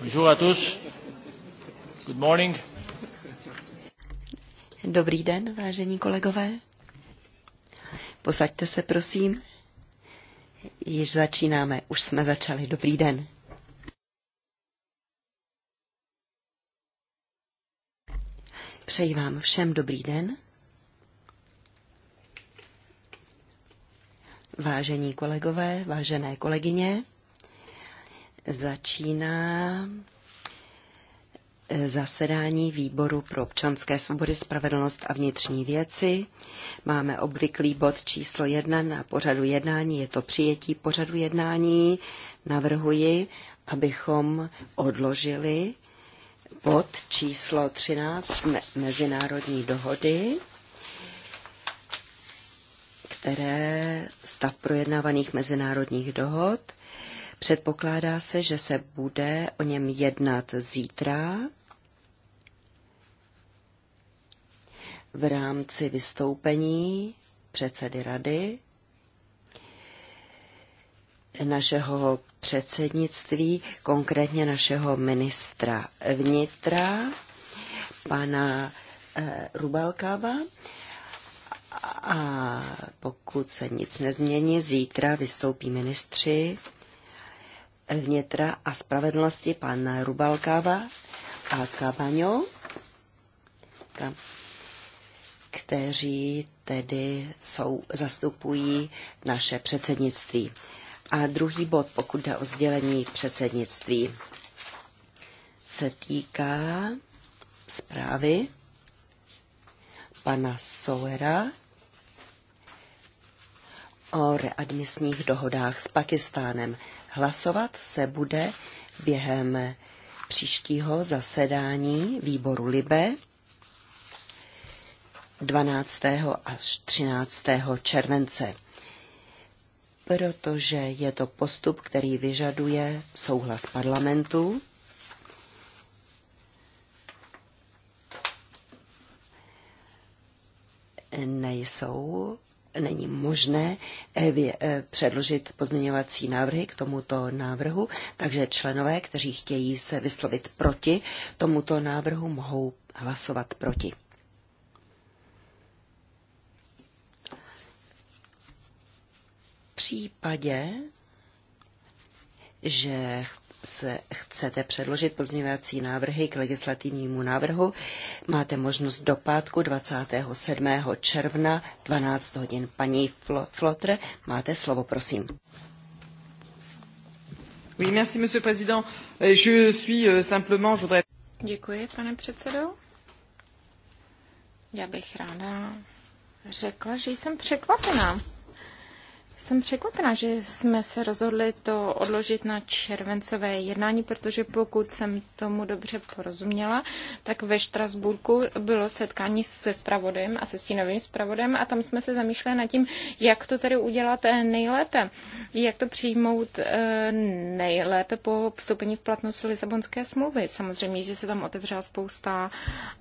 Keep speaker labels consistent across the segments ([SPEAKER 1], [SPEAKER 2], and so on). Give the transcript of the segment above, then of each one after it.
[SPEAKER 1] Bonjour à tous. Good
[SPEAKER 2] morning. Dobrý den, vážení kolegové. Posaďte se, prosím. Již začínáme, už jsme začali. Dobrý den. Přeji vám všem dobrý den. Vážení kolegové, vážené kolegyně, Začíná eh, zasedání výboru pro občanské svobody, spravedlnost a vnitřní věci. Máme obvyklý bod číslo jedna na pořadu jednání, je to přijetí pořadu jednání. Navrhuji, abychom odložili bod číslo 13 mezinárodní dohody, které stav projednávaných mezinárodních dohod Předpokládá se, že se bude o něm jednat zítra v rámci vystoupení předsedy rady našeho předsednictví, konkrétně našeho ministra vnitra, pana eh, Rubalkáva, A pokud se nic nezmění, zítra vystoupí ministři vnitra a spravedlnosti pan Rubalkáva a Kabaňo, kteří tedy jsou, zastupují naše předsednictví. A druhý bod, pokud jde o sdělení předsednictví, se týká zprávy pana Sowera o readmisních dohodách s Pakistánem. Hlasovat se bude během příštího zasedání výboru Libe 12. až 13. července, protože je to postup, který vyžaduje souhlas parlamentu. Nejsou není možné eh, eh, předložit pozměňovací návrhy k tomuto návrhu, takže členové, kteří chtějí se vyslovit proti tomuto návrhu, mohou hlasovat proti. V případě, že se chcete předložit pozměňovací návrhy k legislativnímu návrhu, máte možnost do pátku 27. června 12 hodin. Paní Flotr, máte slovo, prosím. Oui, merci, monsieur le président. Je suis euh, simplement, je voudrais... Děkuji, pane
[SPEAKER 3] předsedo. Já bych ráda řekla, že jsem překvapená. Jsem překvapená, že jsme se rozhodli to odložit na červencové jednání, protože pokud jsem tomu dobře porozuměla, tak ve Štrasburku bylo setkání se spravodem a se stínovým spravodem a tam jsme se zamýšleli nad tím, jak to tedy udělat eh, nejlépe, jak to přijmout eh, nejlépe po vstoupení v platnost Lisabonské smlouvy. Samozřejmě, že se tam otevřela spousta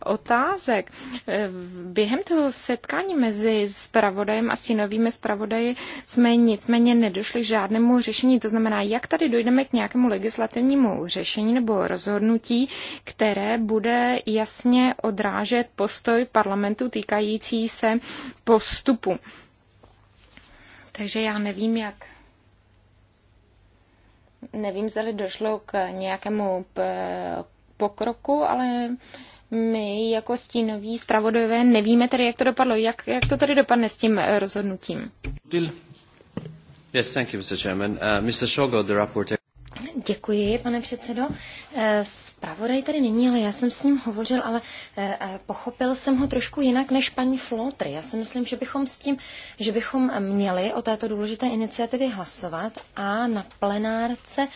[SPEAKER 3] otázek. Eh, během toho setkání mezi spravodajem a stínovými spravodaji jsme jsme nicméně nedošli k žádnému řešení. To znamená, jak tady dojdeme k nějakému legislativnímu řešení nebo rozhodnutí, které bude jasně odrážet postoj parlamentu týkající se postupu. Takže já nevím, jak nevím, zda došlo k nějakému pokroku, ale my jako stínoví zpravodajové nevíme tedy, jak to dopadlo. Jak, jak to tady dopadne s tím rozhodnutím?
[SPEAKER 2] Yes, thank you, Mr. Chairman. Uh, Mr. Shogo, the rapporteur.
[SPEAKER 1] Děkuji, pane předsedo. Spravodaj eh, tady není, ale já jsem s ním hovořil, ale eh, eh, pochopil jsem ho trošku jinak než paní Flotry. Já si myslím, že bychom s tím, že bychom měli o této důležité iniciativě hlasovat a na plenárce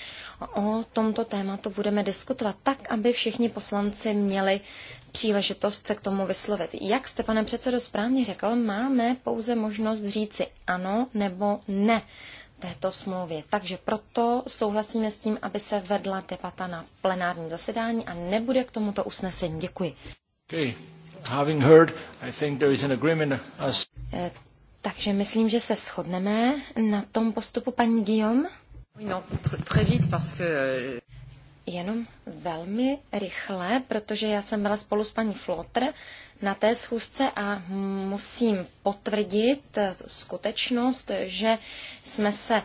[SPEAKER 1] o tomto tématu budeme diskutovat tak, aby všichni poslanci měli příležitost se k tomu vyslovit. Jak jste, pane předsedo, správně řekl, máme pouze možnost říci ano nebo ne této smlouvě. Takže proto souhlasíme s tím, aby se vedla debata na plenární zasedání a nebude k tomuto usnesení. Děkuji.
[SPEAKER 3] Having heard, I think there is an agreement as...
[SPEAKER 1] Eh, takže myslím, že se shodneme na tom postupu paní Guillaume. No, très vite, parce que... Euh, Jenom velmi rychle, protože já jsem byla spolu s paní Flotr na té schůzce a musím potvrdit skutečnost, že jsme se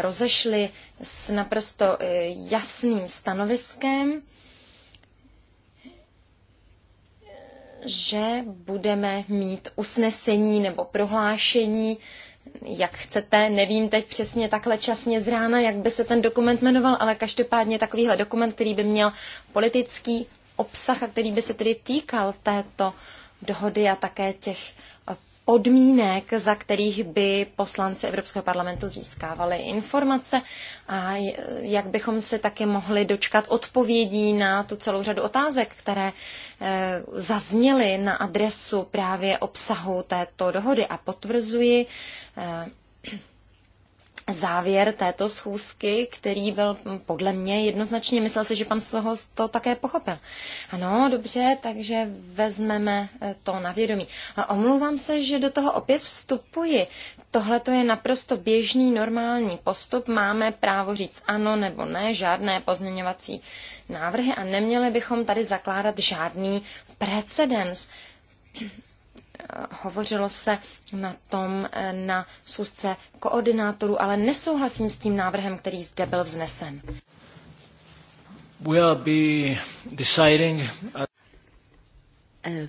[SPEAKER 1] rozešli s naprosto eh, jasným stanoviskem, že budeme mít usnesení nebo prohlášení jak chcete, nevím teď přesně takhle časně z rána, jak by se ten dokument jmenoval, ale každopádně takovýhle dokument, který by měl politický obsah a který by se tedy týkal této dohody a také těch podmínek, za kterých by poslanci Evropského parlamentu získávali informace a jak bychom se také mohli dočkat odpovědí na tu celou řadu otázek, které eh, zazněly na adresu právě obsahu této dohody. A potvrzuji eh, závěr této schůzky, který byl hm, podle mě jednoznačně, myslel si, že pan Soho to také pochopil. Ano, dobře, takže vezmeme eh, to na vědomí. A omlouvám se, že do toho opět vstupuji. Tohle to je naprosto běžný, normální postup. Máme právo říct ano nebo ne, žádné pozměňovací návrhy a neměli bychom tady zakládat žádný precedens. Hovořilo se na tom eh, na schůzce koordinátorů, ale nesouhlasím s tím návrhem, který zde byl
[SPEAKER 2] vznesen. We'll be deciding... Eh,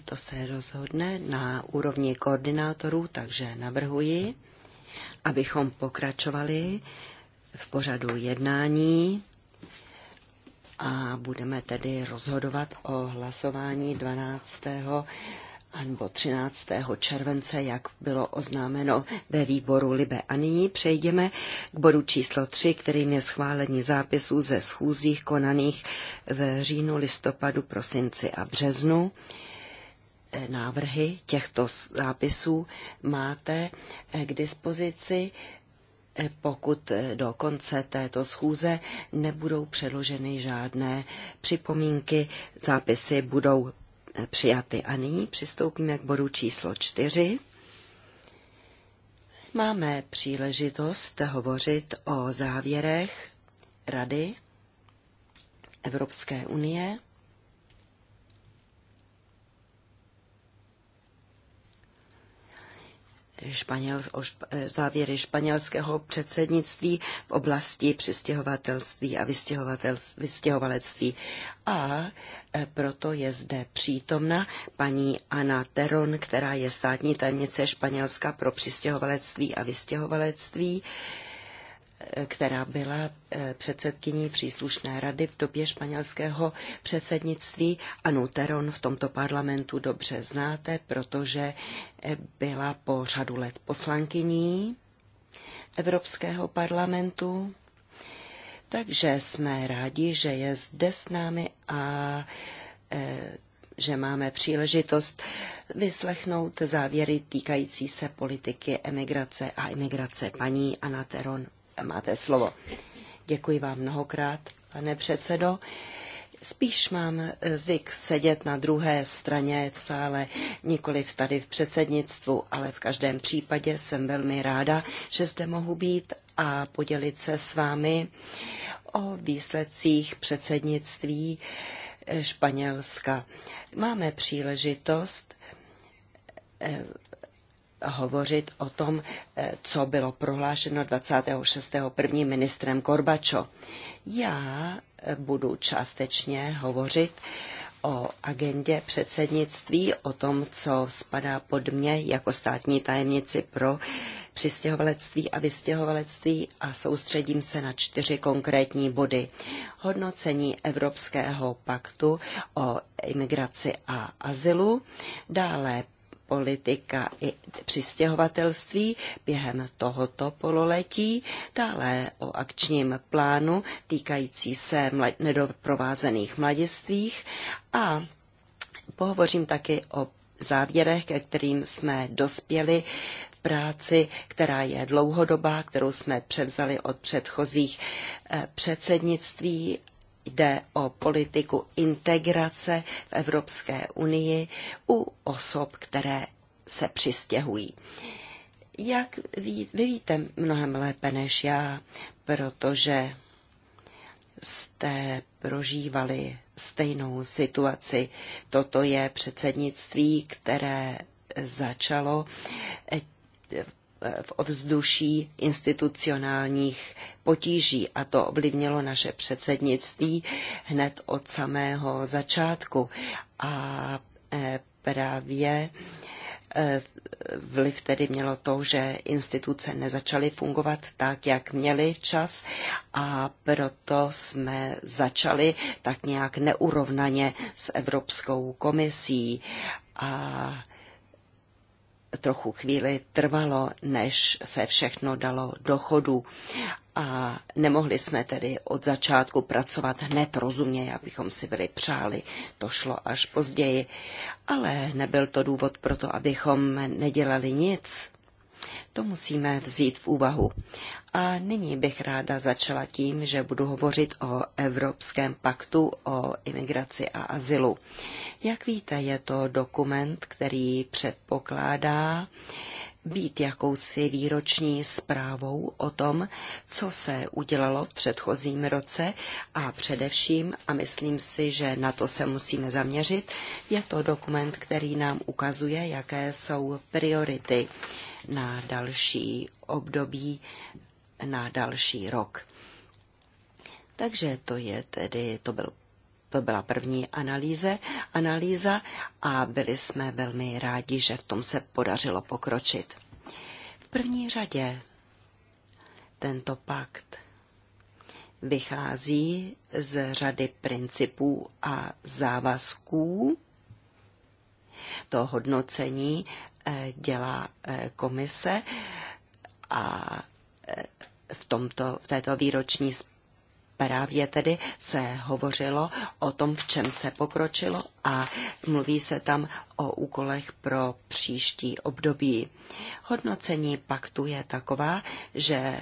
[SPEAKER 2] to se rozhodne na úrovni koordinátorů, takže navrhuji, abychom pokračovali v pořadu jednání a budeme tedy rozhodovat o hlasování 12 anebo 13. července, jak bylo oznámeno ve výboru Libe. A nyní přejdeme k bodu číslo 3, kterým je schválení zápisů ze schůzí konaných v říjnu, listopadu, prosinci a březnu. Eh, návrhy těchto zápisů máte eh, k dispozici eh, pokud do konce této schůze nebudou předloženy žádné připomínky, zápisy budou přijaty. A nyní přistoupíme k bodu číslo čtyři. Máme příležitost hovořit o závěrech Rady Evropské unie španěl, o špa, e, závěry španělského předsednictví v oblasti přistěhovatelství a vystěhovalectví. A e, proto je zde přítomna paní Ana Teron, která je státní tajemnice Španělska pro přistěhovalectví a vystěhovalectví která byla eh, předsedkyní příslušné rady v době španělského předsednictví. Anu Teron v tomto parlamentu dobře znáte, protože eh, byla po řadu let poslankyní Evropského parlamentu. Takže jsme rádi, že je zde s námi a eh, že máme příležitost vyslechnout závěry týkající se politiky emigrace a imigrace paní Anateron máte slovo. Děkuji vám mnohokrát, pane předsedo. Spíš mám eh, zvyk sedět na druhé straně v sále, nikoliv tady v předsednictvu, ale v každém případě jsem velmi ráda, že zde mohu být a podělit se s vámi o výsledcích předsednictví eh, Španělska. Máme příležitost eh, hovořit o tom, eh, co bylo prohlášeno 26. prvním ministrem Korbačo. Já eh, budu částečně hovořit o agendě předsednictví, o tom, co spadá pod mě jako státní tajemnici pro přistěhovalectví a vystěhovalectví a soustředím se na čtyři konkrétní body. Hodnocení Evropského paktu o imigraci a azylu, dále politika i přistěhovatelství během tohoto pololetí, dále o akčním plánu týkající se nedoprovázených mladistvích a pohovořím taky o závěrech, ke kterým jsme dospěli v práci, která je dlouhodobá, kterou jsme převzali od předchozích eh, předsednictví jde o politiku integrace v Evropské unii u osob, které se přistěhují. Jak ví, vy víte mnohem lépe než já, protože jste prožívali stejnou situaci. Toto je předsednictví, které začalo v ovzduší institucionálních potíží a to ovlivnilo naše předsednictví hned od samého začátku. A e, právě e, vliv tedy mělo to, že instituce nezačaly fungovat tak, jak měly čas a proto jsme začali tak nějak neurovnaně s Evropskou komisí. A trochu chvíli trvalo, než se všechno dalo do chodu a nemohli jsme tedy od začátku pracovat hned rozumně, jak bychom si byli přáli. To šlo až později, ale nebyl to důvod pro to, abychom nedělali nic. To musíme vzít v úvahu. A nyní bych ráda začala tím, že budu hovořit o Evropském paktu o imigraci a azylu. Jak víte, je to dokument, který předpokládá být jakousi výroční zprávou o tom, co se udělalo v předchozím roce a především, a myslím si, že na to se musíme zaměřit, je to dokument, který nám ukazuje, jaké jsou priority na další období na další rok. Takže to je tedy, to byl to byla první analýze, analýza a byli jsme velmi rádi, že v tom se podařilo pokročit. V první řadě tento pakt vychází z řady principů a závazků. To hodnocení eh, dělá eh, komise a v, tomto, v této výroční zprávě tedy se hovořilo o tom, v čem se pokročilo a mluví se tam o úkolech pro příští období. Hodnocení paktu je taková, že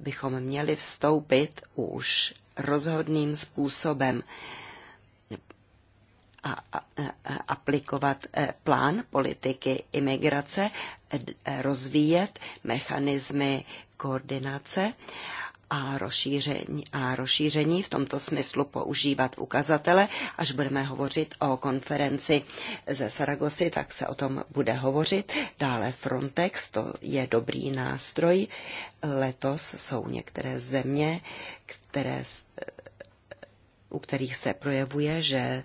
[SPEAKER 2] bychom měli vstoupit už rozhodným způsobem a aplikovat e, plán politiky imigrace, e, rozvíjet mechanismy koordinace a rozšíření, a rozšíření v tomto smyslu používat ukazatele. Až budeme hovořit o konferenci ze Saragosy, tak se o tom bude hovořit. Dále Frontex, to je dobrý nástroj. Letos jsou některé země, které, e, u kterých se projevuje, že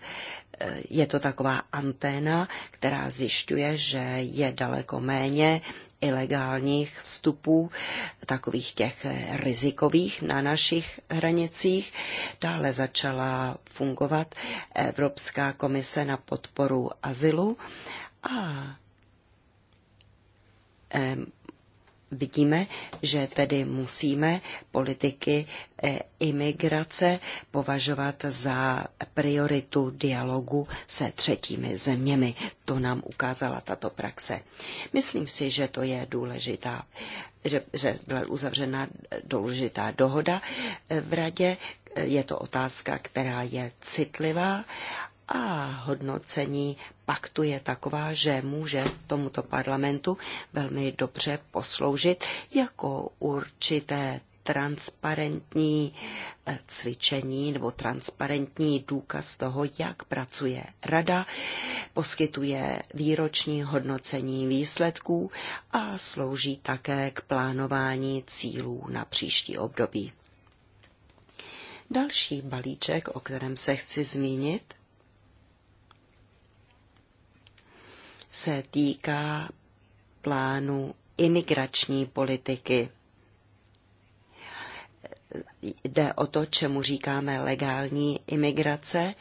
[SPEAKER 2] je to taková anténa, která zjišťuje, že je daleko méně ilegálních vstupů, takových těch rizikových na našich hranicích. Dále začala fungovat Evropská komise na podporu azylu a vidíme, že tedy musíme politiky eh, imigrace považovat za prioritu dialogu se třetími zeměmi. To nám ukázala tato praxe. Myslím si, že to je důležitá, že, že byla uzavřena důležitá dohoda v radě. Je to otázka, která je citlivá a hodnocení paktu je taková, že může tomuto parlamentu velmi dobře posloužit jako určité transparentní eh, cvičení nebo transparentní důkaz toho, jak pracuje rada, poskytuje výroční hodnocení výsledků a slouží také k plánování cílů na příští období. Další balíček, o kterém se chci zmínit, se týká plánu imigrační politiky. Jde o to, čemu říkáme legální imigrace.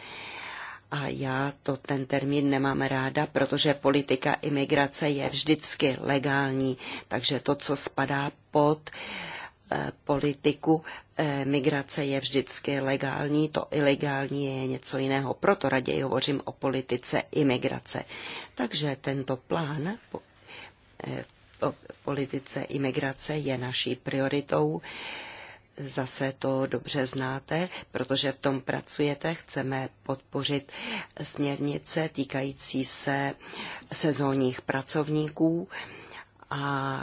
[SPEAKER 2] A já to ten termín nemám ráda, protože politika imigrace je vždycky legální. Takže to, co spadá pod uh, Eh, politiku eh, migrace je vždycky legální, to ilegální je něco jiného, proto raději hovořím o politice imigrace. Takže tento plán eh, politice imigrace je naší prioritou zase to dobře znáte, protože v tom pracujete. Chceme podpořit směrnice týkající se sezónních pracovníků a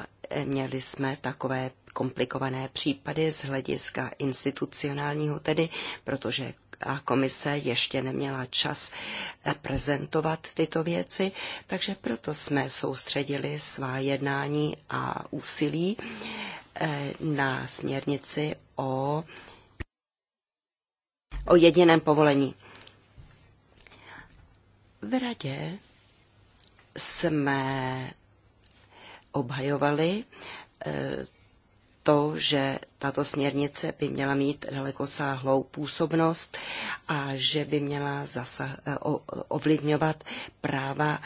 [SPEAKER 2] měli jsme takové komplikované případy z hlediska institucionálního tedy, protože a komise ještě neměla čas eh, prezentovat tyto věci, takže proto jsme soustředili svá jednání a úsilí eh, na směrnici o, o jediném povolení. V radě jsme obhajovali eh, to, že tato směrnice by měla mít dalekosáhlou působnost a že by měla zasa, eh, ovlivňovat práva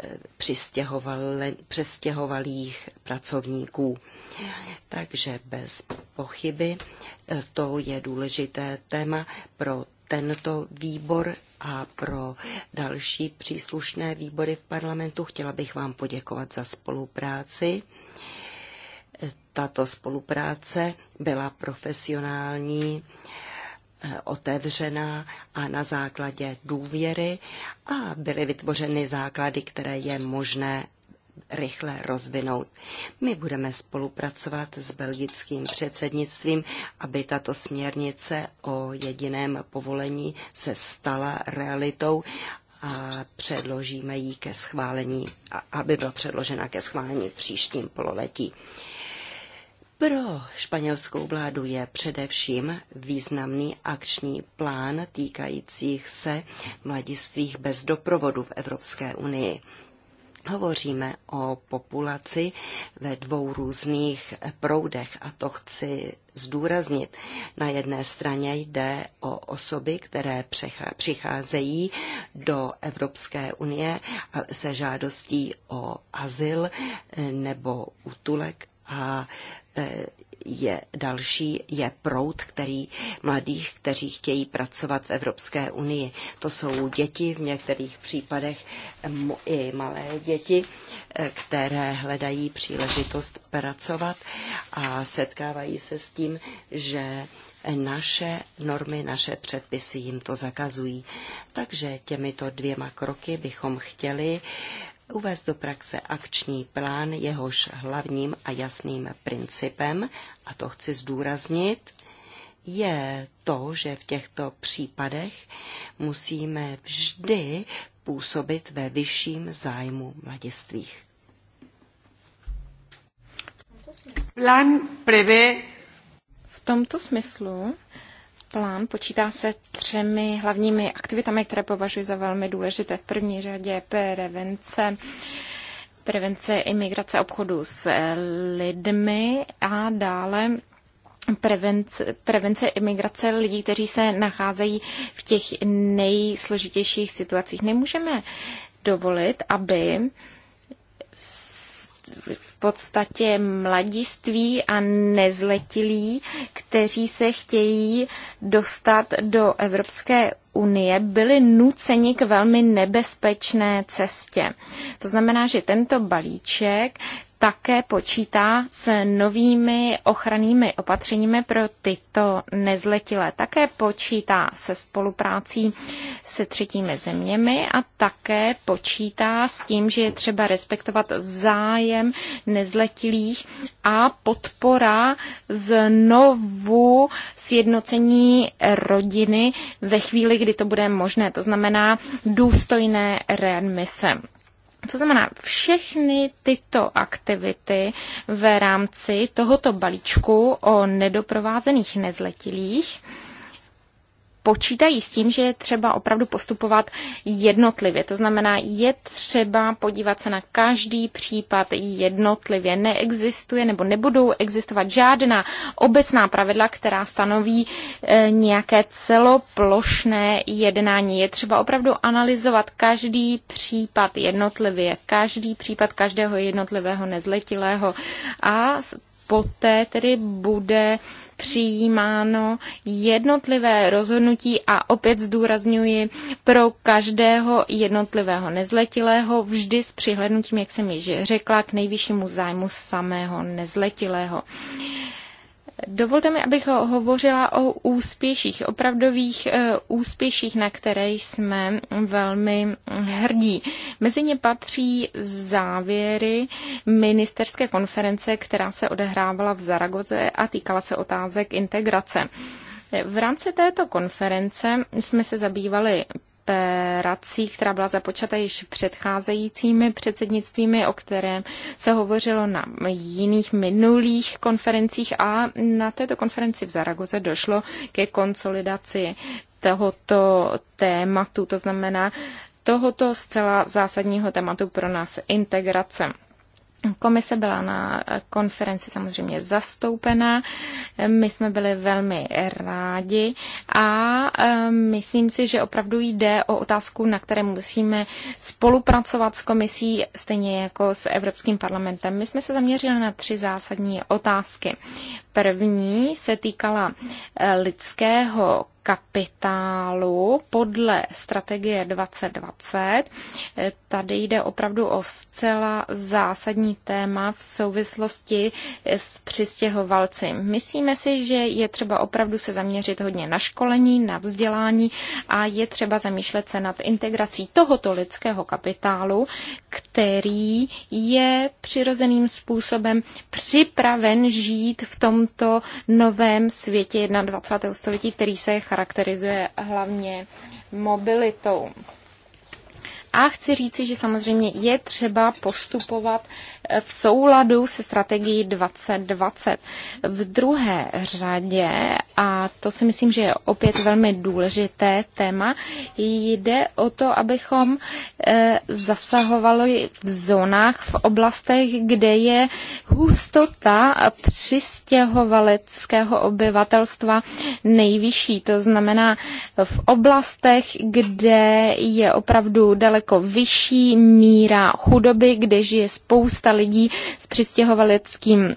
[SPEAKER 2] eh, přestěhovalých pracovníků. Takže bez pochyby eh, to je důležité téma pro tento výbor a pro další příslušné výbory v parlamentu. Chtěla bych vám poděkovat za spolupráci tato spolupráce byla profesionální, eh, otevřená a na základě důvěry a byly vytvořeny základy, které je možné rychle rozvinout. My budeme spolupracovat s belgickým předsednictvím, aby tato směrnice o jediném povolení se stala realitou a předložíme ji ke schválení, aby byla předložena ke schválení v příštím pololetí. Pro španělskou vládu je především významný akční plán týkajících se mladistvých bez doprovodu v Evropské unii. Hovoříme o populaci ve dvou různých proudech a to chci zdůraznit. Na jedné straně jde o osoby, které přicházejí do Evropské unie se žádostí o azyl nebo útulek a E, je další je proud, který mladých, kteří chtějí pracovat v Evropské unii. To jsou děti, v některých případech i malé děti, e, které hledají příležitost pracovat a setkávají se s tím, že naše normy, naše předpisy jim to zakazují. Takže těmito dvěma kroky bychom chtěli uvést do praxe akční plán, jehož hlavním a jasným principem, a to chci zdůraznit, je to, že v těchto případech musíme vždy působit ve vyšším zájmu mladistvích. Plán prevé. V tomto smyslu
[SPEAKER 3] plán počítá se třemi hlavními aktivitami, které považuji za velmi důležité. V první řadě prevence, prevence imigrace obchodu s eh, lidmi a dále prevence, prevence imigrace lidí, kteří se nacházejí v těch nejsložitějších situacích. Nemůžeme dovolit, aby v podstatě mladiství a nezletilí, kteří se chtějí dostat do Evropské unie, byli nuceni k velmi nebezpečné cestě. To znamená, že tento balíček také počítá s novými ochrannými opatřeními pro tyto nezletilé. Také počítá se spoluprácí se třetími zeměmi a také počítá s tím, že je třeba respektovat zájem nezletilých a podpora znovu sjednocení rodiny ve chvíli, kdy to bude možné. To znamená důstojné readmise. To znamená, všechny tyto aktivity v rámci tohoto balíčku o nedoprovázených nezletilých počítají s tím, že je třeba opravdu postupovat jednotlivě. To znamená, je třeba podívat se na každý případ jednotlivě. Neexistuje nebo nebudou existovat žádná obecná pravidla, která stanoví e, nějaké celoplošné jednání. Je třeba opravdu analyzovat každý případ jednotlivě, každý případ každého jednotlivého nezletilého a poté tedy bude přijímáno jednotlivé rozhodnutí a opět zdůrazňuji pro každého jednotlivého nezletilého vždy s přihlednutím, jak jsem již řekla, k nejvyššímu zájmu samého nezletilého. Dovolte mi, abych hovořila o úspěších, opravdových eh, úspěších, na které jsme velmi hrdí. Mezi ně patří závěry ministerské konference, která se odehrávala v Zaragoze a týkala se otázek integrace. V rámci této konference jsme se zabývali prací, která byla započata již předcházejícími předsednictvími, o kterém se hovořilo na jiných minulých konferencích a na této konferenci v Zaragoze došlo ke konsolidaci tohoto tématu, to znamená tohoto zcela zásadního tématu pro nás integrace. Komise byla na konferenci samozřejmě zastoupena, my jsme byli velmi rádi a myslím si, že opravdu jde o otázku, na které musíme spolupracovat s komisí, stejně jako s Evropským parlamentem. My jsme se zaměřili na tři zásadní otázky. První se týkala eh, lidského kapitálu podle strategie 2020. Eh, tady jde opravdu o zcela zásadní téma v souvislosti eh, s přistěhovalci. Myslíme si, že je třeba opravdu se zaměřit hodně na školení, na vzdělání a je třeba zamýšlet se nad integrací tohoto lidského kapitálu, který je přirozeným způsobem připraven žít v tom tomto novém světě 21. století, který se charakterizuje hlavně mobilitou. A chci říci, že samozřejmě je třeba postupovat v souladu se strategií 2020. V druhé řadě, a to si myslím, že je opět velmi důležité téma, jde o to, abychom eh, zasahovali v zónách, v oblastech, kde je hustota přistěhovaleckého obyvatelstva nejvyšší. To znamená v oblastech, kde je opravdu daleko daleko vyšší míra chudoby, kde žije spousta lidí s přistěhovaleckým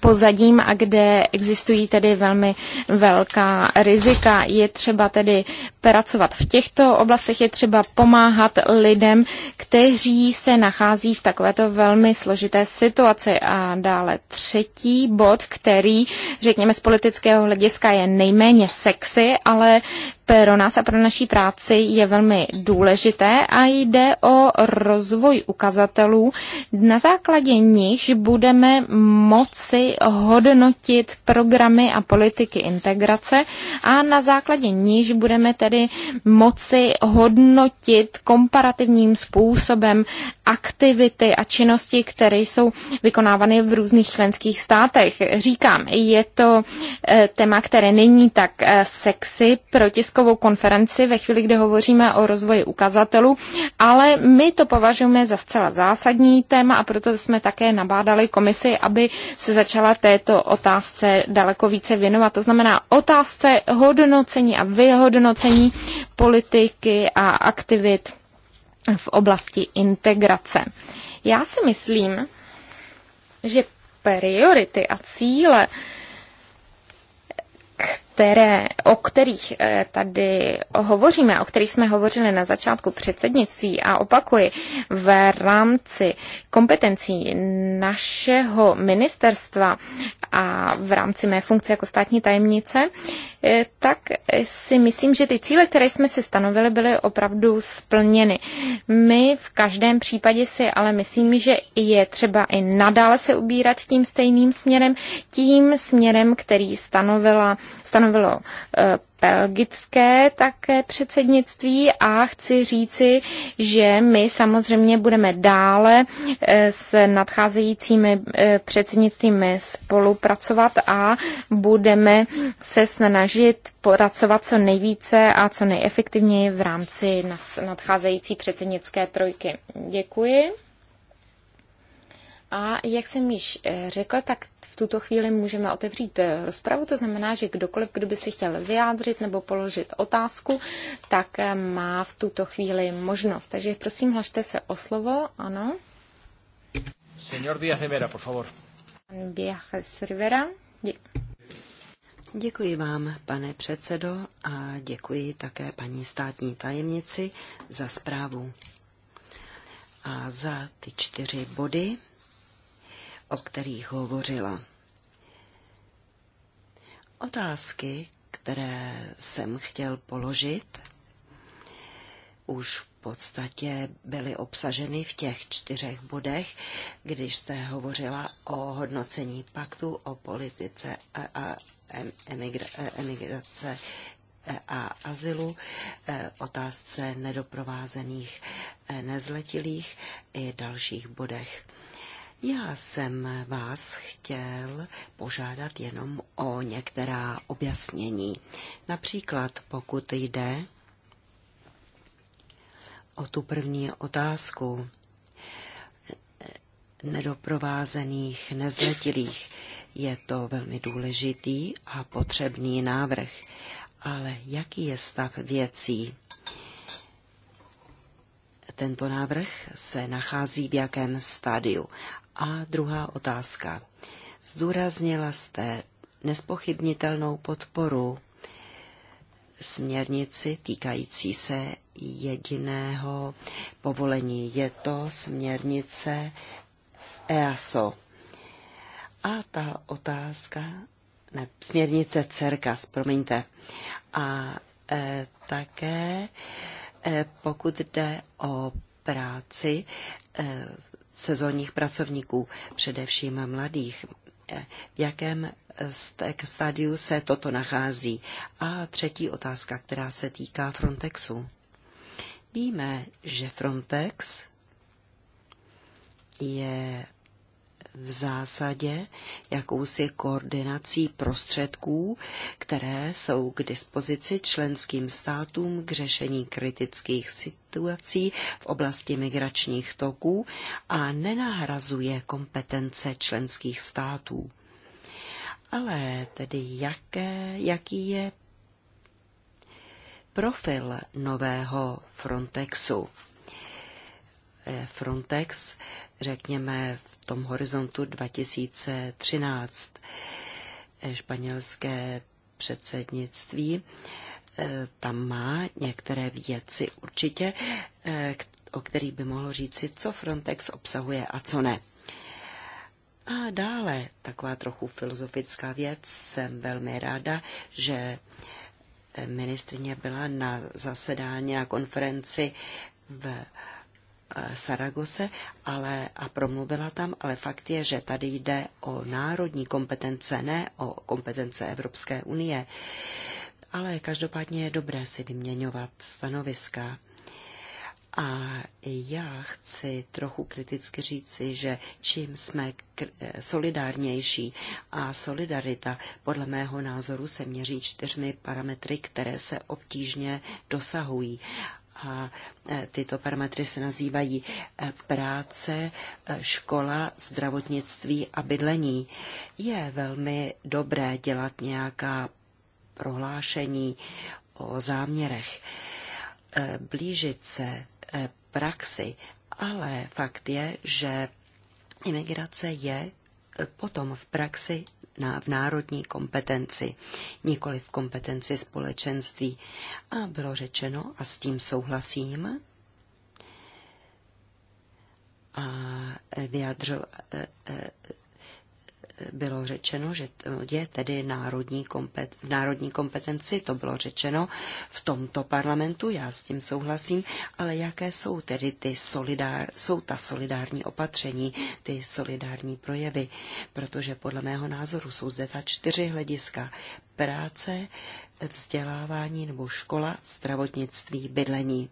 [SPEAKER 3] pozadím a kde existují tedy velmi velká rizika. Je třeba tedy pracovat v těchto oblastech, je třeba pomáhat lidem, kteří se nachází v takovéto velmi složité situaci. A dále třetí bod, který, řekněme, z politického hlediska je nejméně sexy, ale pro nás a pro naší práci je velmi důležité a jde o rozvoj ukazatelů, na základě nichž budeme moci hodnotit programy a politiky integrace a na základě níž budeme tedy moci hodnotit komparativním způsobem aktivity a činnosti, které jsou vykonávány v různých členských státech. Říkám, je to eh, téma, které není tak eh, sexy proti tiskovou konferenci ve chvíli, kdy hovoříme o rozvoji ukazatelů, ale my to považujeme za zcela zásadní téma a proto jsme také nabádali komisi, aby se začala této otázce daleko více věnovat. To znamená otázce hodnocení a vyhodnocení politiky a aktivit v oblasti integrace. Já si myslím, že priority a cíle, které, o kterých eh, tady hovoříme, o kterých jsme hovořili na začátku předsednictví a opakuji, v rámci kompetencí našeho ministerstva a v rámci mé funkce jako státní tajemnice, eh, tak si myslím, že ty cíle, které jsme si stanovili, byly opravdu splněny. My v každém případě si ale myslím, že je třeba i nadále se ubírat tím stejným směrem, tím směrem, který stanovila, stanovilo eh, belgické také předsednictví a chci říci, že my samozřejmě budeme dále eh, s nadcházejícími eh, předsednictvími spolupracovat a budeme se snažit pracovat co nejvíce a co nejefektivněji v rámci nadcházející předsednické trojky. Děkuji. A jak jsem již eh, řekla, tak v tuto chvíli můžeme otevřít eh, rozpravu. To znamená, že kdokoliv, kdo by si chtěl vyjádřit nebo položit otázku, tak eh, má v tuto chvíli možnost. Takže prosím, hlašte
[SPEAKER 2] se o slovo. Ano.
[SPEAKER 1] Señor Díaz de Vera, por favor.
[SPEAKER 2] Pan Díaz Rivera. Dě- Děkuji vám, pane předsedo, a děkuji také paní státní tajemnici za zprávu a za ty čtyři body o kterých hovořila. Otázky, které jsem chtěl položit, už v podstatě byly obsaženy v těch čtyřech bodech, když jste hovořila o hodnocení paktu, o politice a e, emigrace e, a azylu, e, otázce nedoprovázených nezletilých i dalších bodech. Já jsem vás chtěl požádat jenom o některá objasnění. Například pokud jde o tu první otázku nedoprovázených nezletilých. Je to velmi důležitý a potřebný návrh. Ale jaký je stav věcí? Tento návrh se nachází v jakém stádiu a druhá otázka. Zdůraznila jste nespochybnitelnou podporu směrnici týkající se jediného povolení. Je to směrnice EASO. A ta otázka, ne, směrnice CERCAS, promiňte. A e, také, e, pokud jde o práci e, sezónních pracovníků, především mladých. V jakém stádiu se toto nachází? A třetí otázka, která se týká Frontexu. Víme, že Frontex je v zásadě jakousi koordinací prostředků, které jsou k dispozici členským státům k řešení kritických situací v oblasti migračních toků a nenahrazuje kompetence členských států. Ale tedy jaké, jaký je profil nového Frontexu? Eh, Frontex, řekněme, tom horizontu 2013 eh, španělské předsednictví. Eh, tam má některé věci určitě, eh, o kterých by mohlo říci, co Frontex obsahuje a co ne. A dále taková trochu filozofická věc. Jsem velmi ráda, že ministrině byla na zasedání na konferenci v Saragose ale, a promluvila tam, ale fakt je, že tady jde o národní kompetence, ne o kompetence Evropské unie. Ale každopádně je dobré si vyměňovat stanoviska. A já chci trochu kriticky říci, že čím jsme solidárnější a solidarita podle mého názoru se měří čtyřmi parametry, které se obtížně dosahují. A e, tyto parametry se nazývají e, práce, e, škola, zdravotnictví a bydlení. Je velmi dobré dělat nějaká prohlášení o záměrech, blížit se praxi, ale fakt je, že imigrace je potom v praxi na, v národní kompetenci, nikoli v kompetenci společenství. A bylo řečeno, a s tím souhlasím, a vyjadřil, e, e, bylo řečeno, že je tedy národní, kompet, národní kompetenci, to bylo řečeno v tomto parlamentu, já s tím souhlasím, ale jaké jsou tedy ty solidár, jsou ta solidární opatření, ty solidární projevy, protože podle mého názoru jsou zde ta čtyři hlediska práce, vzdělávání nebo škola, zdravotnictví, bydlení.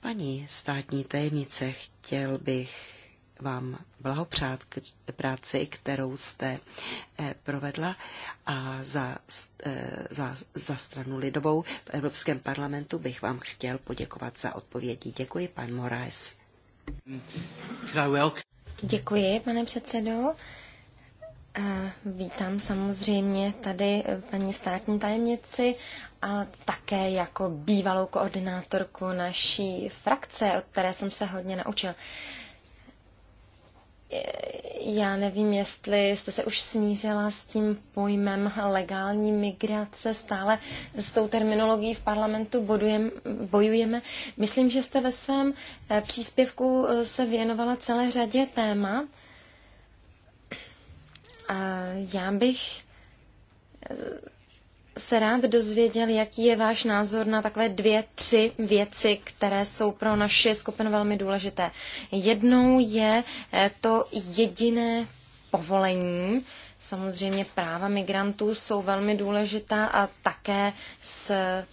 [SPEAKER 2] Paní státní tajemnice, chtěl bych vám blahopřát k práci, kterou jste eh, provedla a za, eh, za, za stranu lidovou v Evropském parlamentu bych vám chtěl poděkovat za odpovědi. Děkuji, pan Moraes.
[SPEAKER 1] Děkuji, pane předsedo. A vítám samozřejmě tady paní státní tajemnici a také jako bývalou koordinátorku naší frakce, od které jsem se hodně naučil. Uh, já nevím, jestli jste se už smířila s tím pojmem legální migrace, stále s tou terminologií v parlamentu bodujem, bojujeme. Myslím, že jste ve svém eh, příspěvku eh, se věnovala celé řadě téma. A já bych eh, se rád dozvěděl, jaký je váš názor na takové dvě, tři věci, které jsou pro naši skupinu velmi důležité. Jednou je eh, to jediné povolení. Samozřejmě práva migrantů jsou velmi důležitá a také s eh,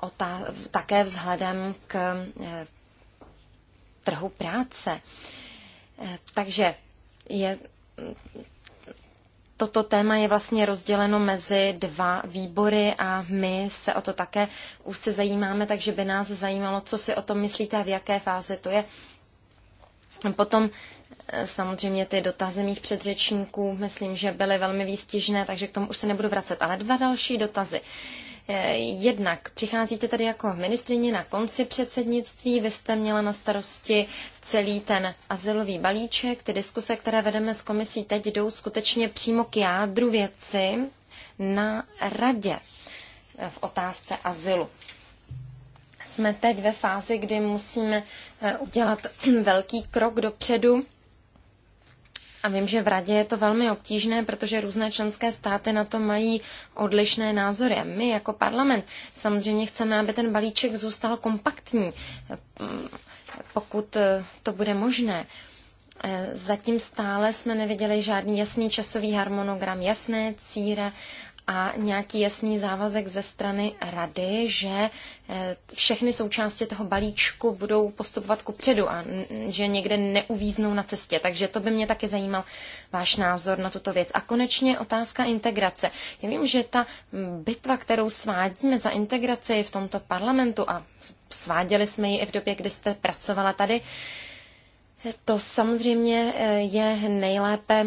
[SPEAKER 1] otá, také vzhledem k eh, trhu práce. Takže je toto téma je vlastně rozděleno mezi dva výbory a my se o to také úzce zajímáme, takže by nás zajímalo, co si o tom myslíte a v jaké fázi to je. Potom eh, samozřejmě ty dotazy mých předřečníků, myslím, že byly velmi výstižné, takže k tomu už se nebudu vracet. Ale dva další dotazy. Uh, Eh, jednak přicházíte tady jako ministrině na konci předsednictví, vy jste měla na starosti celý ten azylový balíček, ty diskuse, které vedeme s komisí teď, jdou skutečně přímo k jádru věci na radě eh, v otázce azylu jsme teď ve fázi, kdy musíme eh, udělat velký krok dopředu a vím, že v radě je to velmi obtížné, protože různé členské státy na to mají odlišné názory. my jako parlament samozřejmě chceme, aby ten balíček zůstal kompaktní, pokud eh, to bude možné. Eh, zatím stále jsme neviděli žádný jasný časový harmonogram, jasné cíle a nějaký jasný závazek ze strany rady, že eh, všechny součásti toho balíčku budou postupovat ku předu a že někde neuvíznou na cestě. Takže to by mě taky zajímal váš názor na tuto věc. A konečně otázka integrace. Já vím, že ta bitva, kterou svádíme za integraci v tomto parlamentu a sváděli jsme ji i v době, kdy jste pracovala tady, to samozřejmě eh, je nejlépe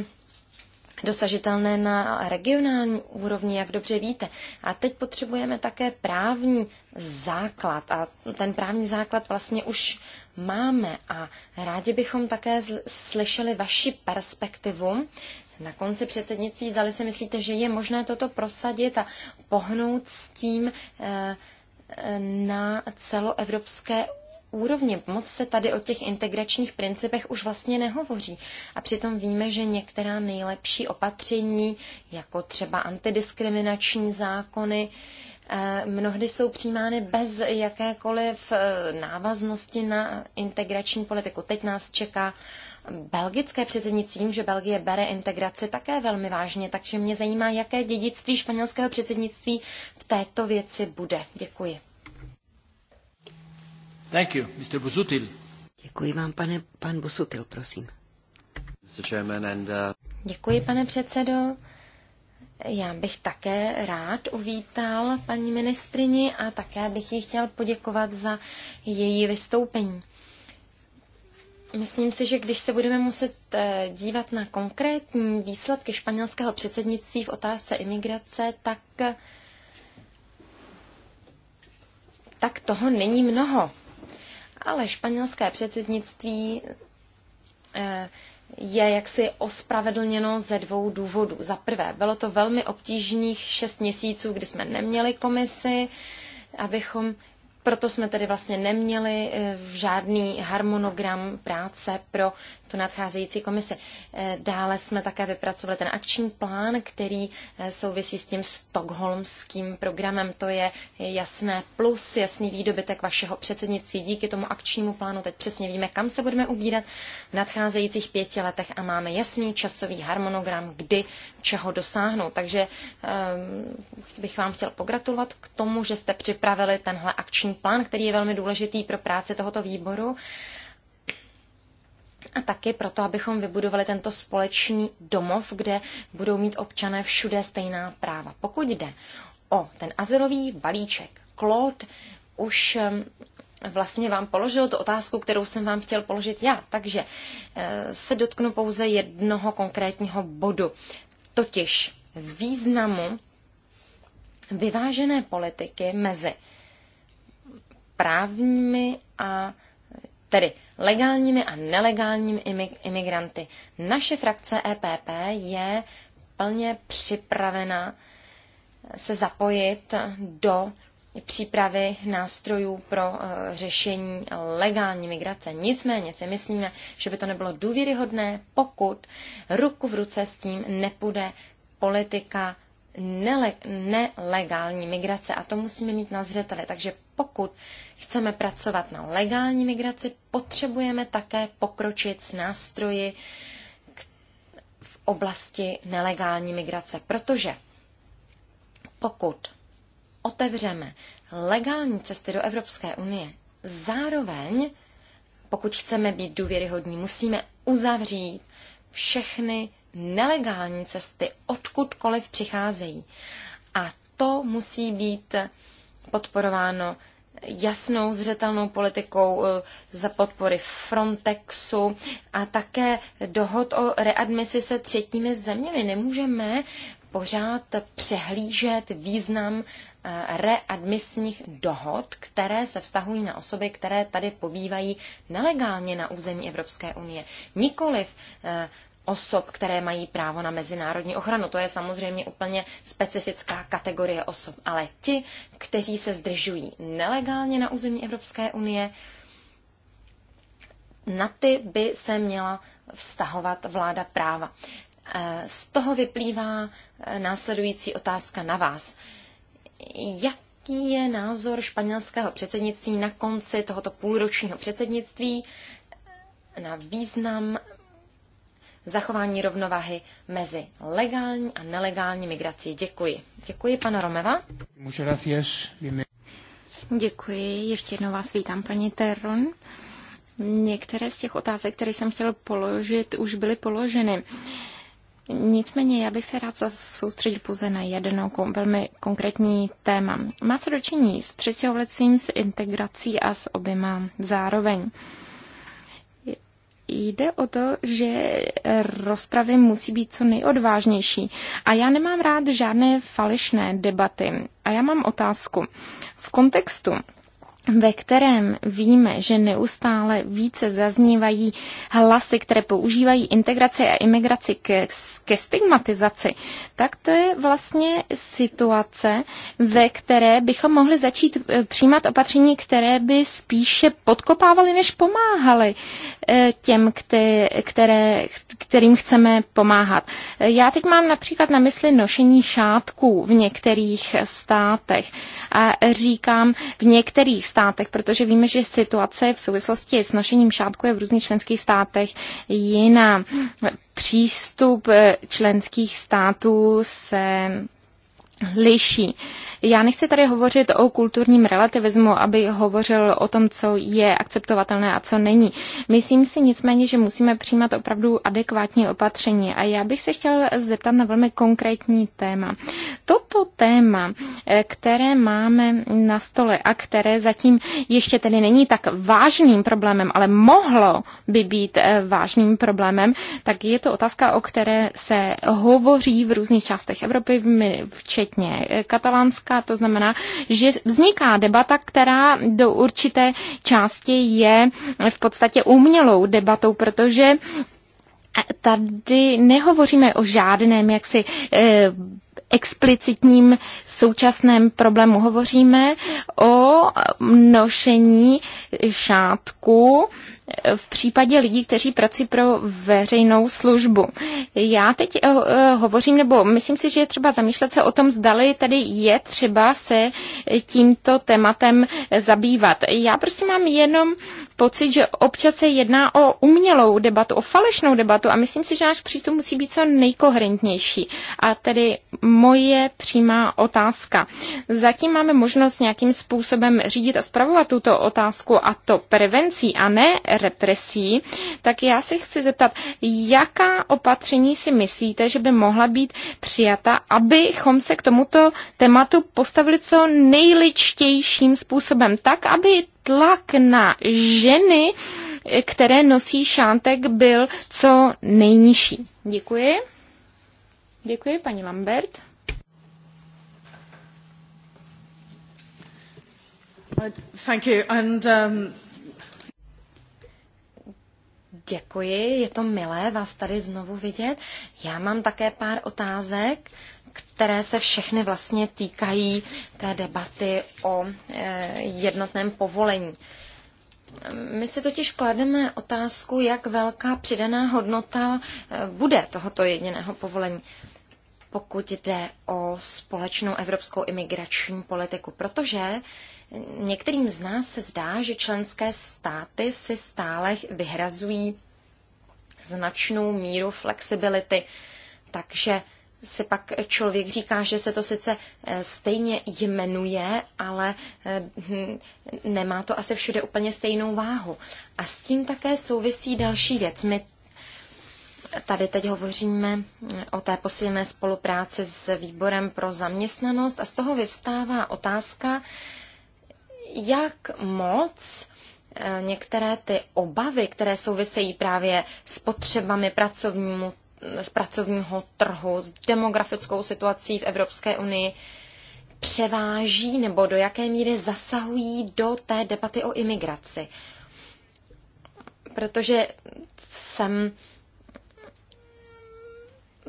[SPEAKER 1] dosažitelné na regionální úrovni, jak dobře víte. A teď potřebujeme také právní základ a ten právní základ vlastně už máme a rádi bychom také slyšeli vaši perspektivu na konci předsednictví, zdali si myslíte, že je možné toto prosadit a pohnout s tím eh, eh, na celoevropské úrovni. Moc se tady o těch integračních principech už vlastně nehovoří. A přitom víme, že některá nejlepší opatření, jako třeba antidiskriminační zákony, eh, mnohdy jsou přijímány bez jakékoliv eh, návaznosti na integrační politiku. Teď nás čeká belgické předsednictví. Vím, že Belgie bere integraci také velmi vážně, takže mě zajímá, jaké dědictví španělského předsednictví v této věci bude. Děkuji.
[SPEAKER 2] Thank you, Mr. Busutil. Děkuji vám, pane, pan Busutil, prosím. Mr. Chairman and, uh...
[SPEAKER 1] Děkuji, pane předsedo. Já bych také rád uvítal paní ministrini a také bych jí chtěl poděkovat za její vystoupení. Myslím si, že když se budeme muset eh, dívat na konkrétní výsledky španělského předsednictví v otázce imigrace, tak, tak toho není mnoho ale španělské předsednictví eh, je jaksi ospravedlněno ze dvou důvodů. Za prvé, bylo to velmi obtížných šest měsíců, kdy jsme neměli komisi, abychom proto jsme tedy vlastně neměli eh, žádný harmonogram práce pro tu nadcházející komisi. Eh, dále jsme také vypracovali ten akční plán, který eh, souvisí s tím stokholmským programem. To je jasné plus, jasný výdobytek vašeho předsednictví. Díky tomu akčnímu plánu teď přesně víme, kam se budeme ubírat v nadcházejících pěti letech a máme jasný časový harmonogram, kdy čeho dosáhnout. Takže ehm, bych vám chtěl pogratulovat k tomu, že jste připravili tenhle akční akční plán, který je velmi důležitý pro práci tohoto výboru. A taky proto, abychom vybudovali tento společný domov, kde budou mít občané všude stejná práva. Pokud jde o ten azylový balíček, Claude už vlastně vám položil tu otázku, kterou jsem vám chtěl položit já. Takže eh, se dotknu pouze jednoho konkrétního bodu, totiž významu vyvážené politiky mezi právními a tedy legálními a nelegálními imigranty. Naše frakce EPP je plně připravena se zapojit do přípravy nástrojů pro eh, řešení legální migrace. Nicméně si myslíme, že by to nebylo důvěryhodné, pokud ruku v ruce s tím nepůjde politika nelegální migrace a to musíme mít na zřeteli. Takže pokud chceme pracovat na legální migraci, potřebujeme také pokročit s nástroji v oblasti nelegální migrace, protože pokud otevřeme legální cesty do Evropské unie, zároveň, pokud chceme být důvěryhodní, musíme uzavřít všechny nelegální cesty, odkudkoliv přicházejí. A to musí být podporováno jasnou zřetelnou politikou eh, za podpory Frontexu a také dohod o readmisi se třetími zeměmi. Nemůžeme pořád přehlížet význam eh, readmisních dohod, které se vztahují na osoby, které tady pobývají nelegálně na území Evropské unie. Nikoliv eh, osob, které mají právo na mezinárodní ochranu. To je samozřejmě úplně specifická kategorie osob. Ale ti, kteří se zdržují nelegálně na území Evropské unie, na ty by se měla vztahovat vláda práva. Eh, z toho vyplývá eh, následující otázka na vás. Jaký je názor španělského předsednictví na konci tohoto půlročního předsednictví eh, na význam zachování rovnováhy mezi legální a nelegální migrací. Děkuji.
[SPEAKER 3] Děkuji, pana Romeva. Děkuji. Ještě jednou vás vítám, paní Teron. Některé z těch otázek, které jsem chtěla položit, už byly položeny. Nicméně já bych se rád soustředil pouze na jedno velmi konkrétní téma. Má co dočinění s přestěhovalectvím, s integrací a s oběma zároveň jde o to, že eh, rozpravy musí být co nejodvážnější. A já nemám rád žádné falešné debaty. A já mám otázku. V kontextu ve kterém víme, že neustále více zaznívají hlasy, které používají integraci a imigraci ke, ke stigmatizaci, tak to je vlastně situace, ve které bychom mohli začít eh, přijímat opatření, které by spíše podkopávaly, než pomáhaly E, těm, které, kterým chceme pomáhat. E, já teď mám například na mysli nošení šátků v některých státech. A říkám v některých státech, protože víme, že situace v souvislosti s nošením šátku je v různých členských státech jiná. Přístup e, členských států se liší. Já nechci tady hovořit o kulturním relativismu, aby hovořil o tom, co je akceptovatelné a co není. Myslím si nicméně, že musíme přijímat opravdu adekvátní opatření. A já bych se chtěl zeptat na velmi konkrétní téma. Toto téma, eh, které máme na stole a které zatím ještě tedy není tak vážným problémem, ale mohlo by být eh, vážným problémem, tak je to otázka, o které se hovoří v různých částech Evropy, včetně zpětně katalánská, to znamená, že vzniká debata, která do určité části je v podstatě umělou debatou, protože tady nehovoříme o žádném jaksi eh, explicitním současném problému. Hovoříme o nošení šátku v případě lidí, kteří pracují pro veřejnou službu. Já teď eh, eh, hovořím, nebo myslím si, že je třeba zamýšlet se o tom, zdali tady je třeba se tímto tématem zabývat. Já prostě mám jenom pocit, že občas se jedná o umělou debatu, o falešnou debatu a myslím si, že náš přístup musí být co nejkoherentnější. A tedy moje přímá otázka. Zatím máme možnost nějakým způsobem řídit a spravovat tuto otázku a to prevencí a ne represí, tak já se chci zeptat, jaká opatření si myslíte, že by mohla být přijata, abychom se k tomuto tématu postavili co nejličtějším způsobem, tak, aby tlak na ženy, které nosí šántek, byl co nejnižší. Děkuji. Děkuji, paní Lambert. Uh, thank you. And,
[SPEAKER 1] um... Děkuji, je to milé vás tady znovu vidět. Já mám také pár otázek, které se všechny vlastně týkají té debaty o eh, jednotném povolení. My si totiž klademe otázku, jak velká přidaná hodnota eh, bude tohoto jediného povolení, pokud jde o společnou evropskou imigrační politiku, protože Některým z nás se zdá, že členské státy si stále vyhrazují značnou míru flexibility, takže si pak člověk říká, že se to sice eh, stejně jmenuje, ale eh, nemá to asi všude úplně stejnou váhu. A s tím také souvisí další věc. My tady teď hovoříme eh, o té posílené spolupráci s výborem pro zaměstnanost a z toho vyvstává otázka, jak moc eh, některé ty obavy, které souvisejí právě s potřebami pracovnímu, eh, z pracovního trhu, s demografickou situací v Evropské unii, převáží nebo do jaké míry zasahují do té debaty o imigraci. Protože jsem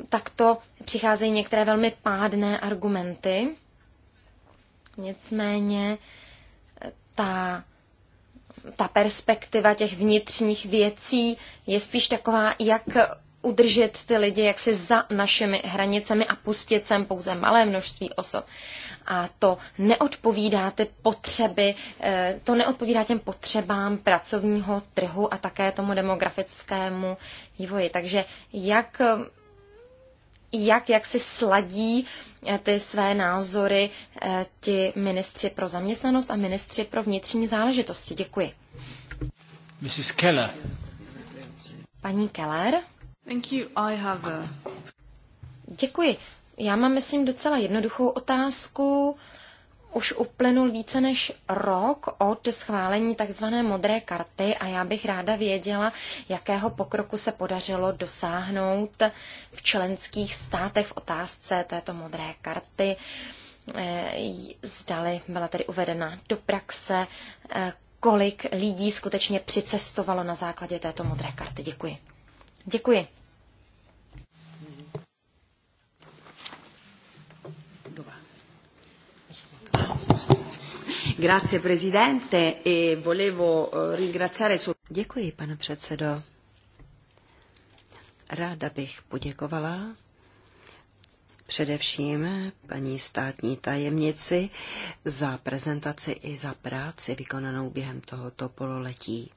[SPEAKER 1] takto přicházejí některé velmi pádné argumenty. Nicméně ta, ta perspektiva těch vnitřních věcí je spíš taková, jak udržet ty lidi jaksi za našimi hranicemi a pustit sem pouze malé množství osob. A to neodpovídá ty potřeby, eh, to neodpovídá těm potřebám pracovního trhu a také tomu demografickému vývoji. Takže jak jak, jak si sladí eh, ty své názory eh, ti ministři pro zaměstnanost a ministři pro vnitřní záležitosti. Děkuji.
[SPEAKER 3] Mrs. Keller.
[SPEAKER 1] Paní Keller. Thank you. I have a... Děkuji. Já mám, myslím, docela jednoduchou otázku. Uh, už uplynul více než rok od schválení tzv. modré karty a já bych ráda věděla, jakého pokroku se podařilo dosáhnout v členských státech v otázce této modré karty. Eh, zdali byla tedy uvedena do praxe, eh, kolik lidí skutečně přicestovalo na základě této modré karty. Děkuji. Děkuji.
[SPEAKER 2] E eh, Děkuji, pane předsedo. Ráda bych poděkovala především paní státní tajemnici za prezentaci i za práci vykonanou během tohoto pololetí.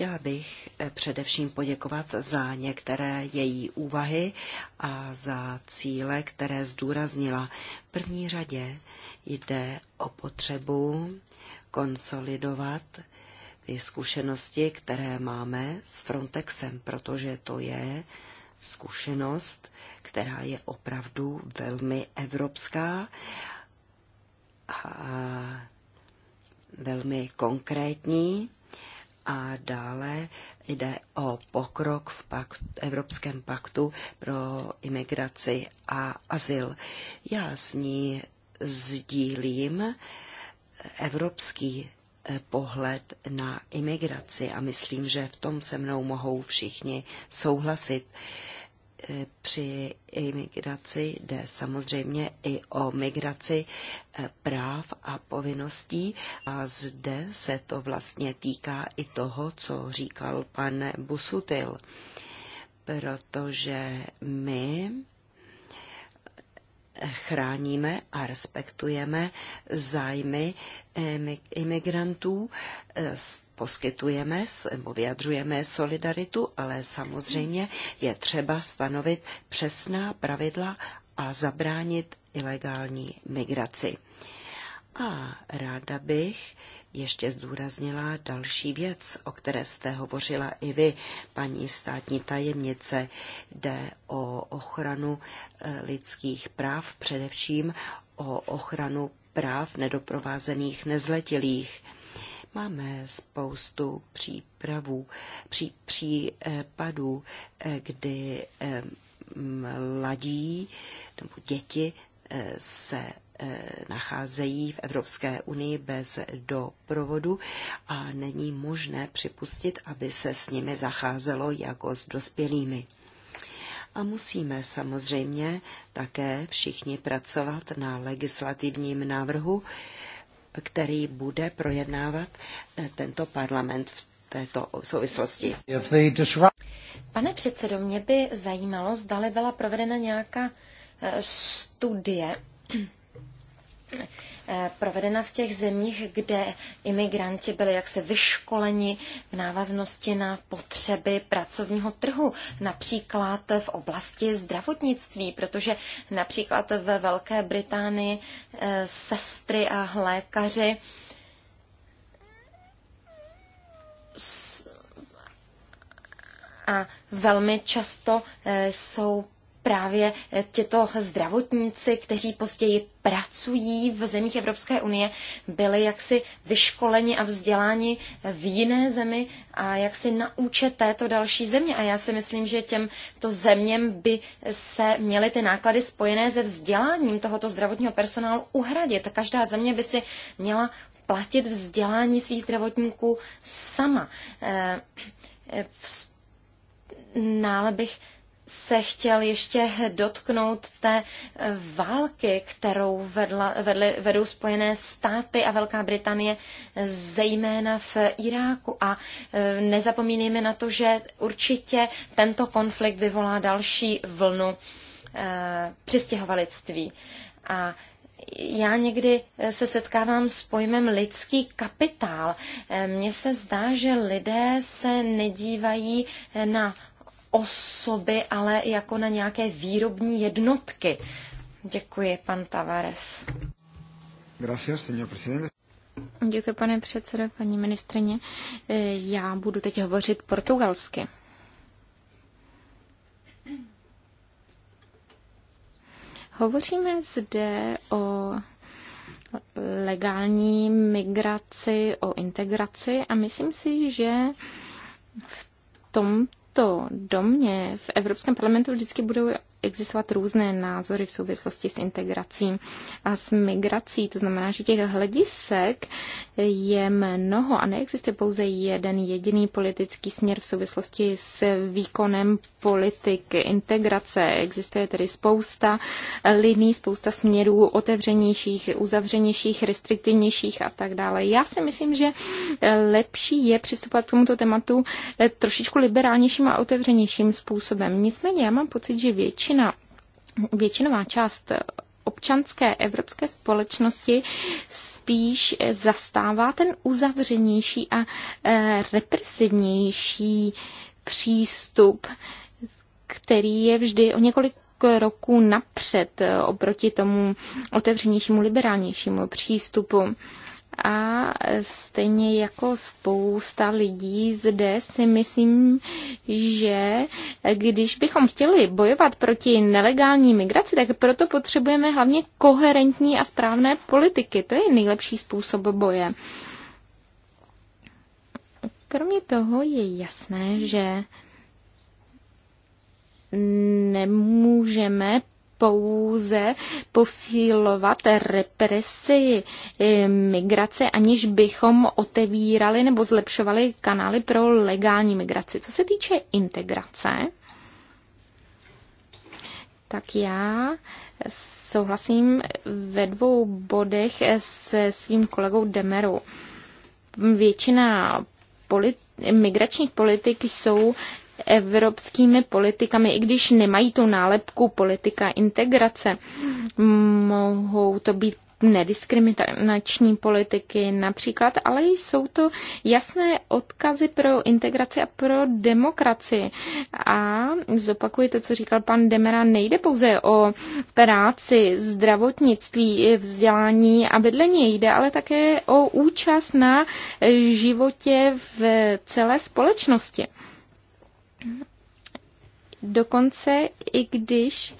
[SPEAKER 2] Chtěla bych eh, především poděkovat za některé její úvahy a za cíle, které zdůraznila. V první řadě jde o potřebu konsolidovat ty zkušenosti, které máme s Frontexem, protože to je zkušenost, která je opravdu velmi evropská a velmi konkrétní a dále jde o pokrok v pakt, Evropském paktu pro imigraci a azyl. Já s ní sdílím evropský eh, pohled na imigraci a myslím, že v tom se mnou mohou všichni souhlasit. Eh, při imigraci jde samozřejmě i o migraci eh, práv a povinností a zde se to vlastně týká i toho, co říkal pan Busutil, protože my eh, chráníme a respektujeme zájmy imigrantů s poskytujeme nebo vyjadřujeme solidaritu, ale samozřejmě je třeba stanovit přesná pravidla a zabránit ilegální migraci. A ráda bych ještě zdůraznila další věc, o které jste hovořila i vy, paní státní tajemnice. Jde o ochranu eh, lidských práv, především o ochranu práv nedoprovázených nezletilých. Máme spoustu přípravů, pří, případů, eh, kdy eh, mladí nebo děti eh, se nacházejí v Evropské unii bez doprovodu a není možné připustit, aby se s nimi zacházelo jako s dospělými. A musíme samozřejmě také všichni pracovat na legislativním návrhu, který bude projednávat eh, tento parlament v této souvislosti.
[SPEAKER 1] Pane předsedo, mě by zajímalo, zdali byla provedena nějaká eh, studie Eh, provedena v těch zemích, kde imigranti byli jaksi vyškoleni v návaznosti na potřeby pracovního trhu, například v oblasti zdravotnictví, protože například ve Velké Británii eh, sestry a lékaři a velmi často eh, jsou právě eh, těto zdravotníci, kteří později pracují v zemích Evropské unie, byli jaksi vyškoleni a vzděláni v jiné zemi a jaksi na účet této další země. A já si myslím, že těmto zeměm by se měly ty náklady spojené se vzděláním tohoto zdravotního personálu uhradit. Každá země by si měla platit vzdělání svých zdravotníků sama. Nále eh, eh, bych se chtěl ještě dotknout té eh, války, kterou vedla, vedly, vedou Spojené státy a Velká Británie, eh, zejména v Iráku. A eh, nezapomínejme na to, že určitě tento konflikt vyvolá další vlnu přistěhovalictví. A já někdy se setkávám s pojmem lidský kapitál. Mně se zdá, že lidé se nedívají na osoby, ale jako na nějaké výrobní jednotky.
[SPEAKER 3] Děkuji, pan Tavares.
[SPEAKER 2] Gracias, señor presidente.
[SPEAKER 3] Děkuji, pane předsedo, paní ministrině. E, já budu teď hovořit portugalsky. Hovoříme zde o legální migraci, o integraci a myslím si, že v tom to do mě v Evropském parlamentu vždycky budou existovat různé názory v souvislosti s integrací a s migrací. To znamená, že těch hledisek je mnoho a neexistuje pouze jeden jediný politický směr v souvislosti s výkonem politiky integrace. Existuje tedy spousta liní, spousta směrů otevřenějších, uzavřenějších, restriktivnějších a tak dále. Já si myslím, že lepší je přistupovat k tomuto tématu trošičku liberálnějším a otevřenějším způsobem. Nicméně já mám pocit, že větší většina, většinová část občanské evropské společnosti spíš zastává ten uzavřenější a e, represivnější přístup, který je vždy o několik roku napřed e, oproti tomu otevřenějšímu, liberálnějšímu přístupu a stejně jako spousta lidí zde si myslím, že když bychom chtěli bojovat proti nelegální migraci, tak proto potřebujeme hlavně koherentní a správné politiky. To je nejlepší způsob boje. Kromě toho je jasné, že nemůžeme pouze posílovat represi eh, migrace, aniž bychom otevírali nebo zlepšovali kanály pro legální migraci. Co se týče integrace, tak já souhlasím ve dvou bodech se svým kolegou Demerou. Většina politi- migračních politik jsou evropskými politikami, i když nemají tu nálepku politika integrace. Mohou to být nediskriminační politiky například, ale jsou to jasné odkazy pro integraci a pro demokracii. A zopakuji to, co říkal pan Demera, nejde pouze o práci, zdravotnictví, vzdělání a bydlení, jde ale také o účast na životě v celé společnosti dokonce i když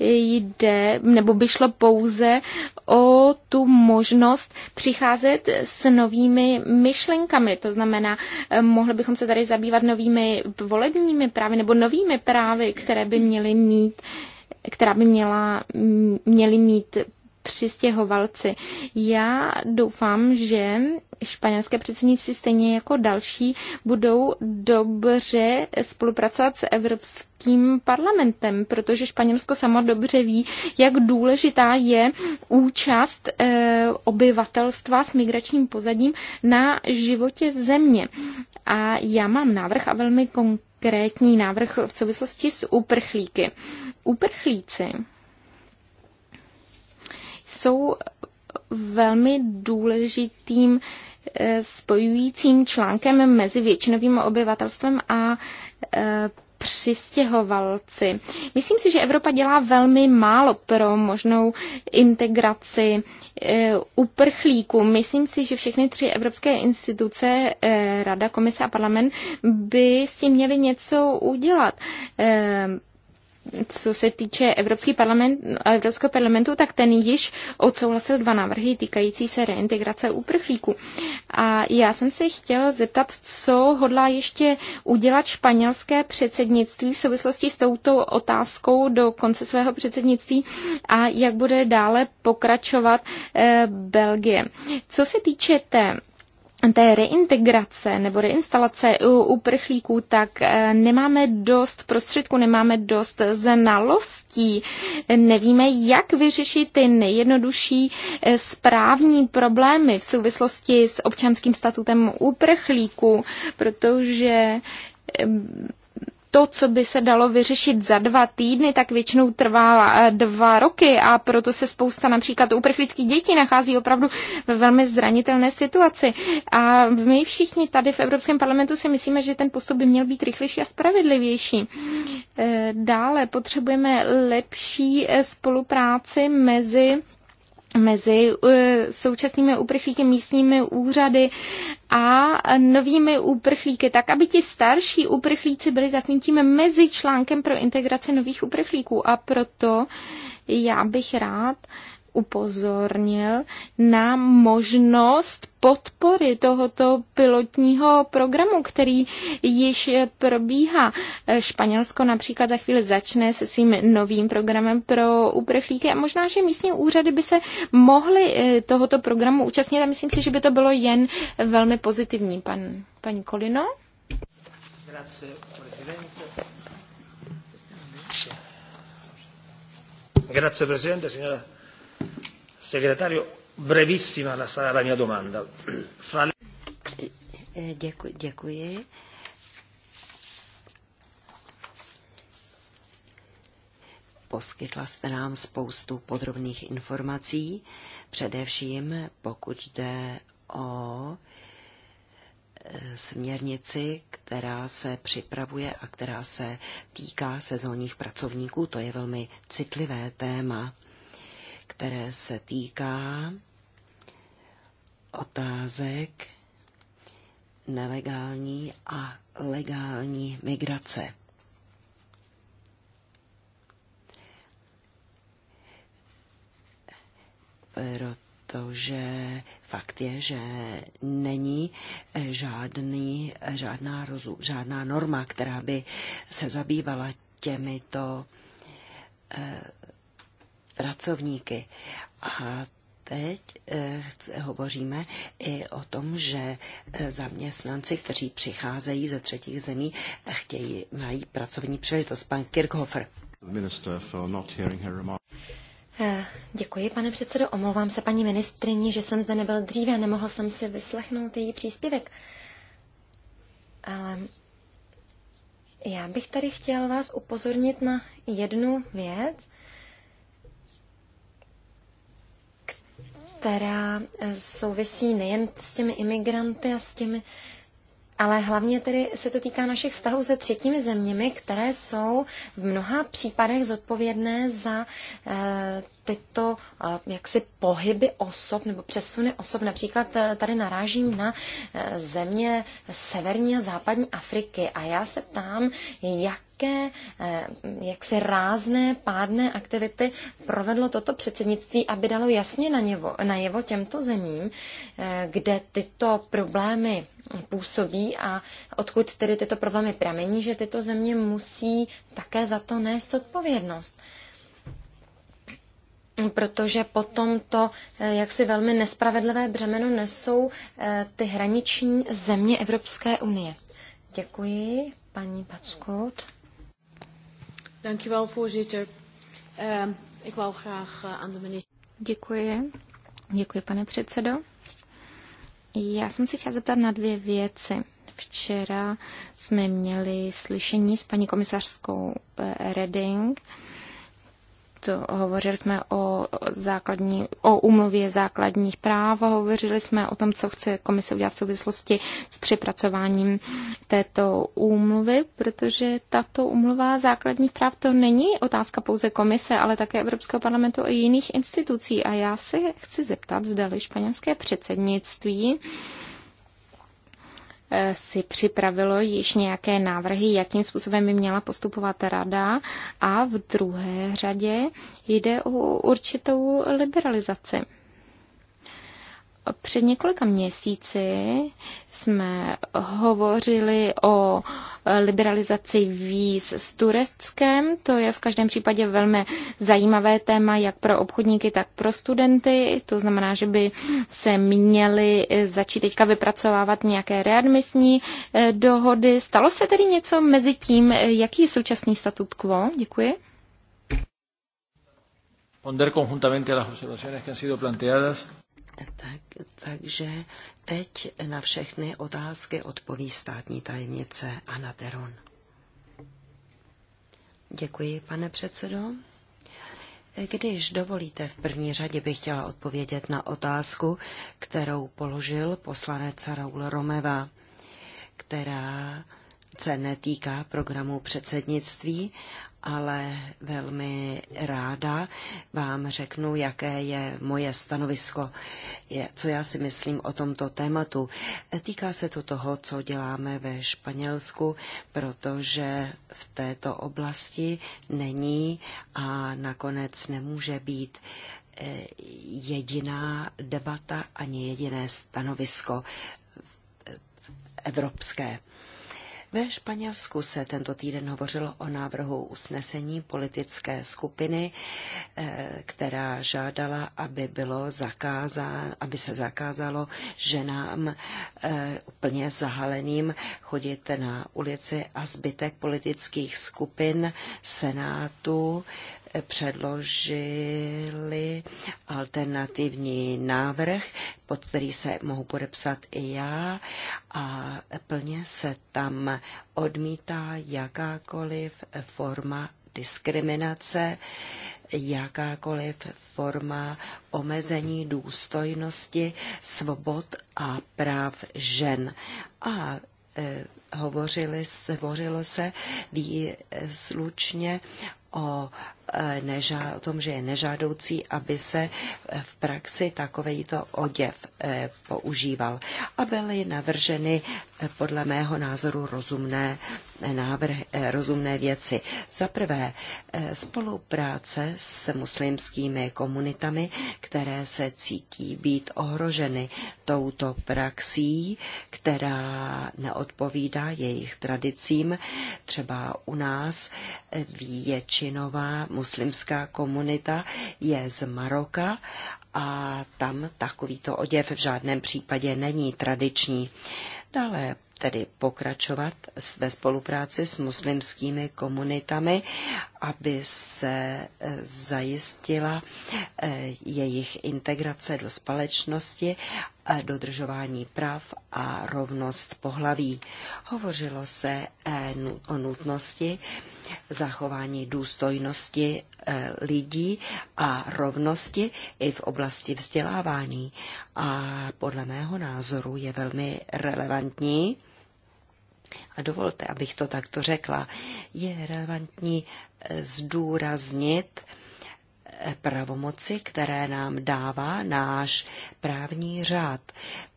[SPEAKER 3] jde, nebo by šlo pouze o tu možnost přicházet s novými myšlenkami. To znamená, mohli bychom se tady zabývat novými volebními právy nebo novými právy, které by měly mít která by měla, měly mít přistěhovalci. Já doufám, že španělské předsednictví stejně jako další budou dobře spolupracovat s Evropským parlamentem, protože Španělsko samo dobře ví, jak důležitá je účast e, obyvatelstva s migračním pozadím na životě země. A já mám návrh a velmi konkrétní návrh v souvislosti s uprchlíky. Uprchlíci jsou velmi důležitým eh, spojujícím článkem mezi většinovým obyvatelstvem a eh, přistěhovalci. Myslím si, že Evropa dělá velmi málo pro možnou integraci eh, uprchlíků. Myslím si, že všechny tři evropské instituce, Rada, Komise a Parlament, by s tím měly něco udělat co se týče Evropský parlament, Evropského parlamentu, tak ten již odsouhlasil dva návrhy týkající se reintegrace uprchlíků. A já jsem se chtěla zeptat, co hodlá ještě udělat španělské předsednictví v souvislosti s touto otázkou do konce svého předsednictví a jak bude dále pokračovat eh, Belgie. Co se týče té té reintegrace nebo reinstalace u uprchlíků, tak eh, nemáme dost prostředků, nemáme dost znalostí, nevíme, jak vyřešit ty nejjednodušší eh, správní problémy v souvislosti s občanským statutem uprchlíků, protože eh, to, co by se dalo vyřešit za dva týdny, tak většinou trvá eh, dva roky a proto se spousta například uprchlických dětí nachází opravdu ve velmi zranitelné situaci. A my všichni tady v Evropském parlamentu si myslíme, že ten postup by měl být rychlejší a spravedlivější. Eh, dále potřebujeme lepší eh, spolupráci mezi mezi eh, současnými uprchlíky, místními úřady a novými uprchlíky, tak aby ti starší uprchlíci byli takovým tím mezičlánkem pro integraci nových uprchlíků. A proto já bych rád, upozornil na možnost podpory tohoto pilotního programu, který již probíhá. Španělsko například za chvíli začne se svým novým programem pro uprchlíky a možná, že místní úřady by se mohly eh, tohoto programu účastnit a myslím si, že by to bylo jen velmi pozitivní. Pan, paní Kolino? Grazie, Grazie
[SPEAKER 1] Presidente, signora Segretario, brevissima la, la mia domanda.
[SPEAKER 2] Fra... Eh, eh, děkuji. děkuji. Poskytla jste nám spoustu podrobných informací, především pokud jde o eh, směrnici, která se připravuje a která se týká sezónních pracovníků. To je velmi citlivé téma které se týká otázek nelegální a legální migrace. Protože fakt je, že není žádný, žádná, rozu, žádná norma, která by se zabývala těmito eh, pracovníky. A teď eh, hovoříme i o tom, že eh, zaměstnanci, kteří přicházejí ze třetích zemí, chtějí, mají pracovní příležitost. Pan Kirchhofer.
[SPEAKER 1] Eh, děkuji, pane předsedo. Omlouvám se paní ministrině, že jsem zde nebyl dříve, nemohl jsem si vyslechnout její příspěvek. Ale já bych tady chtěl vás upozornit na jednu věc, která eh, souvisí nejen s těmi imigranty a s těmi, ale hlavně tedy se to týká našich vztahů se třetími zeměmi, které jsou v mnoha případech zodpovědné za eh, tyto eh, jaksi pohyby osob nebo přesuny osob. Například tady narážím na země severní a západní Afriky a já se ptám, jak jaké eh, jaksi rázné, pádné aktivity provedlo toto předsednictví, aby dalo jasně najevo, najevo těmto zemím, eh, kde tyto problémy působí a odkud tedy tyto problémy pramení, že tyto země musí také za to nést odpovědnost protože potom to eh, jaksi velmi nespravedlivé břemeno nesou ty hraniční země Evropské unie. Děkuji, paní Packot.
[SPEAKER 3] Dankjewel, voorzitter. Ehm, ik wou graag eh, aan de minister. Děkuji. Děkuji, pane předsedo. Já jsem se chtěla zeptat na dvě věci. Včera jsme měli slyšení s paní komisařskou eh, Reding to hovořili jsme o, základní, o umluvě základních práv, hovořili jsme o tom, co chce komise udělat v souvislosti s přepracováním této úmluvy, protože tato umluva základních práv to není otázka pouze komise, ale také Evropského parlamentu a jiných institucí. A já se chci zeptat, zda španělské předsednictví si připravilo již nějaké návrhy, jakým způsobem by měla postupovat rada a v druhé řadě jde o určitou liberalizaci. Před několika měsíci jsme hovořili o liberalizaci víz s Tureckem. To je v každém případě velmi zajímavé téma jak pro obchodníky, tak pro studenty. To znamená, že by se měly začít teďka vypracovávat nějaké readmisní eh, dohody. Stalo se tedy něco mezi tím, eh, jaký je současný statut quo? Děkuji.
[SPEAKER 2] Ponder conjuntamente las observaciones que han sido planteadas. Tak, takže teď na všechny otázky odpoví státní tajemnice Anna Teron. Děkuji, pane předsedo. Když dovolíte, v první řadě bych chtěla odpovědět na otázku, kterou položil poslanec Raul Romeva, která se netýká programu předsednictví, ale velmi ráda vám řeknu, jaké je moje stanovisko, co já si myslím o tomto tématu. Týká se to toho, co děláme ve Španělsku, protože v této oblasti není a nakonec nemůže být eh, jediná debata ani jediné stanovisko eh, evropské. Ve Španělsku se tento týden hovořilo o návrhu usnesení politické skupiny, eh, která žádala, aby, bylo zakázán, aby se zakázalo ženám eh, úplně zahaleným chodit na ulici a zbytek politických skupin Senátu předložili alternativní návrh, pod který se mohu podepsat i já a plně se tam odmítá jakákoliv forma diskriminace, jakákoliv forma omezení důstojnosti, svobod a práv žen. A e, hovořili, hovořilo se výslučně o Eh, nežá, o tom, že je nežádoucí, aby se eh, v praxi takovýto oděv eh, používal. A byly navrženy podle mého názoru rozumné, návrh, rozumné věci. Za prvé, spolupráce s muslimskými komunitami, které se cítí být ohroženy touto praxí, která neodpovídá jejich tradicím. Třeba u nás většinová muslimská komunita je z Maroka a tam takovýto oděv v žádném případě není tradiční. Dále tedy pokračovat ve spolupráci s muslimskými komunitami, aby se eh, zajistila eh, jejich integrace do společnosti dodržování práv a rovnost pohlaví. Hovořilo se eh, o nutnosti zachování důstojnosti eh, lidí a rovnosti i v oblasti vzdělávání. A podle mého názoru je velmi relevantní, a dovolte, abych to takto řekla, je relevantní eh, zdůraznit eh, pravomoci, které nám dává náš právní řád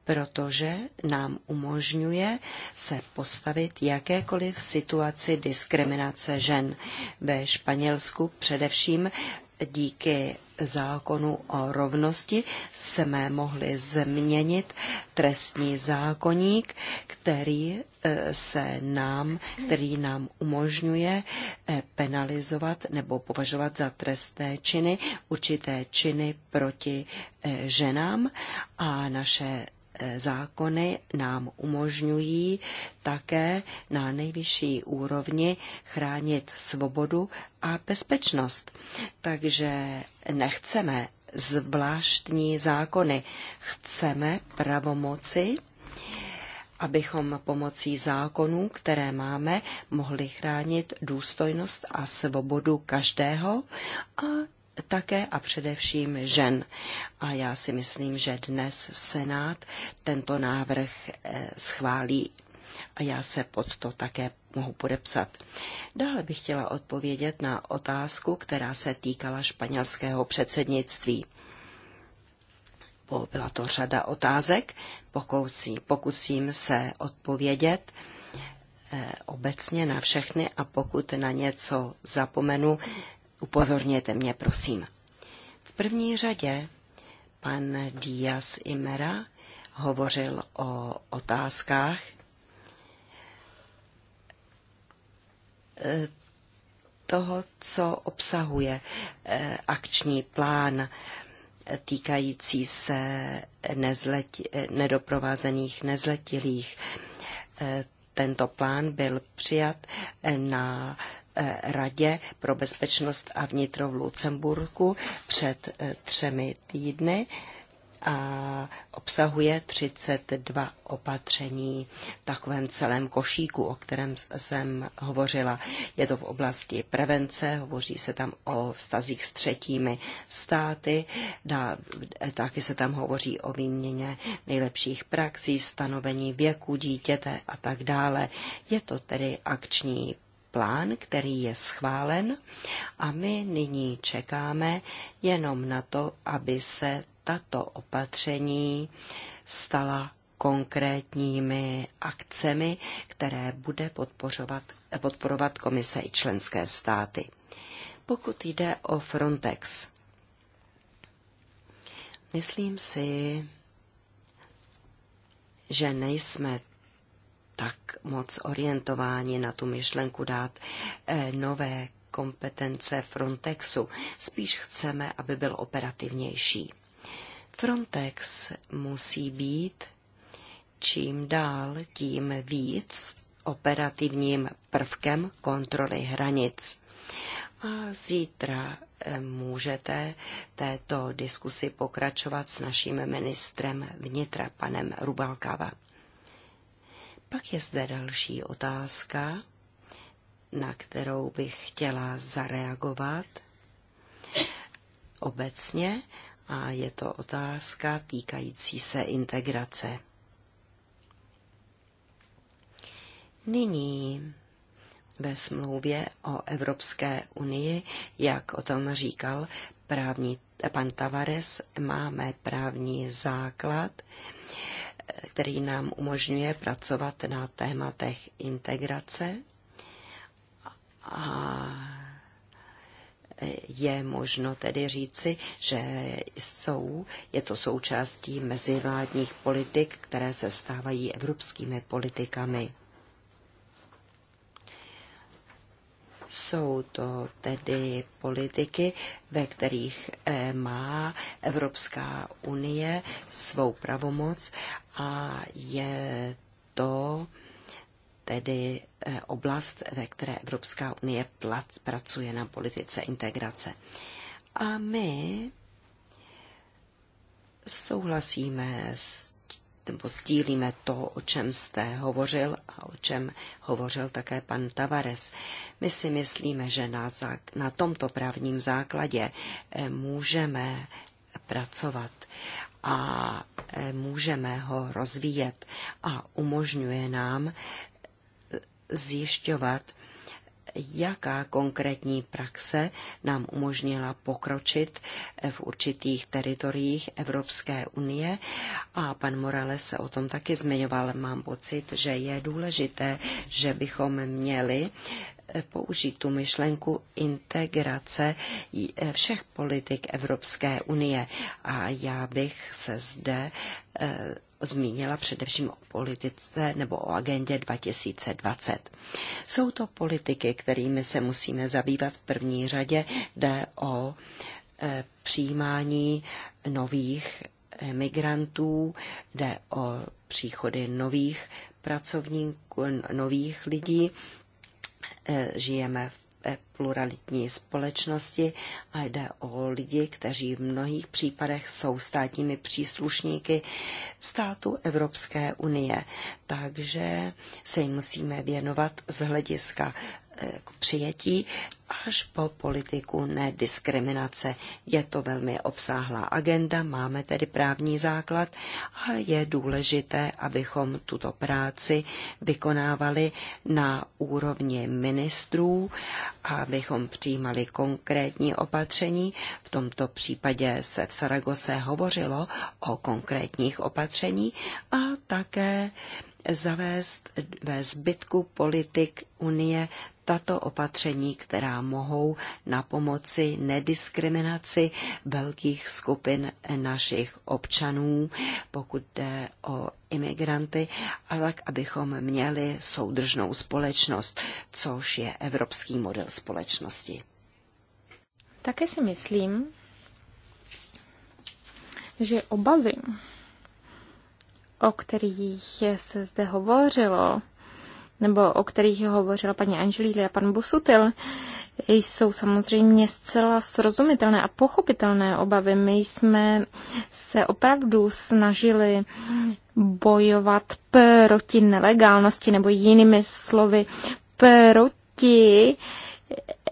[SPEAKER 2] protože nám umožňuje se postavit jakékoliv situaci diskriminace žen. Ve Španělsku především díky zákonu o rovnosti jsme mohli změnit trestní zákoník, který eh, se nám, který nám umožňuje eh, penalizovat nebo považovat za trestné činy určité činy proti eh, ženám a naše E, zákony nám umožňují také na nejvyšší úrovni chránit svobodu a bezpečnost. Takže nechceme zvláštní zákony, chceme pravomoci abychom pomocí zákonů, které máme, mohli chránit důstojnost a svobodu každého a také a především žen. A já si myslím, že dnes Senát tento návrh eh, schválí a já se pod to také mohu podepsat. Dále bych chtěla odpovědět na otázku, která se týkala španělského předsednictví. Byla to řada otázek, pokusím, pokusím se odpovědět eh, obecně na všechny a pokud na něco zapomenu, upozorněte mě, prosím. V první řadě pan Díaz Imera hovořil o otázkách, eh, toho, co obsahuje eh, akční plán eh, týkající se nezleti, nedoprovázených nezletilých. Tento plán byl přijat na Eh, Radě pro bezpečnost a vnitro v Lucemburku před eh, třemi týdny a obsahuje 32 opatření v takovém celém košíku, o kterém jsem hovořila. Je to v oblasti prevence, hovoří se tam o vztazích s třetími státy, dá, eh, taky se tam hovoří o výměně nejlepších praxí, stanovení věku dítěte a tak dále. Je to tedy akční plán, který je schválen a my nyní čekáme jenom na to, aby se tato opatření stala konkrétními akcemi, které bude podporovat, podporovat komise i členské státy. Pokud jde o Frontex, myslím si, že nejsme tak moc orientováni na tu myšlenku dát eh, nové kompetence Frontexu. Spíš chceme, aby byl operativnější. Frontex musí být čím dál tím víc operativním prvkem kontroly hranic. A zítra eh, můžete této diskusi pokračovat s naším ministrem vnitra, panem Rubalkava. Pak je zde další otázka, na kterou bych chtěla zareagovat obecně, a je to otázka týkající se integrace. Nyní ve smlouvě o Evropské unii, jak o tom říkal právní, pan Tavares, máme právní základ, který nám umožňuje pracovat na tématech integrace a je možno tedy říci, že jsou, je to součástí mezivládních politik, které se stávají evropskými politikami. Jsou to tedy politiky, ve kterých eh, má Evropská unie svou pravomoc a je to tedy eh, oblast, ve které Evropská unie plat, pracuje na politice integrace. A my souhlasíme s nebo sdílíme to, o čem jste hovořil a o čem hovořil také pan Tavares. My si myslíme, že na, na tomto právním základě eh, můžeme pracovat a e, můžeme ho rozvíjet a umožňuje nám e, zjišťovat, jaká konkrétní praxe nám umožnila pokročit e, v určitých teritoriích Evropské unie. A pan Morales se o tom taky zmiňoval. Mám pocit, že je důležité, že bychom měli použít tu myšlenku integrace všech politik Evropské unie. A já bych se zde eh, zmínila především o politice nebo o agendě 2020. Jsou to politiky, kterými se musíme zabývat v první řadě. Jde o eh, přijímání nových migrantů, jde o příchody nových pracovníků, nových lidí, Eh, žijeme v eh, pluralitní společnosti a jde o lidi, kteří v mnohých případech jsou státními příslušníky státu Evropské unie. Takže se jim musíme věnovat z hlediska k přijetí až po politiku nediskriminace. Je to velmi obsáhlá agenda, máme tedy právní základ a je důležité, abychom tuto práci vykonávali na úrovni ministrů, abychom přijímali konkrétní opatření. V tomto případě se v Saragose hovořilo o konkrétních opatření a také zavést ve zbytku politik Unie tato opatření, která mohou na pomoci nediskriminaci velkých skupin našich občanů, pokud jde o imigranty, a tak, abychom měli soudržnou společnost, což je evropský model společnosti.
[SPEAKER 3] Také si myslím, že obavy, o kterých se zde hovořilo, nebo o kterých hovořila paní Angelília a pan Busutil, jsou samozřejmě zcela srozumitelné a pochopitelné obavy. My jsme se opravdu snažili bojovat proti nelegálnosti nebo jinými slovy proti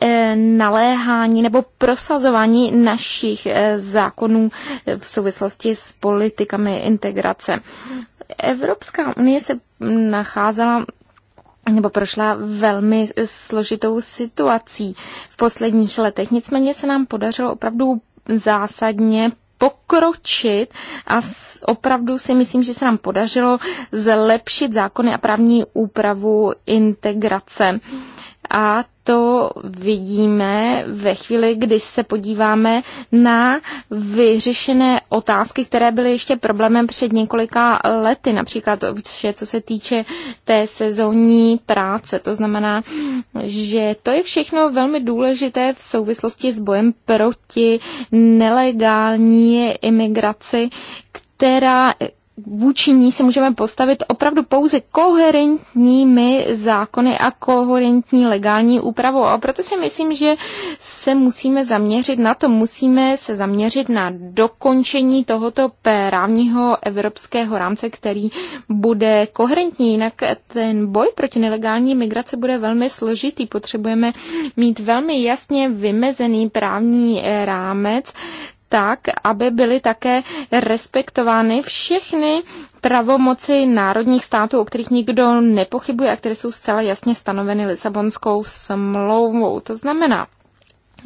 [SPEAKER 3] eh, naléhání nebo prosazování našich eh, zákonů v souvislosti s politikami integrace. Evropská unie se nacházela nebo prošla velmi složitou situací v posledních letech. Nicméně se nám podařilo opravdu zásadně pokročit a opravdu si myslím, že se nám podařilo zlepšit zákony a právní úpravu integrace. A to vidíme ve chvíli, kdy se podíváme na vyřešené otázky, které byly ještě problémem před několika lety, například vše, co se týče té sezónní práce. To znamená, že to je všechno velmi důležité v souvislosti s bojem proti nelegální imigraci, která, vůči ní se můžeme postavit opravdu pouze koherentními zákony a koherentní legální úpravou. A proto si myslím, že se musíme zaměřit na to, musíme se zaměřit na dokončení tohoto právního evropského rámce, který bude koherentní. Jinak ten boj proti nelegální migraci bude velmi složitý. Potřebujeme mít velmi jasně vymezený právní rámec, tak, aby byly také respektovány všechny pravomoci národních států, o kterých nikdo nepochybuje a které jsou zcela jasně stanoveny Lisabonskou smlouvou. To znamená,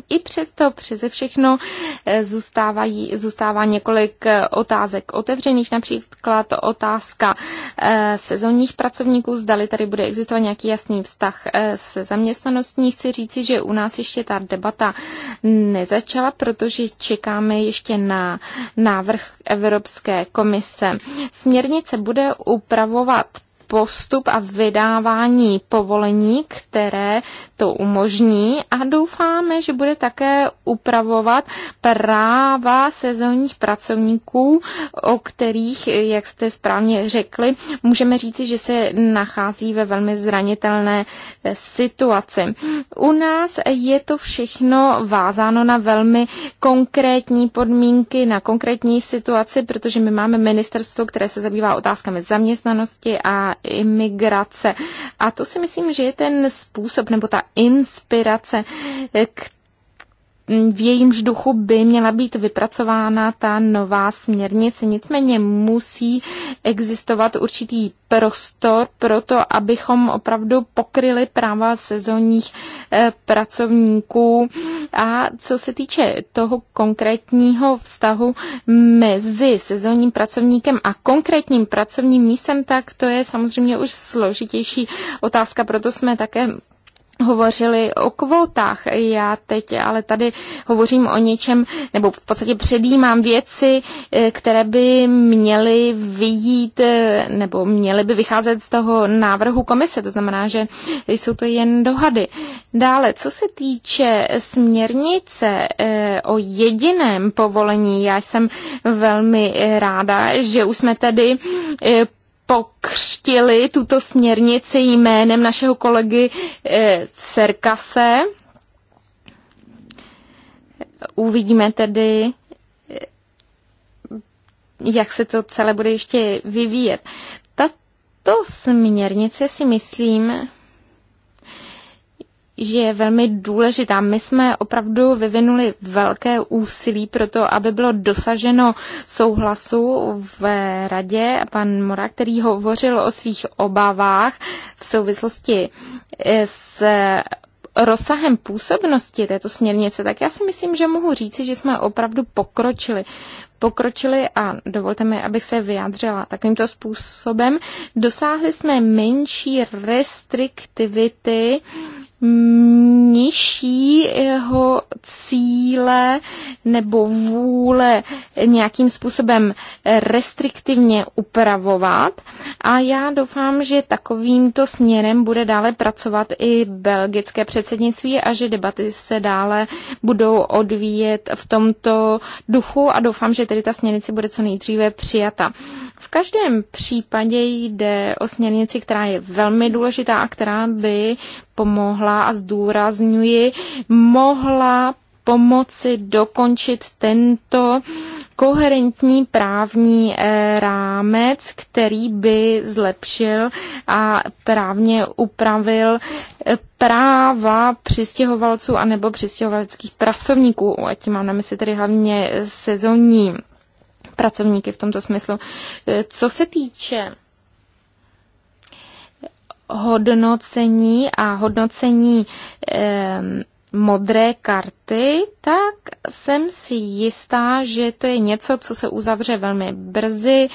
[SPEAKER 3] i přesto přeze všechno eh, zůstávají, zůstává několik eh, otázek otevřených, například otázka eh, sezónních pracovníků, zdali tady bude existovat nějaký jasný vztah se zaměstnaností. Chci říci, že u nás ještě ta debata nezačala, protože čekáme ještě na návrh Evropské komise. Směrnice bude upravovat postup a vydávání povolení, které to umožní a doufáme, že bude také upravovat práva sezónních pracovníků, o kterých, jak jste správně řekli, můžeme říci, že se nachází ve velmi zranitelné situaci. U nás je to všechno vázáno na velmi konkrétní podmínky, na konkrétní situaci, protože my máme ministerstvo, které se zabývá otázkami zaměstnanosti a imigrace. A to si myslím, že je ten způsob nebo ta inspirace, k Mm, v jejímž duchu by měla být vypracována ta nová směrnice. Nicméně musí existovat určitý prostor pro to, abychom opravdu pokryli práva sezónních eh, pracovníků. A co se týče toho konkrétního vztahu mezi sezónním pracovníkem a konkrétním pracovním místem, tak to je samozřejmě už složitější otázka, proto jsme také hovořili o kvótách. Já teď ale tady hovořím o něčem, nebo v podstatě předjímám věci, eh, které by měly vyjít, eh, nebo měly by vycházet z toho návrhu komise. To znamená, že jsou to jen dohady. Dále, co se týče směrnice eh, o jediném povolení, já jsem velmi ráda, že už jsme tedy pokřtili tuto směrnici jménem našeho kolegy e, eh, Serkase. Uvidíme tedy, eh, jak se to celé bude ještě vyvíjet. Tato směrnice si myslím, že je velmi důležitá. My jsme opravdu vyvinuli velké úsilí pro to, aby bylo dosaženo souhlasu v radě. Pan Mora, který hovořil o svých obavách v souvislosti eh, s eh, rozsahem působnosti této směrnice, tak já si myslím, že mohu říci, že jsme opravdu pokročili. Pokročili a dovolte mi, abych se vyjádřila takovýmto způsobem. Dosáhli jsme menší restriktivity nižší jeho cíle nebo vůle nějakým způsobem restriktivně upravovat. A já doufám, že takovýmto směrem bude dále pracovat i belgické předsednictví a že debaty se dále budou odvíjet v tomto duchu a doufám, že tedy ta směrnice bude co nejdříve přijata. V každém případě jde o směrnici, která je velmi důležitá a která by pomohla a zdůrazňuji, mohla pomoci dokončit tento koherentní právní eh, rámec, který by zlepšil a právně upravil eh, práva přistěhovalců anebo přistěhovaleckých pracovníků. A mám na mysli tedy hlavně sezónní pracovníky v tomto smyslu. Eh, co se týče hodnocení a hodnocení ehm, modré karty, tak jsem si jistá, že to je něco, co se uzavře velmi brzy,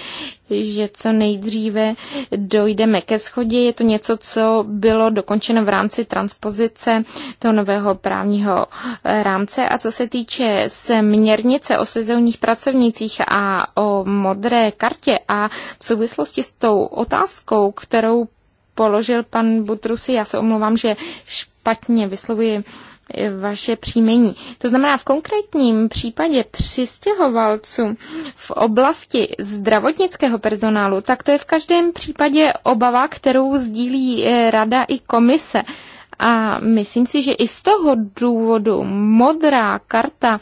[SPEAKER 3] že co nejdříve dojdeme ke schodě. Je to něco, co bylo dokončeno v rámci transpozice toho nového právního rámce. A co se týče směrnice o sezónních pracovnicích a o modré kartě a v souvislosti s tou otázkou, kterou položil pan Butrusi, já se omlouvám, že špatně vyslovuji vaše příjmení. To znamená, v konkrétním případě přistěhovalců v oblasti zdravotnického personálu, tak to je v každém případě obava, kterou sdílí eh, rada i komise. A myslím si, že i z toho důvodu modrá karta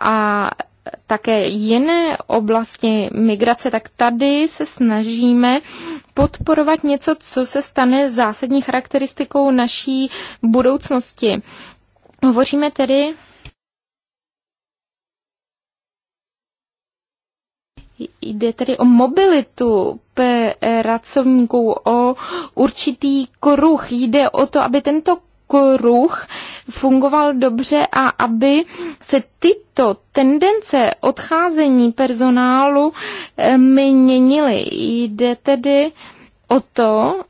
[SPEAKER 3] a také jiné oblasti migrace, tak tady se snažíme podporovat něco, co se stane zásadní charakteristikou naší budoucnosti. Hovoříme tedy Jde tedy o mobilitu pracovníků, o určitý kruh. Jde o to, aby tento kruh fungoval dobře a aby se tyto tendence odcházení personálu eh, měnily. Jde tedy o to,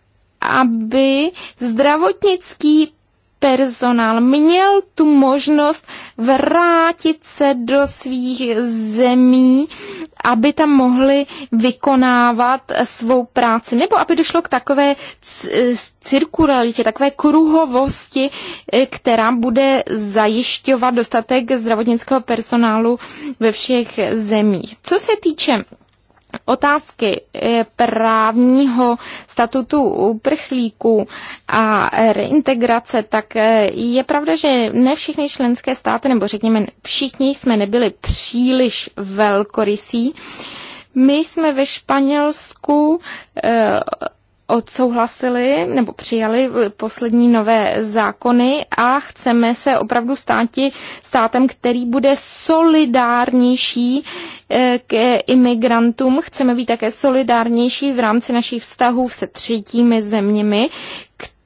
[SPEAKER 3] aby zdravotnický personál měl tu možnost vrátit se do svých zemí, aby tam mohli vykonávat svou práci, nebo aby došlo k takové cirkulalitě, takové kruhovosti, eh, která bude zajišťovat dostatek zdravotnického personálu ve všech zemích. Co se týče otázky eh, právního statutu uprchlíků a reintegrace, tak eh, je pravda, že ne všechny členské státy, nebo řekněme, všichni jsme nebyli příliš velkorysí. My jsme ve Španělsku eh, odsouhlasili nebo přijali poslední nové zákony a chceme se opravdu státi státem, který bude solidárnější eh, k imigrantům. Chceme být také solidárnější v rámci našich vztahů se třetími zeměmi,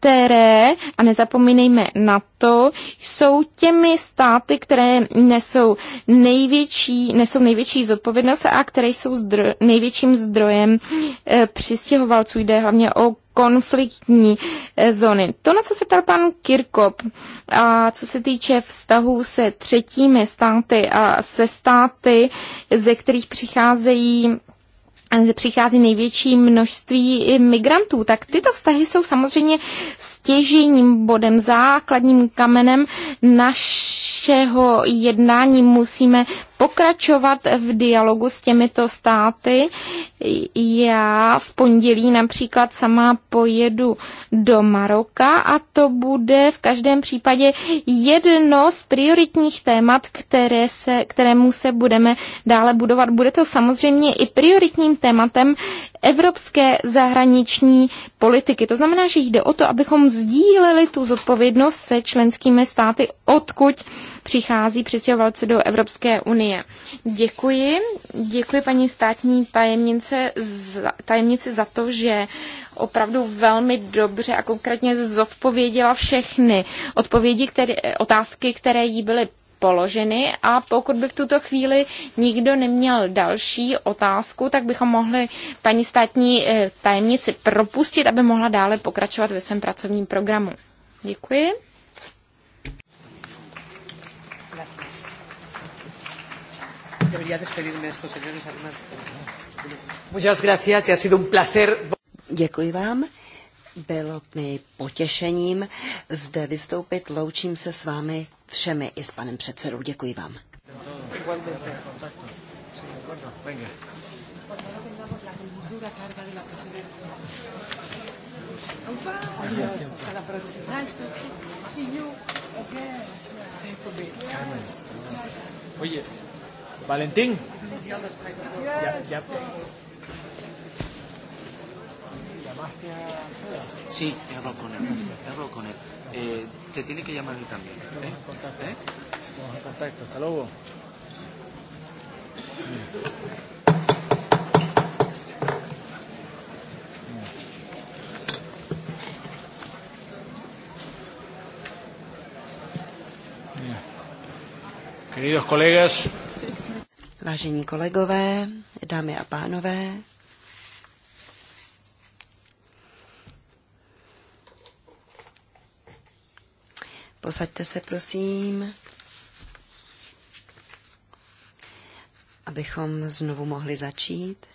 [SPEAKER 3] které, a nezapomínejme na to, jsou těmi státy, které nesou největší, nesou největší zodpovědnost a které jsou zdro, největším zdrojem e, přistěhovalců. Jde hlavně o konfliktní eh, zóny. To, na co se ptal pan Kirkop, a co se týče vztahů se třetími státy a se státy, ze kterých přicházejí přichází největší množství migrantů, tak tyto vztahy jsou samozřejmě stěžením bodem, základním kamenem našeho jednání. Musíme pokračovat v dialogu s těmito státy. Já v pondělí například sama pojedu do Maroka a to bude v každém případě jedno z prioritních témat, které se, kterému se budeme dále budovat. Bude to samozřejmě i prioritním tématem evropské zahraniční politiky. To znamená, že jde o to, abychom sdíleli tu zodpovědnost se členskými státy, odkud přichází přistěhovalci do Evropské unie. Děkuji. Děkuji paní státní tajemnice za, za to, že opravdu velmi dobře a konkrétně zodpověděla všechny odpovědi, které, otázky, které jí byly položeny a pokud by v tuto chvíli nikdo neměl další otázku, tak bychom mohli paní státní eh, tajemnici propustit, aby mohla dále pokračovat ve svém pracovním programu. Děkuji.
[SPEAKER 2] Děkuji vám. Bylo mi potěšením zde vystoupit. Loučím se s vámi všemi i s panem předsedou. Děkuji vám. Valentín. Sí, he hablado con él. He hablado con él. Eh, te tiene que llamar él también. ¿eh? Vamos a contar esto. ¿Eh? Hasta luego. Queridos colegas. Vážení kolegové, dámy a pánové, Posaďte se, prosím, abychom znovu mohli začít.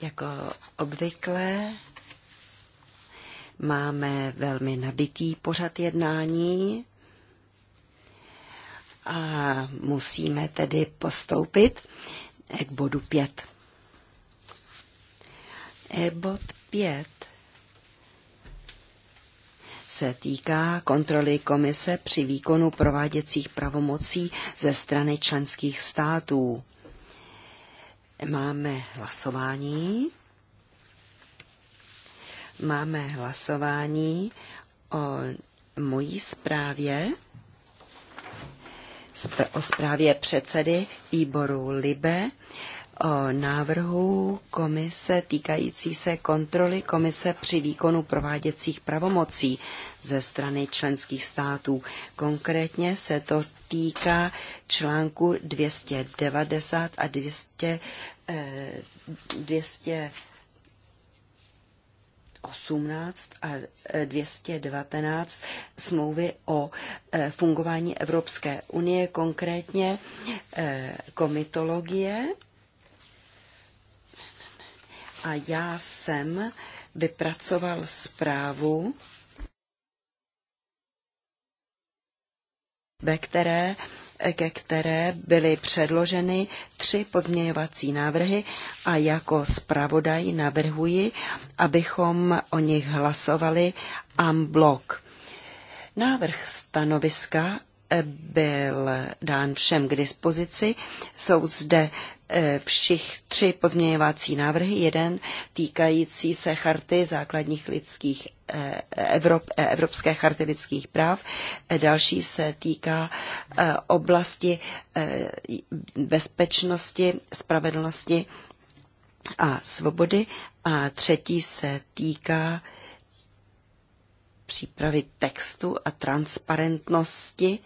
[SPEAKER 2] Jako obvykle máme velmi nabitý pořad jednání a musíme tedy postoupit k bodu 5. E, bod 5 se týká kontroly komise při výkonu prováděcích pravomocí ze strany členských států. Máme hlasování. Máme hlasování o mojí zprávě, o zprávě předsedy výboru Libe o návrhu komise týkající se kontroly komise při výkonu prováděcích pravomocí ze strany členských států. Konkrétně se to týká článku 290 a 200, eh, 218 a 219 eh, smlouvy o eh, fungování Evropské unie, konkrétně eh, komitologie a já jsem vypracoval zprávu, ve které, ke které byly předloženy tři pozměňovací návrhy a jako zpravodaj navrhuji, abychom o nich hlasovali en blok. Návrh stanoviska byl dán všem k dispozici. Jsou zde všech tři pozměňovací návrhy. Jeden týkající se charty základních lidských eh, Evrop, eh, Evropské charty lidských práv. Eh, další se týká oblasti bezpečnosti, spravedlnosti a svobody. A třetí se týká přípravy textu a transparentnosti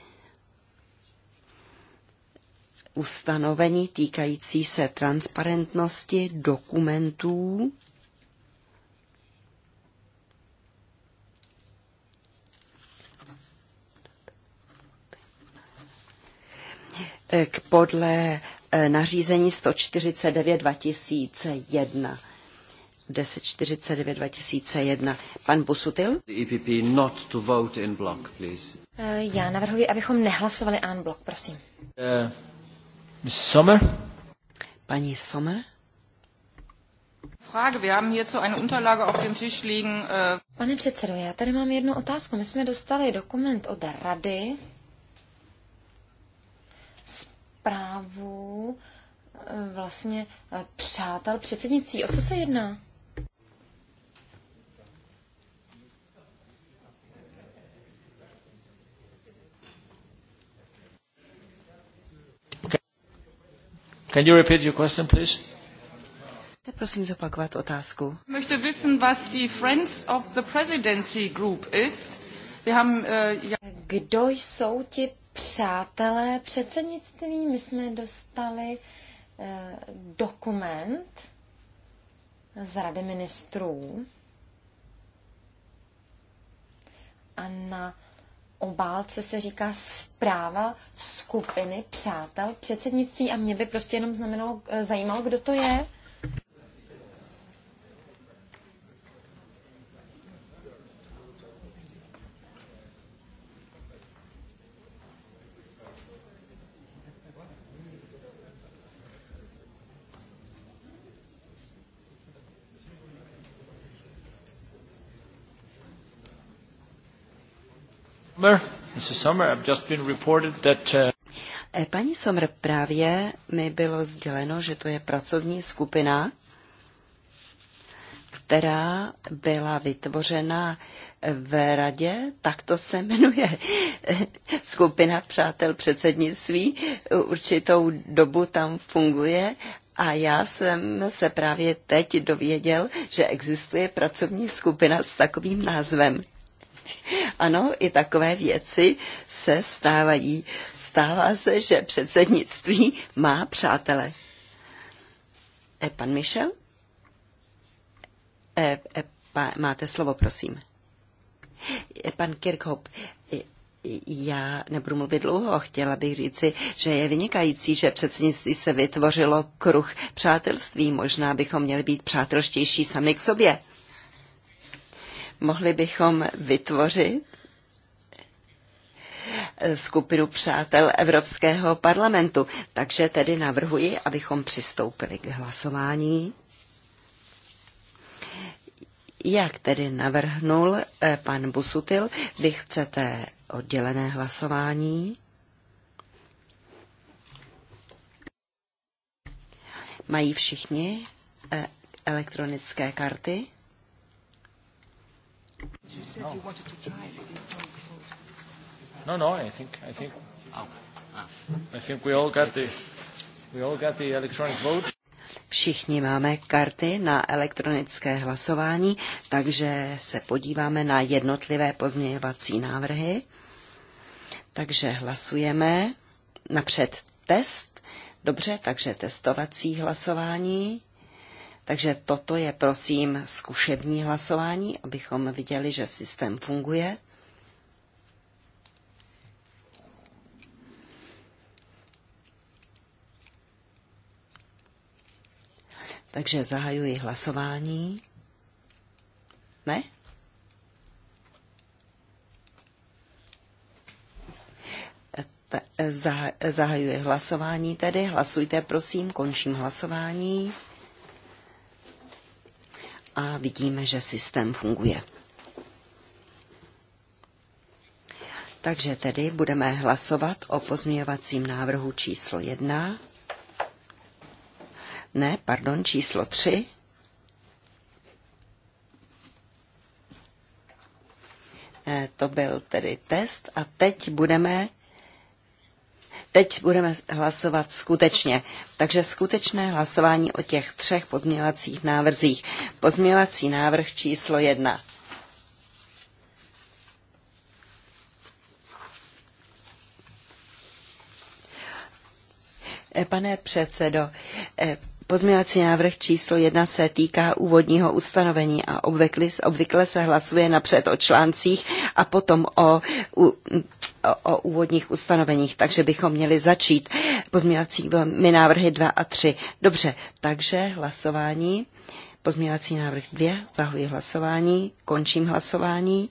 [SPEAKER 2] ustanovení týkající se transparentnosti dokumentů k podle eh, nařízení 149 2001. 1049 2001. Pan Busutil? EPP e not to vote in block, please.
[SPEAKER 1] Eh, já navrhuji, abychom nehlasovali en blok, prosím.
[SPEAKER 2] Uh. Mrs. Sommer? Paní Sommer?
[SPEAKER 1] Pane předsedo, já tady mám jednu otázku. My jsme dostali dokument od Rady, zprávu e, vlastně e, přátel předsednicí. O co se jedná?
[SPEAKER 2] Can you repeat your question, please? Prosím zopakovat otázku.
[SPEAKER 3] Möchte wissen, was die Friends of the Presidency Group
[SPEAKER 1] ist. Wir haben, uh, ja... Kdo jsou ti přátelé předsednictví? My jsme dostali uh, dokument z Rady ministrů a na obálce se říká zpráva skupiny přátel předsednictví a mě by prostě jenom znamenalo, e, zajímalo, kdo to je.
[SPEAKER 3] Uh,
[SPEAKER 2] eh, paní Sommer, právě mi bylo sděleno, že to je pracovní skupina, která byla vytvořena eh, v radě, tak to se jmenuje eh, skupina přátel předsednictví. Určitou dobu tam funguje a já jsem se právě teď dověděl, že existuje pracovní skupina s takovým názvem. Ano, i takové věci se stávají. Stává se, že předsednictví má přátele. E, pan Michel? E, e, pa, máte slovo, prosím. E, pan Kirchhoff, e, já nebudu mluvit dlouho, chtěla bych říci, že je vynikající, že předsednictví se vytvořilo kruh přátelství. Možná bychom měli být přátelštější sami k sobě. Mohli bychom vytvořit skupinu přátel Evropského parlamentu. Takže tedy navrhuji, abychom přistoupili k hlasování. Jak tedy navrhnul eh, pan Busutil, vy chcete oddělené hlasování? Mají všichni eh, elektronické karty? You said no. you wanted to try it No, no, I think, I think, oh. Oh.
[SPEAKER 1] I think we all got the, we all got the electronic vote.
[SPEAKER 2] Všichni máme karty na elektronické hlasování, takže se podíváme na jednotlivé pozměňovací návrhy. Takže hlasujeme napřed test. Dobře, takže testovací hlasování. Takže toto je prosím zkušební hlasování, abychom viděli, že systém funguje. Takže zahajuji hlasování. Ne? Zahajuji hlasování tedy. Hlasujte, prosím. Končím hlasování a vidíme, že systém funguje. Takže tedy budeme hlasovat o pozměňovacím návrhu číslo 1. Ne, pardon, číslo 3. Eh, to byl tedy test a teď budeme Teď budeme hlasovat skutečně. Takže skutečné hlasování o těch třech pozměňovacích návrzích. Pozměňovací návrh číslo jedna. Eh, pane předsedo, eh, Pozměňovací návrh číslo jedna se týká úvodního ustanovení a obvykle, obvykle se hlasuje napřed o článcích a potom o, o, o úvodních ustanoveních, takže bychom měli začít pozměňovacími návrhy 2 a 3. Dobře, takže hlasování. Pozměňovací návrh 2, zahuji hlasování, končím hlasování.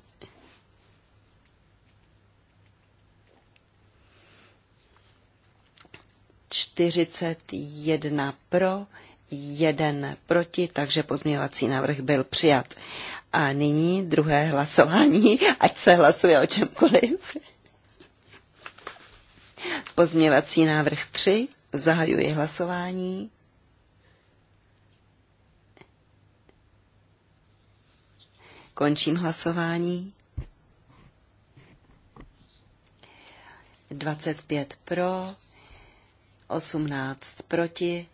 [SPEAKER 2] 41 pro, 1 proti, takže pozměňovací návrh byl přijat. A nyní druhé hlasování, ať se hlasuje o čemkoliv. Pozměňovací návrh 3, zahajuji hlasování. Končím hlasování. 25 pro, 18 proti,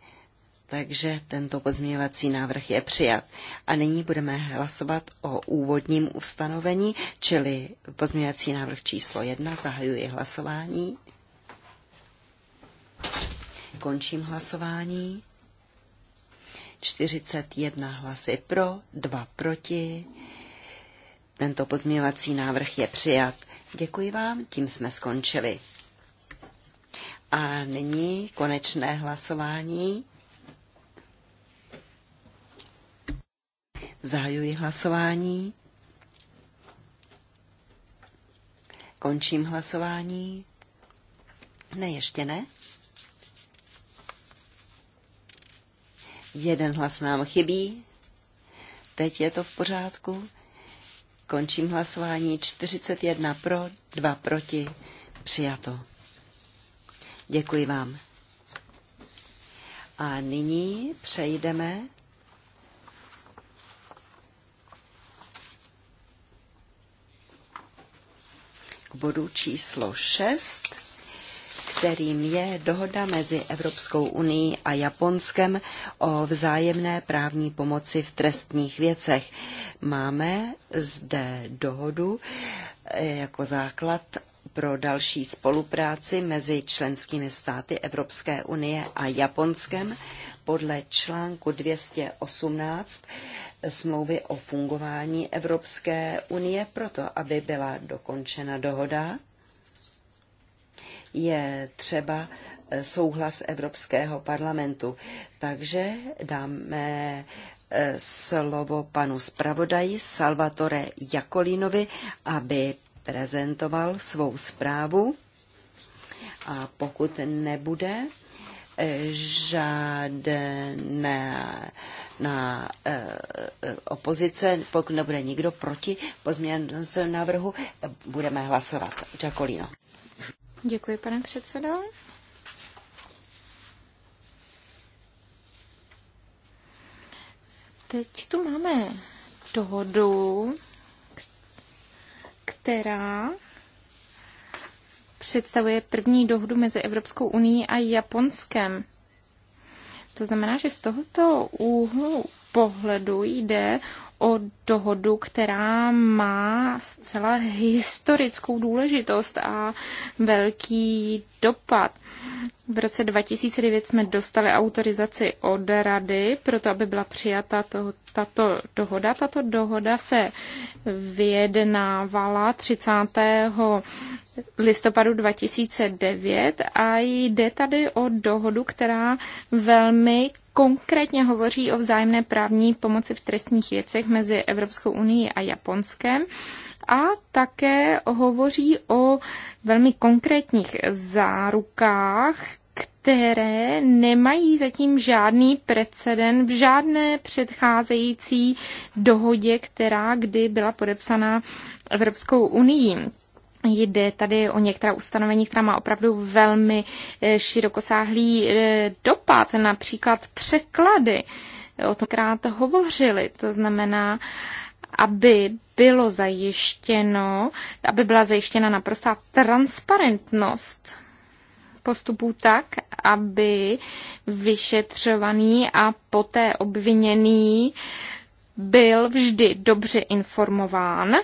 [SPEAKER 2] takže tento pozměňovací návrh je přijat. A nyní budeme hlasovat o úvodním ustanovení, čili pozměňovací návrh číslo 1. Zahajuji hlasování. Končím hlasování. 41 hlasy pro, 2 proti. Tento pozměňovací návrh je přijat. Děkuji vám, tím jsme skončili. A nyní konečné hlasování. Zahajuji hlasování. Končím hlasování. Ne, ještě ne. Jeden hlas nám chybí. Teď je to v pořádku. Končím hlasování 41 pro, 2 proti. Přijato. Děkuji vám. A nyní přejdeme k bodu číslo 6, kterým je dohoda mezi Evropskou unii a Japonskem o vzájemné právní pomoci v trestních věcech. Máme zde dohodu eh, jako základ pro další spolupráci mezi členskými státy Evropské unie a Japonskem podle článku 218 smlouvy o fungování Evropské unie proto, aby byla dokončena dohoda. Je třeba eh, souhlas Evropského parlamentu. Takže dáme eh, slovo panu zpravodaji Salvatore Jakolinovi, aby prezentoval svou zprávu a pokud nebude eh, žádné na eh, eh, opozice, pokud nebude nikdo proti pozměňovacímu návrhu, budeme hlasovat. Jakolino.
[SPEAKER 3] Děkuji, pane předsedo. Teď tu máme dohodu která představuje první dohodu mezi Evropskou unii a Japonskem. To znamená, že z tohoto úhlu pohledu jde o dohodu, která má zcela historickou důležitost a velký dopad. V roce 2009 jsme dostali autorizaci od Rady, proto aby byla přijata to, tato dohoda. Tato dohoda se vyjednávala 30 listopadu 2009 a jde tady o dohodu, která velmi konkrétně hovoří o vzájemné právní pomoci v trestních věcech mezi Evropskou unii a Japonskem a také hovoří o velmi konkrétních zárukách, které nemají zatím žádný precedent v žádné předcházející dohodě, která kdy byla podepsaná Evropskou unii. Jde tady o některá ustanovení, která má opravdu velmi eh, širokosáhlý eh, dopad, například překlady. O krát hovořili, to znamená, aby bylo zajištěno, aby byla zajištěna naprostá transparentnost postupu tak, aby vyšetřovaný a poté obviněný byl vždy dobře informován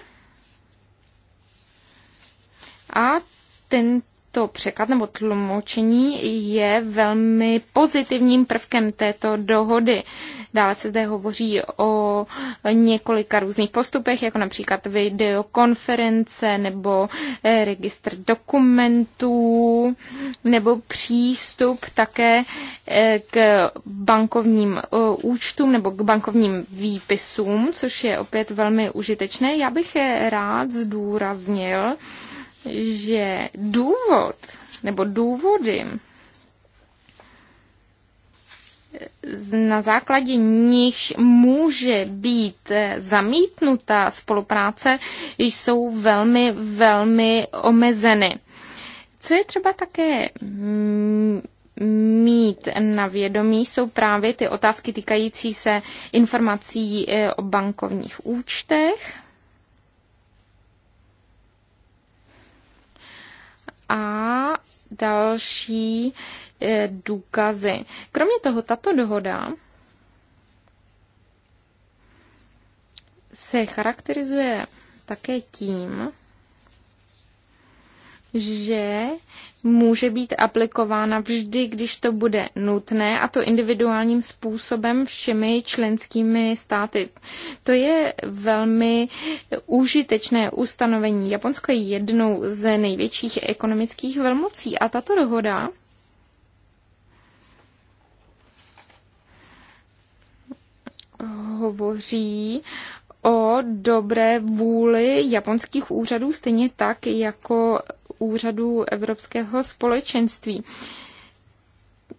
[SPEAKER 3] a tento překlad nebo tlumočení je velmi pozitivním prvkem této dohody. Dále se zde hovoří o několika různých postupech, jako například videokonference nebo eh, registr dokumentů nebo přístup také eh, k bankovním eh, účtům nebo k bankovním výpisům, což je opět velmi užitečné. Já bych rád zdůraznil, že důvod nebo důvody, na základě nichž může být zamítnuta spolupráce, jsou velmi, velmi omezeny. Co je třeba také mít na vědomí, jsou právě ty otázky týkající se informací o bankovních účtech, a další eh, důkazy. Kromě toho, tato dohoda se charakterizuje také tím, že může být aplikována vždy, když to bude nutné a to individuálním způsobem všemi členskými státy. To je velmi užitečné ustanovení. Japonsko je jednou z největších ekonomických velmocí a tato dohoda hovoří o dobré vůli japonských úřadů, stejně tak jako úřadů Evropského společenství.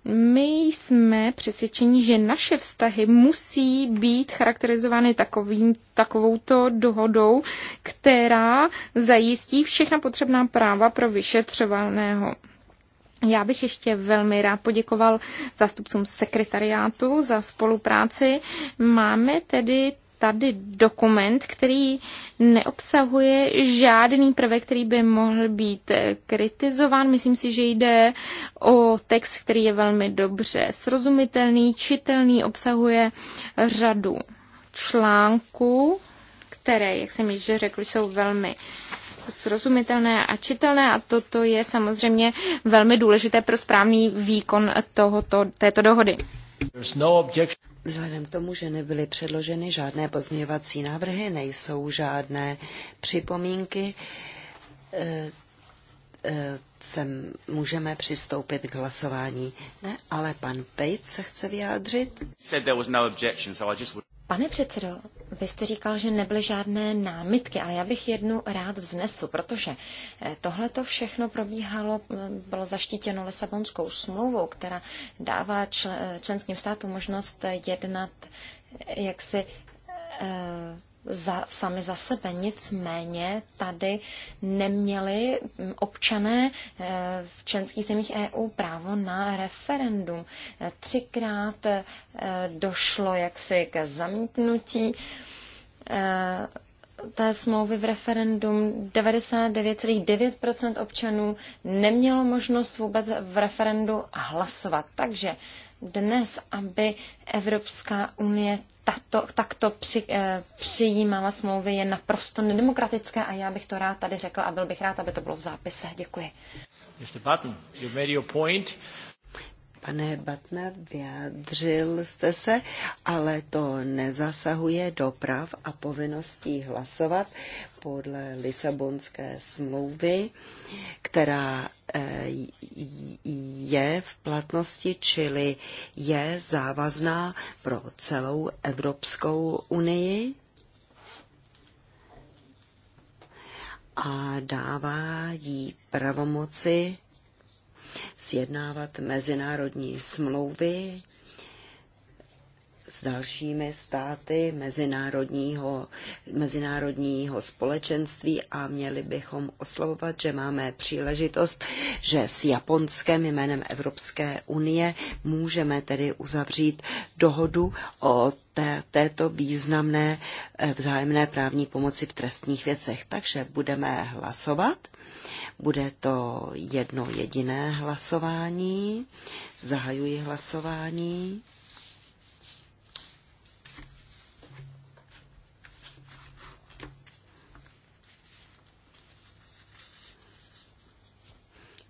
[SPEAKER 3] My jsme přesvědčeni, že naše vztahy musí být charakterizovány takovým, takovouto dohodou, která zajistí všechna potřebná práva pro vyšetřovaného. Já bych ještě velmi rád poděkoval zástupcům sekretariátu za spolupráci. Máme tedy tady dokument, který neobsahuje žádný prvek, který by mohl být kritizován. Myslím si, že jde o text, který je velmi dobře srozumitelný, čitelný, obsahuje řadu článků, které, jak jsem již řekl, jsou velmi srozumitelné a čitelné a toto je samozřejmě velmi důležité pro správný výkon tohoto, této dohody.
[SPEAKER 2] No Vzhledem k tomu, že nebyly předloženy žádné pozměňovací návrhy, nejsou žádné připomínky, eh, eh, se můžeme přistoupit k hlasování. Ne, ale pan Pejt se chce vyjádřit.
[SPEAKER 1] Pane předsedo, vy jste říkal, že nebyly žádné námitky, ale já bych jednu rád vznesu, protože eh, tohle to všechno probíhalo, bylo zaštítěno Lisabonskou smlouvou, která dává eh, členským státům možnost jednat eh, jaksi za, sami za sebe. Nicméně tady neměli občané eh, v členských zemích EU právo na referendum. Eh, třikrát eh, došlo jaksi ke zamítnutí té smlouvy v referendum 99,9% občanů nemělo možnost vůbec v referendu hlasovat. Takže dnes, aby Evropská unie tato, takto při, eh, přijímala smlouvy, je naprosto nedemokratické a já bych to rád tady řekl a byl bych rád, aby to bylo v zápise. Děkuji.
[SPEAKER 2] Mr. Button, you've made your point. Pane Batner, vyjádřil jste se, ale to nezasahuje do práv a povinností hlasovat podle Lisabonské smlouvy, která eh, je v platnosti, čili je závazná pro celou Evropskou unii a dává jí pravomoci sjednávat mezinárodní smlouvy s dalšími státy mezinárodního, mezinárodního společenství a měli bychom oslovovat, že máme příležitost, že s japonském jménem Evropské unie můžeme tedy uzavřít dohodu o té, této významné eh, vzájemné právní pomoci v trestních věcech. Takže budeme hlasovat. Bude to jedno jediné hlasování. Zahajuji hlasování.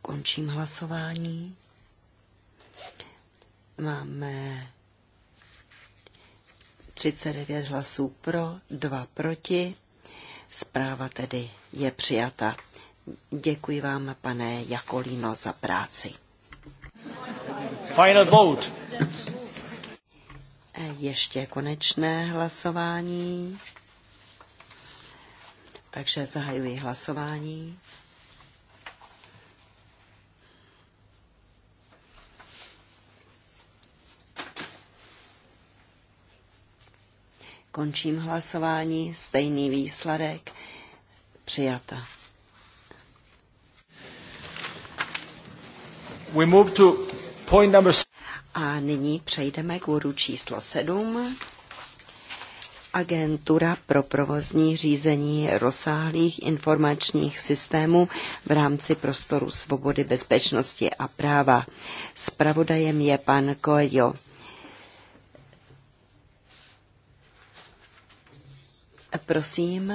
[SPEAKER 2] Končím hlasování. Máme 39 hlasů pro, 2 proti. Zpráva tedy je přijata. Děkuji vám, pane Jakolino, za práci.
[SPEAKER 3] Final vote.
[SPEAKER 2] E, ještě konečné hlasování. Takže zahajuji hlasování. Končím hlasování, stejný výsledek, přijata. We move to point number... A nyní přejdeme k bodu číslo 7. Agentura pro provozní řízení rozsáhlých informačních systémů v rámci prostoru svobody, bezpečnosti a práva. Spravodajem je pan Kojo. Prosím,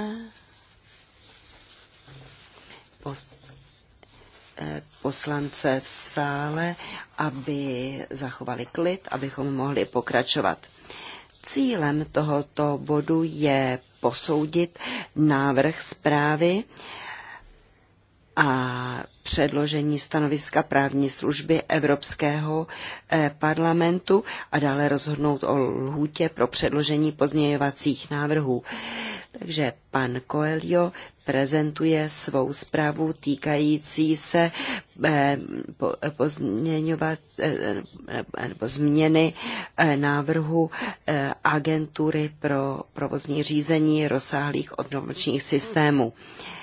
[SPEAKER 2] post Eh, poslance v sále, aby zachovali klid, abychom mohli pokračovat. Cílem tohoto bodu je posoudit návrh zprávy a předložení stanoviska právní služby Evropského eh, parlamentu a dále rozhodnout o lhůtě pro předložení pozměňovacích návrhů. Takže pan Coelho prezentuje svou zprávu týkající se eh, pozměňovat eh, nebo změny návrhu agentury pro provozní řízení rozsáhlých obnovačních systémů. Hmm.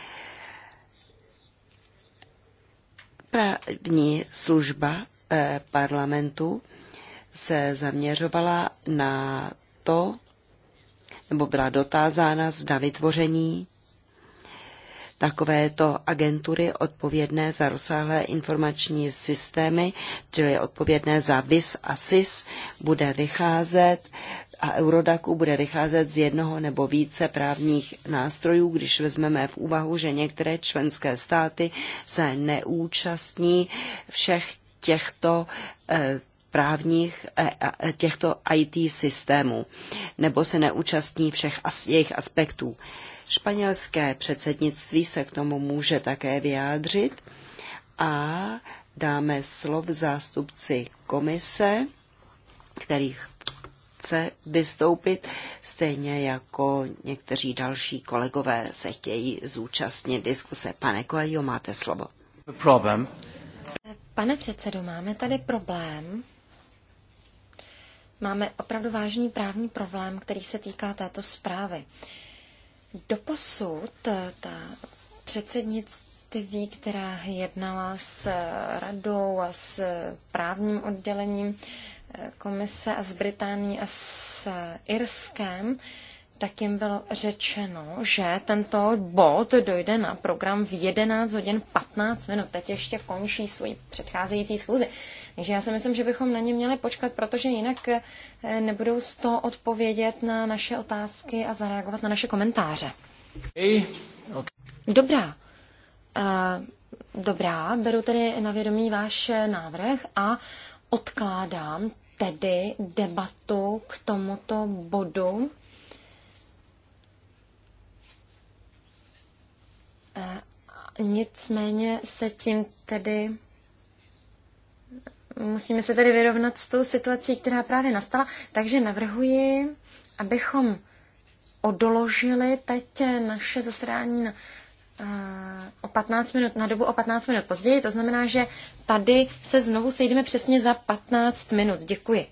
[SPEAKER 2] Právní služba eh, parlamentu se zaměřovala na to, nebo byla dotázána zda vytvoření takovéto agentury odpovědné za rozsáhlé informační systémy, čili odpovědné za VIS a SIS, bude vycházet a Eurodaku bude vycházet z jednoho nebo více právních nástrojů, když vezmeme v úvahu, že některé členské státy se neúčastní všech těchto eh, právních eh, eh, těchto IT systémů, nebo se neúčastní všech jejich aspektů. Španělské předsednictví se k tomu může také vyjádřit a dáme slov zástupci komise, kterých chce vystoupit, stejně jako někteří další kolegové se chtějí zúčastnit diskuse. Pane Koelio, máte slovo. Problem.
[SPEAKER 1] Pane předsedo, máme tady problém. Máme opravdu vážný právní problém, který se týká této zprávy. Doposud ta předsednictví, která jednala s radou a s právním oddělením, komise a s Británií a s Irskem, tak jim bylo řečeno, že tento bod dojde na program v 11 hodin 15 minut. Teď ještě končí svoji předcházející schůzi. Takže já si myslím, že bychom na ně měli počkat, protože jinak eh, nebudou z toho odpovědět na naše otázky a zareagovat na naše komentáře. Okay. Dobrá. Eh, dobrá, beru tedy na vědomí váš návrh a odkládám tedy debatu k tomuto bodu. Eh, nicméně se tím tedy musíme se tedy vyrovnat s tou situací, která právě nastala. Takže navrhuji, abychom odložili teď naše zasedání na o 15 minut, na dobu o 15 minut později. To znamená, že tady se znovu sejdeme přesně za 15 minut. Děkuji.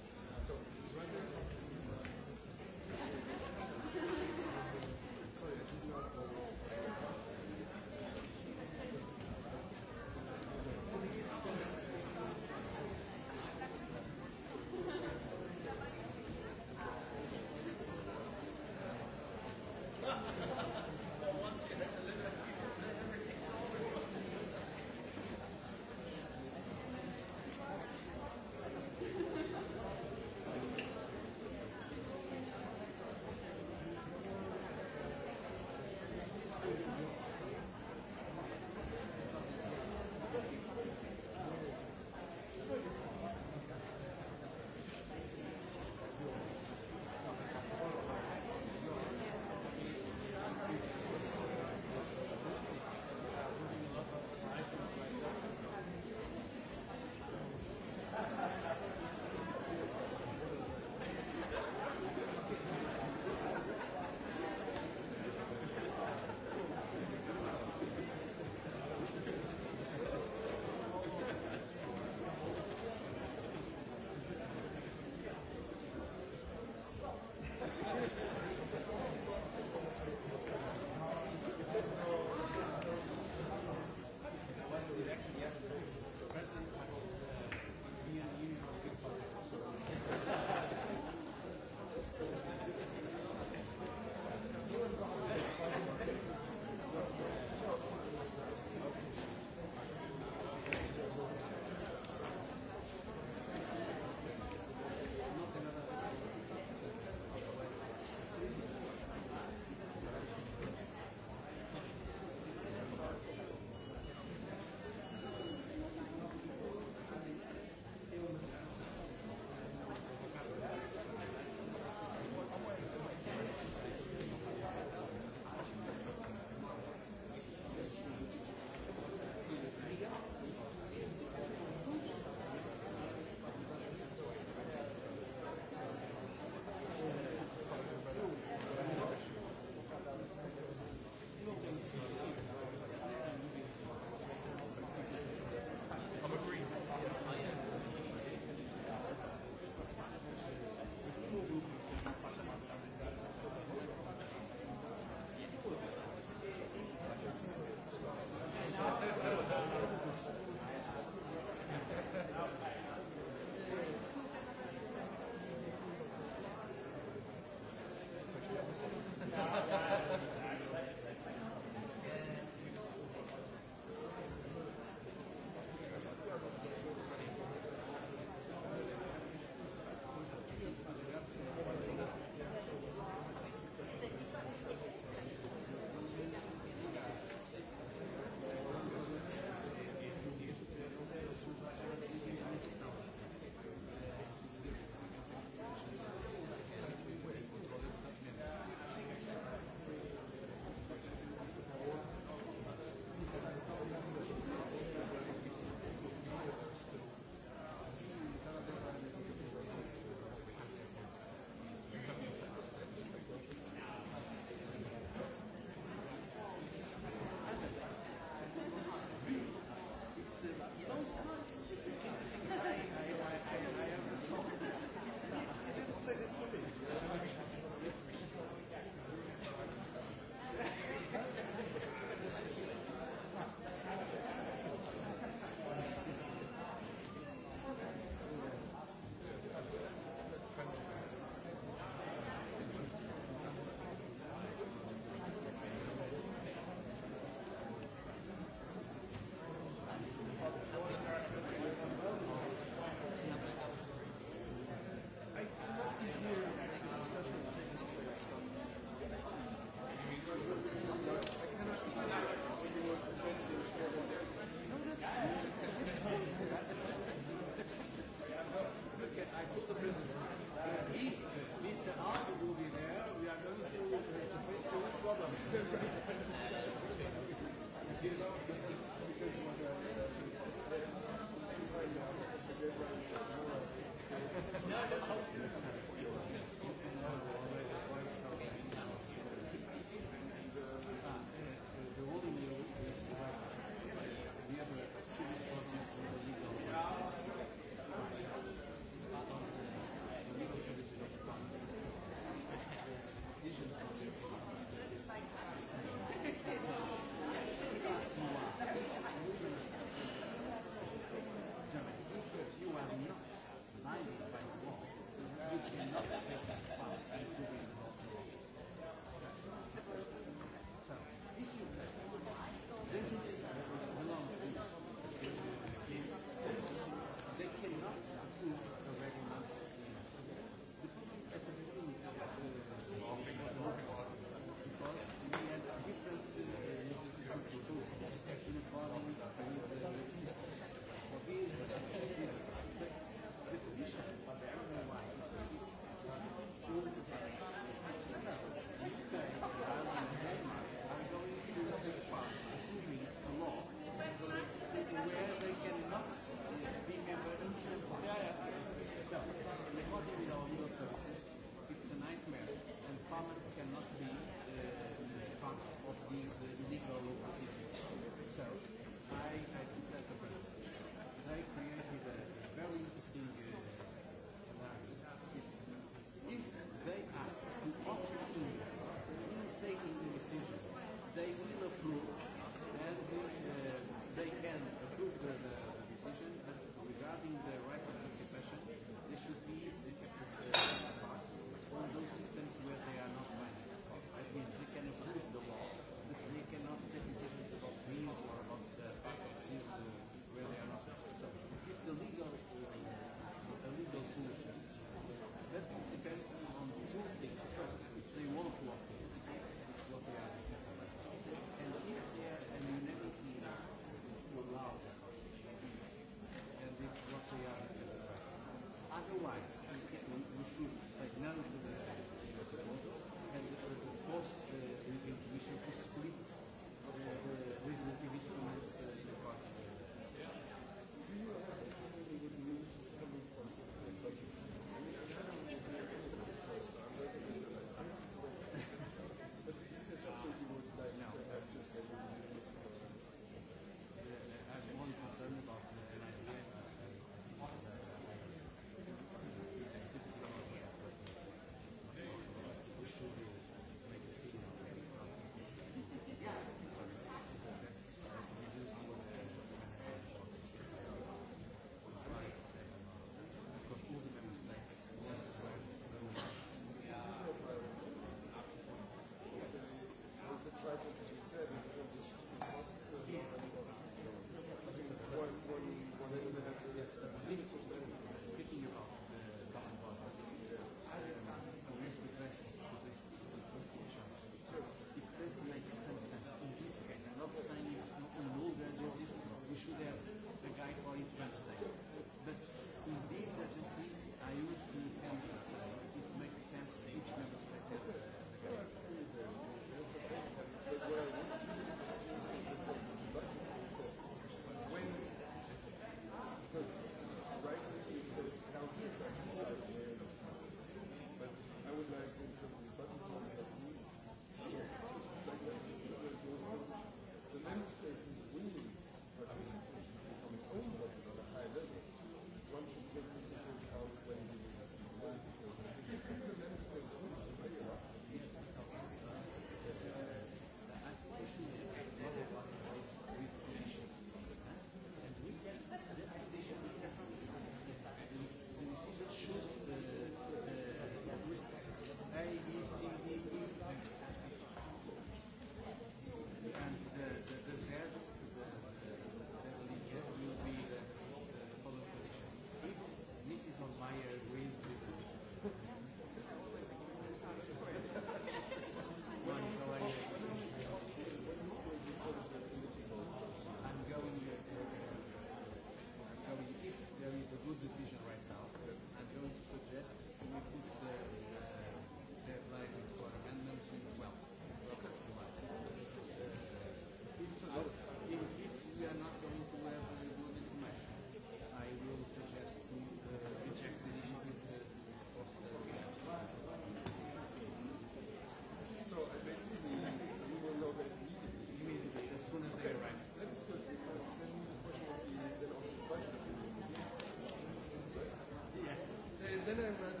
[SPEAKER 2] vedere una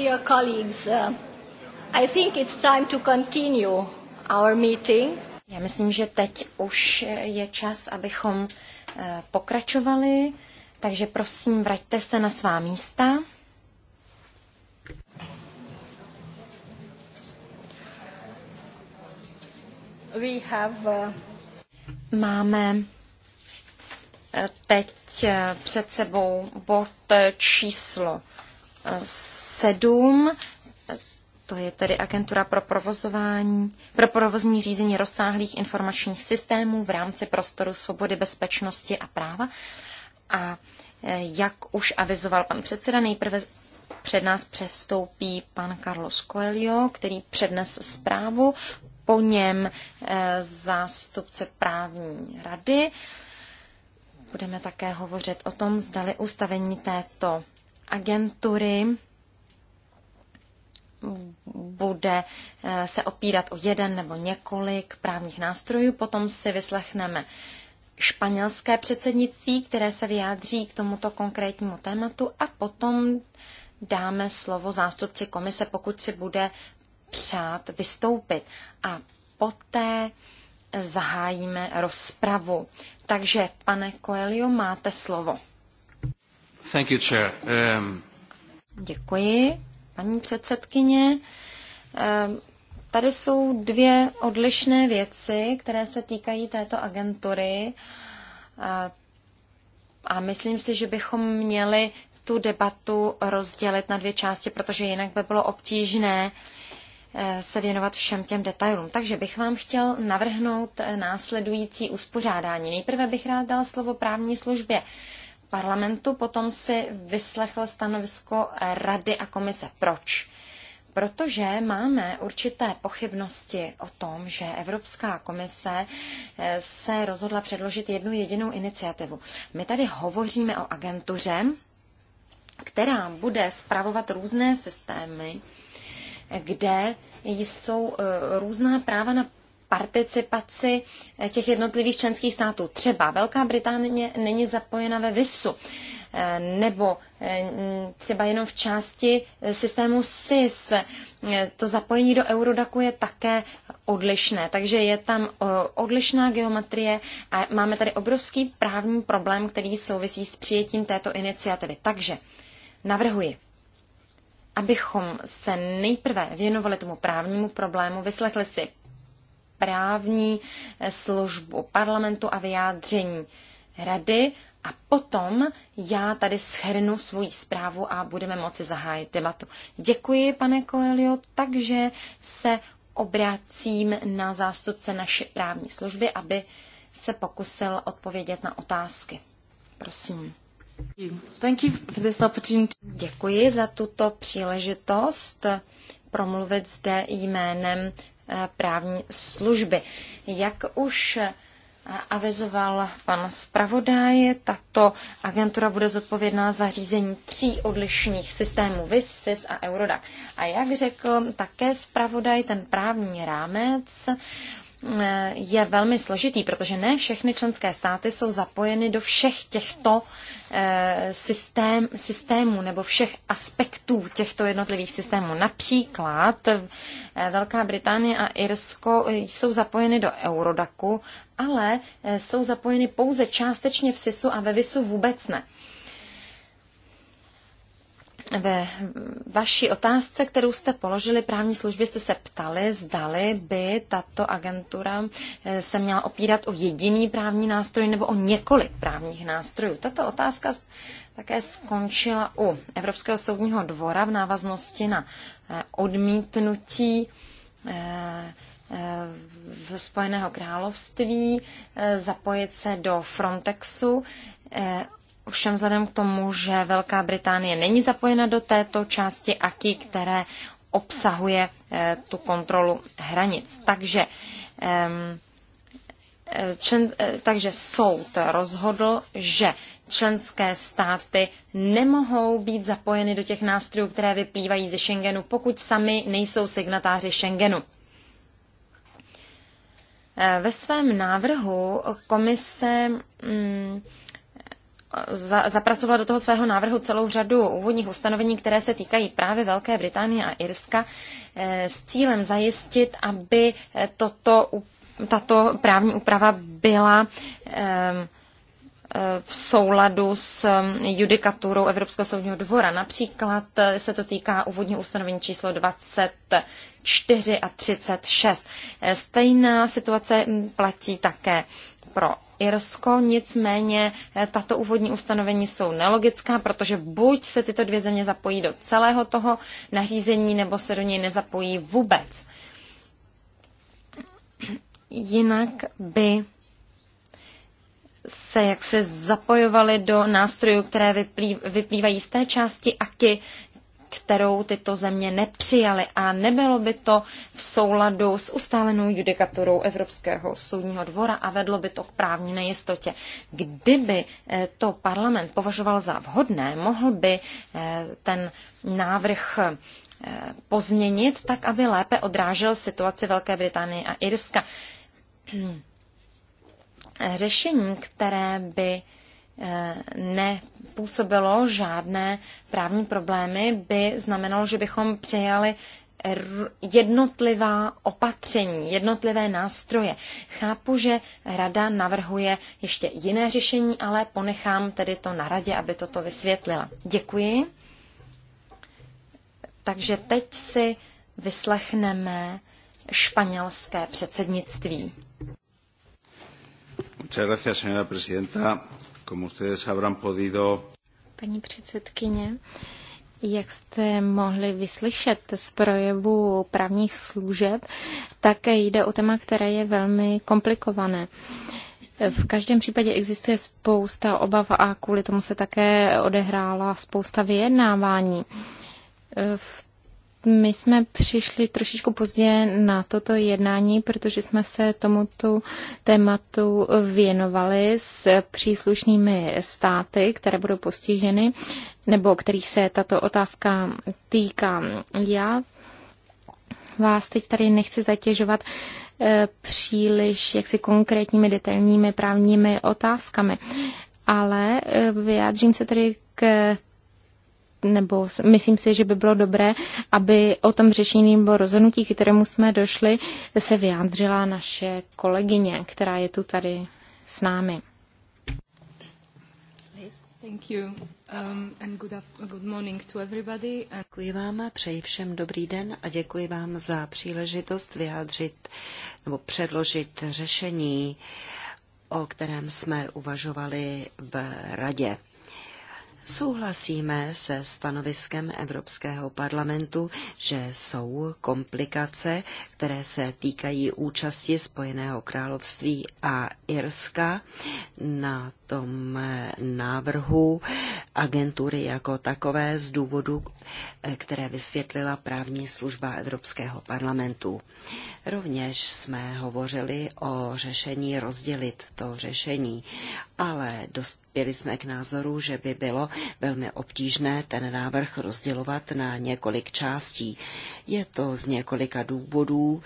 [SPEAKER 3] dear colleagues, uh, I think it's time to continue our meeting. Já
[SPEAKER 1] myslím, že teď už je čas, abychom uh, pokračovali, takže prosím, vraťte se na svá místa. We have, uh... Máme uh, teď uh, před sebou bod číslo 7, to je tedy agentura pro provozování, pro provozní řízení rozsáhlých informačních systémů v rámci prostoru svobody, bezpečnosti a práva. A e, jak už avizoval pan předseda, nejprve před nás přestoupí pan Carlos Coelho, který přednes zprávu, po něm e, zástupce právní rady. Budeme také hovořit o tom, zdali ustavení této agentury bude eh, se opírat o jeden nebo několik právních nástrojů. Potom si vyslechneme španělské předsednictví, které se vyjádří k tomuto konkrétnímu tématu a potom dáme slovo zástupci komise, pokud si bude přát vystoupit. A poté zahájíme rozpravu. Takže, pane Coelho, máte slovo. Thank you, chair. Um... Děkuji paní předsedkyně. Ehm, tady jsou dvě odlišné věci, které se týkají této agentury. Ehm, a myslím si, že bychom měli tu debatu rozdělit na dvě části, protože jinak by bylo obtížné eh, se věnovat všem těm detailům. Takže bych vám chtěl navrhnout eh, následující uspořádání. Nejprve bych rád dal slovo právní službě parlamentu, potom si vyslechl stanovisko Rady a komise. Proč? Protože máme určité pochybnosti o tom, že Evropská komise eh, se rozhodla předložit jednu jedinou iniciativu. My tady hovoříme o agentuře, která bude spravovat různé systémy, kde jsou eh, různá práva na participaci eh, těch jednotlivých členských států. Třeba Velká Británie není zapojena ve VISu eh, nebo eh, třeba jenom v části systému SIS. To zapojení do Eurodaku je také odlišné, takže je tam odlišná geometrie a máme tady obrovský právní problém, který souvisí s přijetím této iniciativy. Takže navrhuji, abychom se nejprve věnovali tomu právnímu problému, vyslechli si právní službu parlamentu a vyjádření rady. A potom já tady shrnu svoji zprávu a budeme moci zahájit debatu. Děkuji, pane Coelho, takže se obracím na zástupce naší právní služby, aby se pokusil odpovědět na otázky. Prosím. Thank you for this opportunity. Děkuji za tuto příležitost promluvit zde jménem Eh, právní služby. Jak už eh, avizoval pan zpravodaj, tato agentura bude zodpovědná za řízení tří odlišných systémů VIS, SIS a Eurodac. A jak řekl také zpravodaj, ten právní rámec Eh, je velmi složitý, protože ne všechny členské státy jsou zapojeny do všech těchto eh, systém, systémů nebo všech aspektů těchto jednotlivých systémů. Například eh, Velká Británie a Irsko jsou zapojeny do Eurodaku, ale jsou zapojeny pouze částečně v SISu a ve VISu vůbec ne ve vaší otázce, kterou jste položili právní službě, jste se ptali, zdali by tato agentura eh, se měla opírat o jediný právní nástroj nebo o několik právních nástrojů. Tato otázka také skončila u Evropského soudního dvora v návaznosti na eh, odmítnutí eh, v Spojeného království zapojit se do Frontexu Ovšem vzhledem k tomu, že Velká Británie není zapojena do této části AKI, které obsahuje eh, tu kontrolu hranic. Takže, ehm, eh, člen, eh, takže soud rozhodl, že členské státy nemohou být zapojeny do těch nástrojů, které vyplývají ze Schengenu, pokud sami nejsou signatáři Schengenu. Ve svém návrhu komise mm, za, zapracovala do toho svého návrhu celou řadu úvodních ustanovení, které se týkají právě Velké Británie a Irska, eh, s cílem zajistit, aby eh, toto, tato právní úprava byla ehm, eh, v souladu s judikaturou Evropského soudního dvora. Například se to týká úvodního ustanovení číslo 24 a 36. Stejná situace hm, platí také pro Irsko, nicméně eh, tato úvodní ustanovení jsou nelogická, protože buď se tyto dvě země zapojí do celého toho nařízení, nebo se do něj nezapojí vůbec. Jinak by se jak se zapojovali do nástrojů, které vyplývají z té části AKY, kterou tyto země nepřijaly a nebylo by to v souladu s ustálenou judikaturou Evropského soudního dvora a vedlo by to k právní nejistotě. Kdyby eh, to parlament považoval za vhodné, mohl by eh, ten návrh eh, pozměnit tak, aby lépe odrážel situaci Velké Británie a Irska. Řešení, které by nepůsobilo žádné právní problémy, by znamenalo, že bychom přijali jednotlivá opatření, jednotlivé nástroje. Chápu, že rada navrhuje ještě jiné řešení, ale ponechám tedy to na radě, aby toto vysvětlila. Děkuji. Takže teď si vyslechneme španělské předsednictví. Muchas gracias, señora presidenta como ustedes habrán podido...
[SPEAKER 3] Paní předsedkyně, jak jste mohli vyslyšet z projevu právních služeb, tak jde o téma, které je velmi komplikované. V každém případě existuje spousta obav a kvůli tomu se také odehrála spousta vyjednávání. V my jsme přišli trošičku pozdě na toto jednání, protože jsme se tomuto tématu věnovali s příslušnými státy, které budou postiženy, nebo kterých se tato otázka týká. Já vás teď tady nechci zatěžovat eh, příliš jaksi konkrétními detailními právními otázkami, ale eh, vyjádřím se tedy k nebo myslím si, že by bylo dobré, aby o tom řešení nebo rozhodnutí, kterému jsme došli, se vyjádřila naše kolegyně, která je tu tady s námi.
[SPEAKER 2] Thank you. Um, and good, morning to everybody. Děkuji vám, a přeji všem dobrý den a děkuji vám za příležitost vyjádřit nebo předložit řešení, o kterém jsme uvažovali v radě. Souhlasíme se stanoviskem Evropského parlamentu, že jsou komplikace, které se týkají účasti Spojeného království a Irska na tom eh, návrhu agentury jako takové z důvodu, eh, které vysvětlila právní služba Evropského parlamentu. Rovněž jsme hovořili o řešení rozdělit to řešení, ale dospěli jsme k názoru, že by bylo velmi obtížné ten návrh rozdělovat na několik částí. Je to z několika důvodů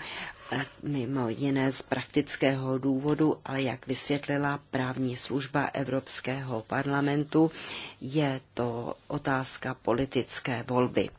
[SPEAKER 2] mimo jiné z praktického důvodu, ale jak vysvětlila právní služba Evropského parlamentu, je to otázka politické volby.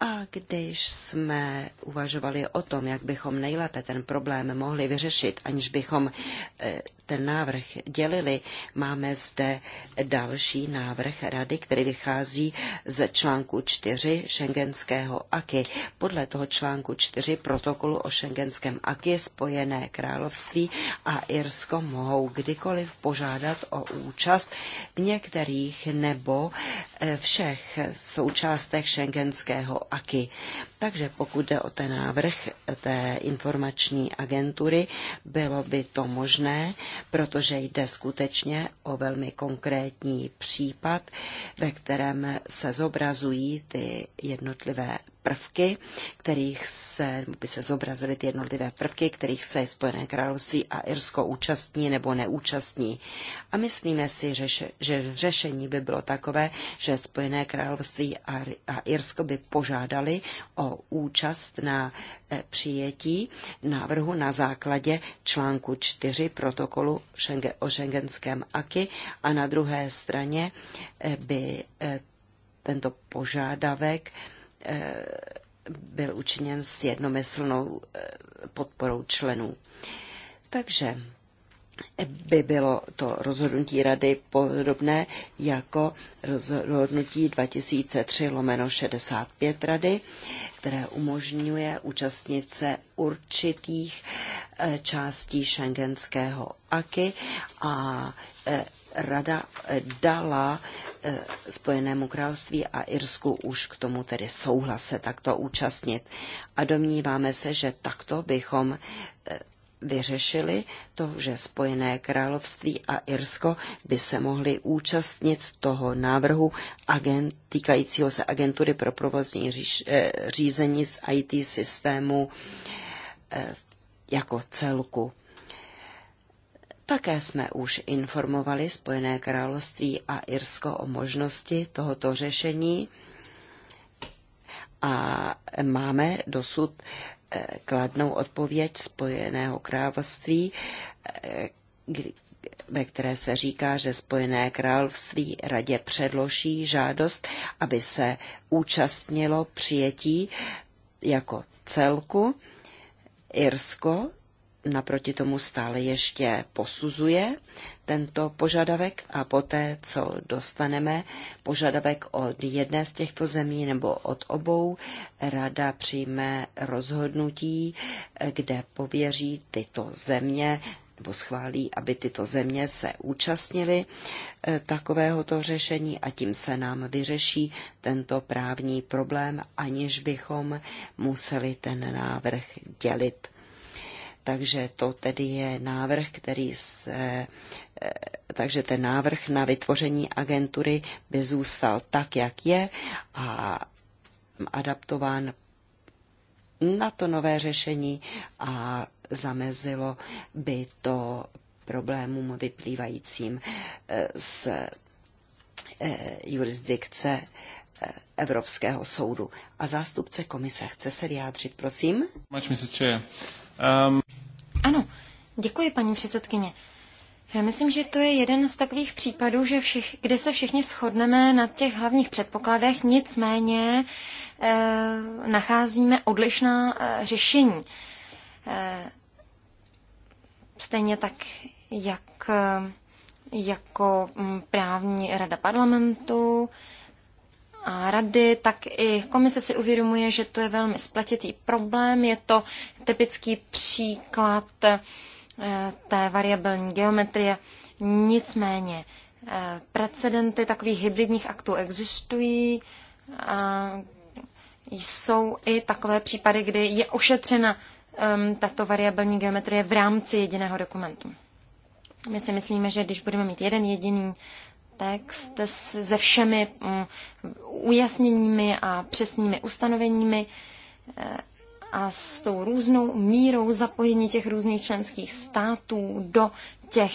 [SPEAKER 2] A když jsme uvažovali o tom, jak bychom nejlépe ten problém mohli vyřešit, aniž bychom eh, ten návrh dělili. Máme zde další návrh rady, který vychází z článku 4 šengenského AKY. Podle toho článku 4 protokolu o šengenském AKY Spojené království a Irsko mohou kdykoliv požádat o účast v některých nebo eh, všech součástech šengenského AKY. Takže pokud jde o ten návrh té informační agentury, bylo by to možné protože jde skutečně o velmi konkrétní případ, ve kterém se zobrazují ty jednotlivé prvky, kterých se, by se zobrazily ty jednotlivé prvky, kterých se Spojené království a Irsko účastní nebo neúčastní. A myslíme si, že řešení by bylo takové, že Spojené království a, Irsko by požádali o účast na e, přijetí návrhu na základě článku 4 protokolu o šengenském AKI a na druhé straně e, by e, tento požádavek Eh, byl učiněn s jednomyslnou eh, podporou členů. Takže by bylo to rozhodnutí rady podobné jako rozhodnutí 2003 lomeno 65 rady, které umožňuje účastnit se určitých eh, částí šengenského AKY a rada eh, dala eh, Spojenému království a Irsku už k tomu tedy souhlase takto účastnit. A domníváme se, že takto bychom eh, vyřešili to, že Spojené království a Irsko by se mohli účastnit toho návrhu agent, týkajícího se agentury pro provozní říž, řízení z IT systému jako celku. Také jsme už informovali Spojené království a Irsko o možnosti tohoto řešení a máme dosud eh, kladnou odpověď Spojeného království, eh, ve které se říká, že Spojené království radě předloží žádost, aby se účastnilo přijetí jako celku. Irsko naproti tomu stále ještě posuzuje tento požadavek a poté, co dostaneme požadavek od jedné z těchto zemí nebo od obou, rada přijme rozhodnutí, kde pověří tyto země nebo schválí, aby tyto země se účastnily eh, takovéhoto řešení a tím se nám vyřeší tento právní problém, aniž bychom museli ten návrh dělit. Takže to tedy je návrh, který se, eh, takže ten návrh na vytvoření agentury by zůstal tak, jak je a adaptován na to nové řešení a zamezilo by to problémům vyplývajícím eh, z eh, jurisdikce Evropského soudu. A zástupce komise chce se vyjádřit, prosím.
[SPEAKER 3] Much, Mrs. Chair. Um... Ano,
[SPEAKER 2] děkuji,
[SPEAKER 1] paní předsedkyně. Já myslím, že to je jeden z takových případů, že všich, kde se všichni shodneme na těch hlavních předpokladech, nicméně e, nacházíme odlišná e, řešení. E, stejně tak, jak e, jako mm, právní rada parlamentu, e, a rady, tak i komise si uvědomuje, že to je velmi spletitý problém. Je to typický příklad eh, té variabilní geometrie. Nicméně eh, precedenty takových hybridních aktů existují. Jsou i takové případy, kdy je ošetřena ehm, tato variabilní geometrie v rámci jediného dokumentu. My si myslíme, že když budeme mít jeden jediný text se všemi mm, ujasněními a přesnými ustanoveními eh, a s tou různou mírou zapojení těch různých členských států do těch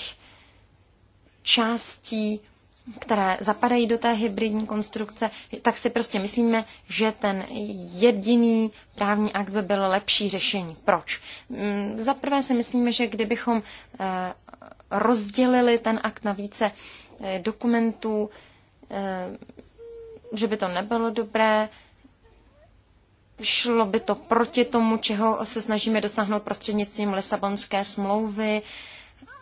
[SPEAKER 1] částí, které zapadají do té hybridní konstrukce, tak si prostě myslíme, že ten jediný právní akt by byl lepší řešení. Proč? Mm, za prvé si myslíme, že kdybychom eh, rozdělili ten akt na více Eh, dokumentů, eh, že by to nebylo dobré, šlo by to proti tomu, čeho se snažíme dosáhnout prostřednictvím Lisabonské smlouvy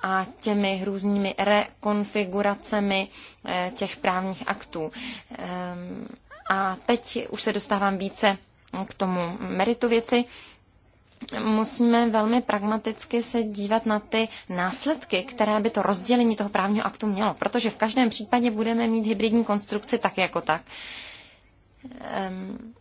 [SPEAKER 1] a těmi různými rekonfiguracemi eh, těch právních aktů. Ehm, a teď už se dostávám více k tomu meritu věci musíme velmi pragmaticky se dívat na ty následky, které by to rozdělení toho právního aktu mělo, protože v každém případě budeme mít hybridní konstrukci tak jako tak. Um,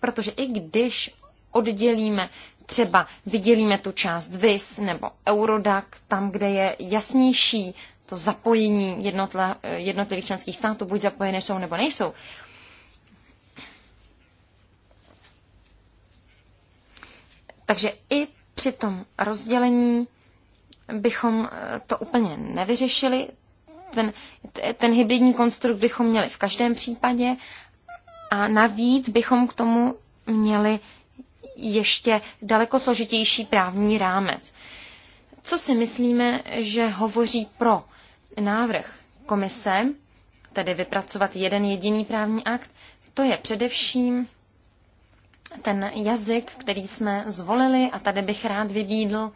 [SPEAKER 1] protože i když oddělíme třeba vydělíme tu část VIS nebo Eurodac, tam, kde je jasnější to zapojení jednotla, jednotlivých členských států, buď zapojené jsou nebo nejsou. Takže i při tom rozdělení bychom eh, to úplně nevyřešili. Ten, ten hybridní konstrukt bychom měli v každém případě a navíc bychom k tomu měli ještě daleko složitější právní rámec. Co si myslíme, že hovoří pro návrh komise, tedy vypracovat jeden jediný právní akt, to je především ten jazyk, který jsme zvolili a tady bych rád vybídl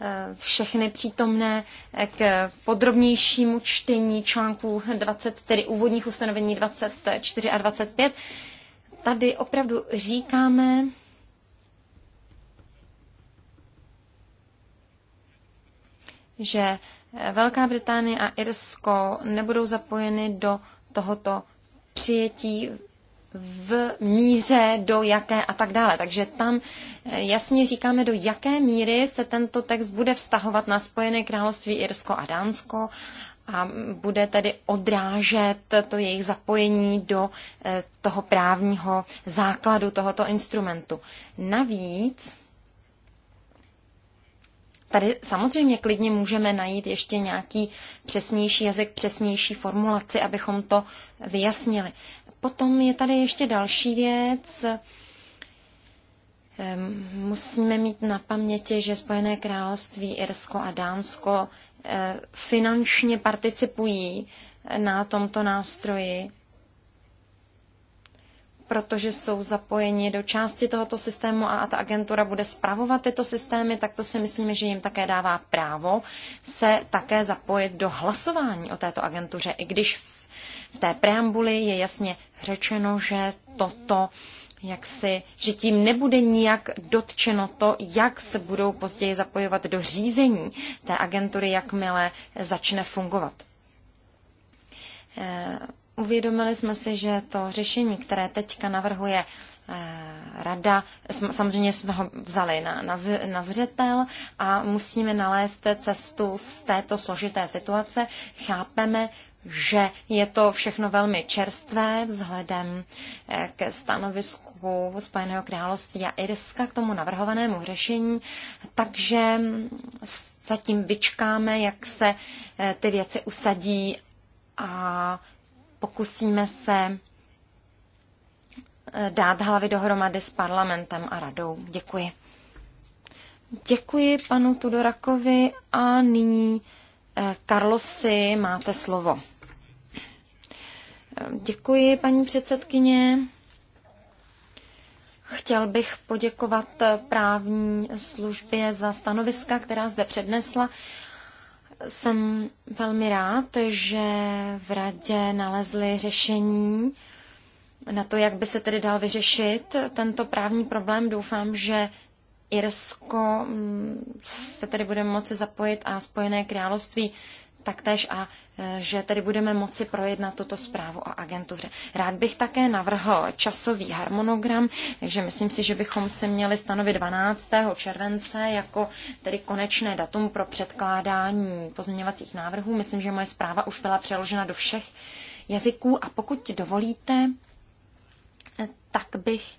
[SPEAKER 1] eh, všechny přítomné k podrobnějšímu čtení článků 20, tedy úvodních ustanovení 24 a 25. Tady opravdu říkáme, že Velká Británie a Irsko nebudou zapojeny do tohoto přijetí v míře, do jaké a tak dále. Takže tam eh, jasně říkáme, do jaké míry se tento text bude vztahovat na Spojené království Irsko a Dánsko a bude tedy odrážet to jejich zapojení do eh, toho právního základu tohoto instrumentu. Navíc Tady samozřejmě klidně můžeme najít ještě nějaký přesnější jazyk, přesnější formulaci, abychom to vyjasnili. Potom je tady ještě další věc. Ehm, musíme mít na paměti, že Spojené království, Irsko a Dánsko eh, finančně participují na tomto nástroji protože jsou zapojeni do části tohoto systému a ta agentura bude spravovat tyto systémy, tak to si myslíme, že jim také dává právo se také zapojit do hlasování o této agentuře, i když v té preambuli je jasně řečeno, že toto jak si, že tím nebude nijak dotčeno to, jak se budou později zapojovat do řízení té agentury, jakmile začne fungovat. Eh, Uvědomili jsme si, že to řešení, které teďka navrhuje eh, rada, samozřejmě jsme ho vzali na, na, na zřetel a musíme nalézt cestu z této složité situace. Chápeme, že je to všechno velmi čerstvé vzhledem eh, ke stanovisku Spojeného království a Irska k tomu navrhovanému řešení, takže mm, zatím vyčkáme, jak se eh, ty věci usadí a pokusíme se eh, dát hlavy dohromady s parlamentem a radou. Děkuji. Děkuji panu Tudorakovi a nyní eh, Karlosi máte slovo. Děkuji, paní předsedkyně. Chtěl bych poděkovat eh, právní službě za stanoviska, která zde přednesla jsem velmi rád, že v radě nalezli řešení na to, jak by se tedy dal vyřešit tento právní problém. Doufám, že Irsko mm, se tedy bude moci zapojit a Spojené království taktéž a že tedy budeme moci projednat tuto zprávu o agentuře. Rád bych také navrhl časový harmonogram, takže myslím si, že bychom se měli stanovit 12. července jako tedy konečné datum pro předkládání pozměňovacích návrhů. Myslím, že moje zpráva už byla přeložena do všech jazyků a pokud dovolíte, tak bych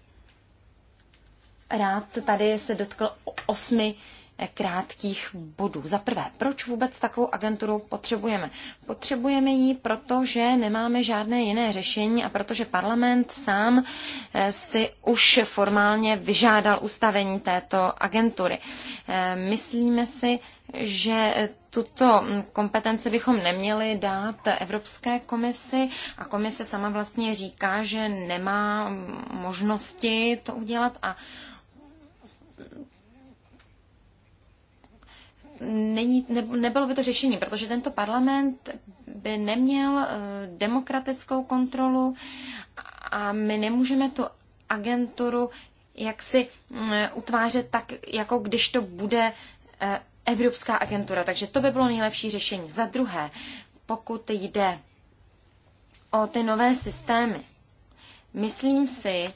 [SPEAKER 1] rád tady se dotkl osmi krátkých bodů. Za prvé, proč vůbec takovou agenturu potřebujeme? Potřebujeme ji, protože nemáme žádné jiné řešení a protože parlament sám eh, si už formálně vyžádal ustavení této agentury. Eh, myslíme si, že tuto kompetenci bychom neměli dát Evropské komisi a komise sama vlastně říká, že nemá možnosti to udělat a není, ne, nebylo by to řešení, protože tento parlament by neměl eh, demokratickou kontrolu a my nemůžeme tu agenturu jak si eh, utvářet tak, jako když to bude eh, Evropská agentura. Takže to by bylo nejlepší řešení. Za druhé, pokud jde o ty nové systémy, myslím si,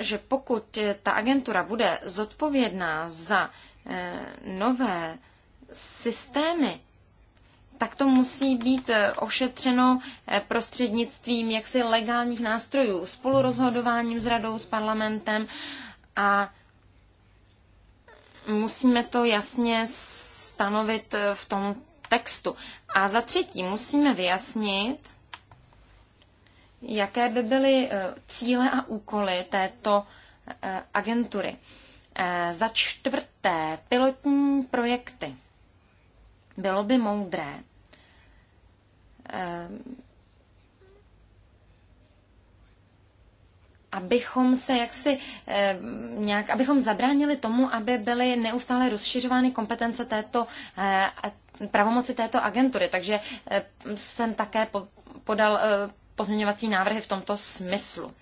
[SPEAKER 1] že pokud ta agentura bude zodpovědná za Eh, nové systémy, tak to musí být eh, ošetřeno eh, prostřednictvím jaksi legálních nástrojů, spolurozhodováním s radou, s parlamentem a musíme to jasně stanovit v tom textu. A za třetí musíme vyjasnit, jaké by byly cíle a úkoly této agentury. Eh, za čtvrté, pilotní projekty. Bylo by moudré eh, abychom se jaksi eh, nějak, abychom zabránili tomu, aby byly neustále rozšiřovány kompetence této pravomoci této agentury. Takže jsem také podal pozměňovací návrhy v tomto smyslu.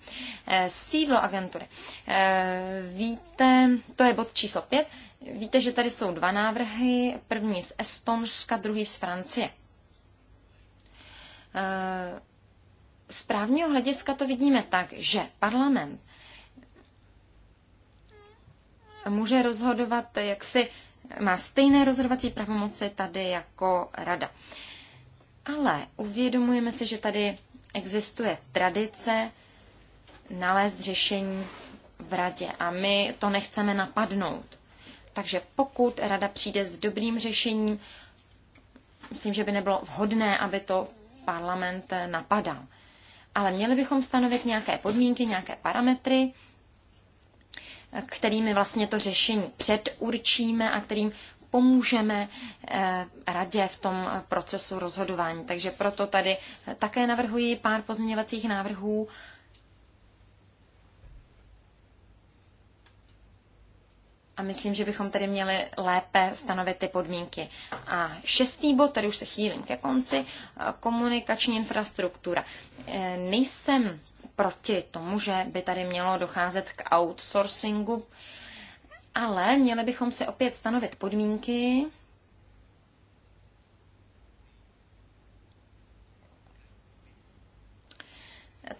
[SPEAKER 1] Eh, sídlo agentury. Eh, víte, to je bod číslo 5. Víte, že tady jsou dva návrhy. První z Estonska, druhý z Francie. Eh, z právního hlediska to vidíme tak, že parlament může rozhodovat, jak si má stejné rozhodovací pravomoci tady jako rada. Ale uvědomujeme si, že tady existuje tradice nalézt řešení v radě a my to nechceme napadnout. Takže pokud rada přijde s dobrým řešením, myslím, že by nebylo vhodné, aby to parlament napadal. Ale měli bychom stanovit nějaké podmínky, nějaké parametry, kterými vlastně to řešení předurčíme a kterým pomůžeme eh, radě v tom eh, procesu rozhodování. Takže proto tady eh, také navrhuji pár pozměňovacích návrhů. A myslím, že bychom tedy měli lépe stanovit ty podmínky. A šestý bod, tady už se chýlím ke konci, komunikační infrastruktura. Nejsem proti tomu, že by tady mělo docházet k outsourcingu ale měli bychom si opět stanovit podmínky,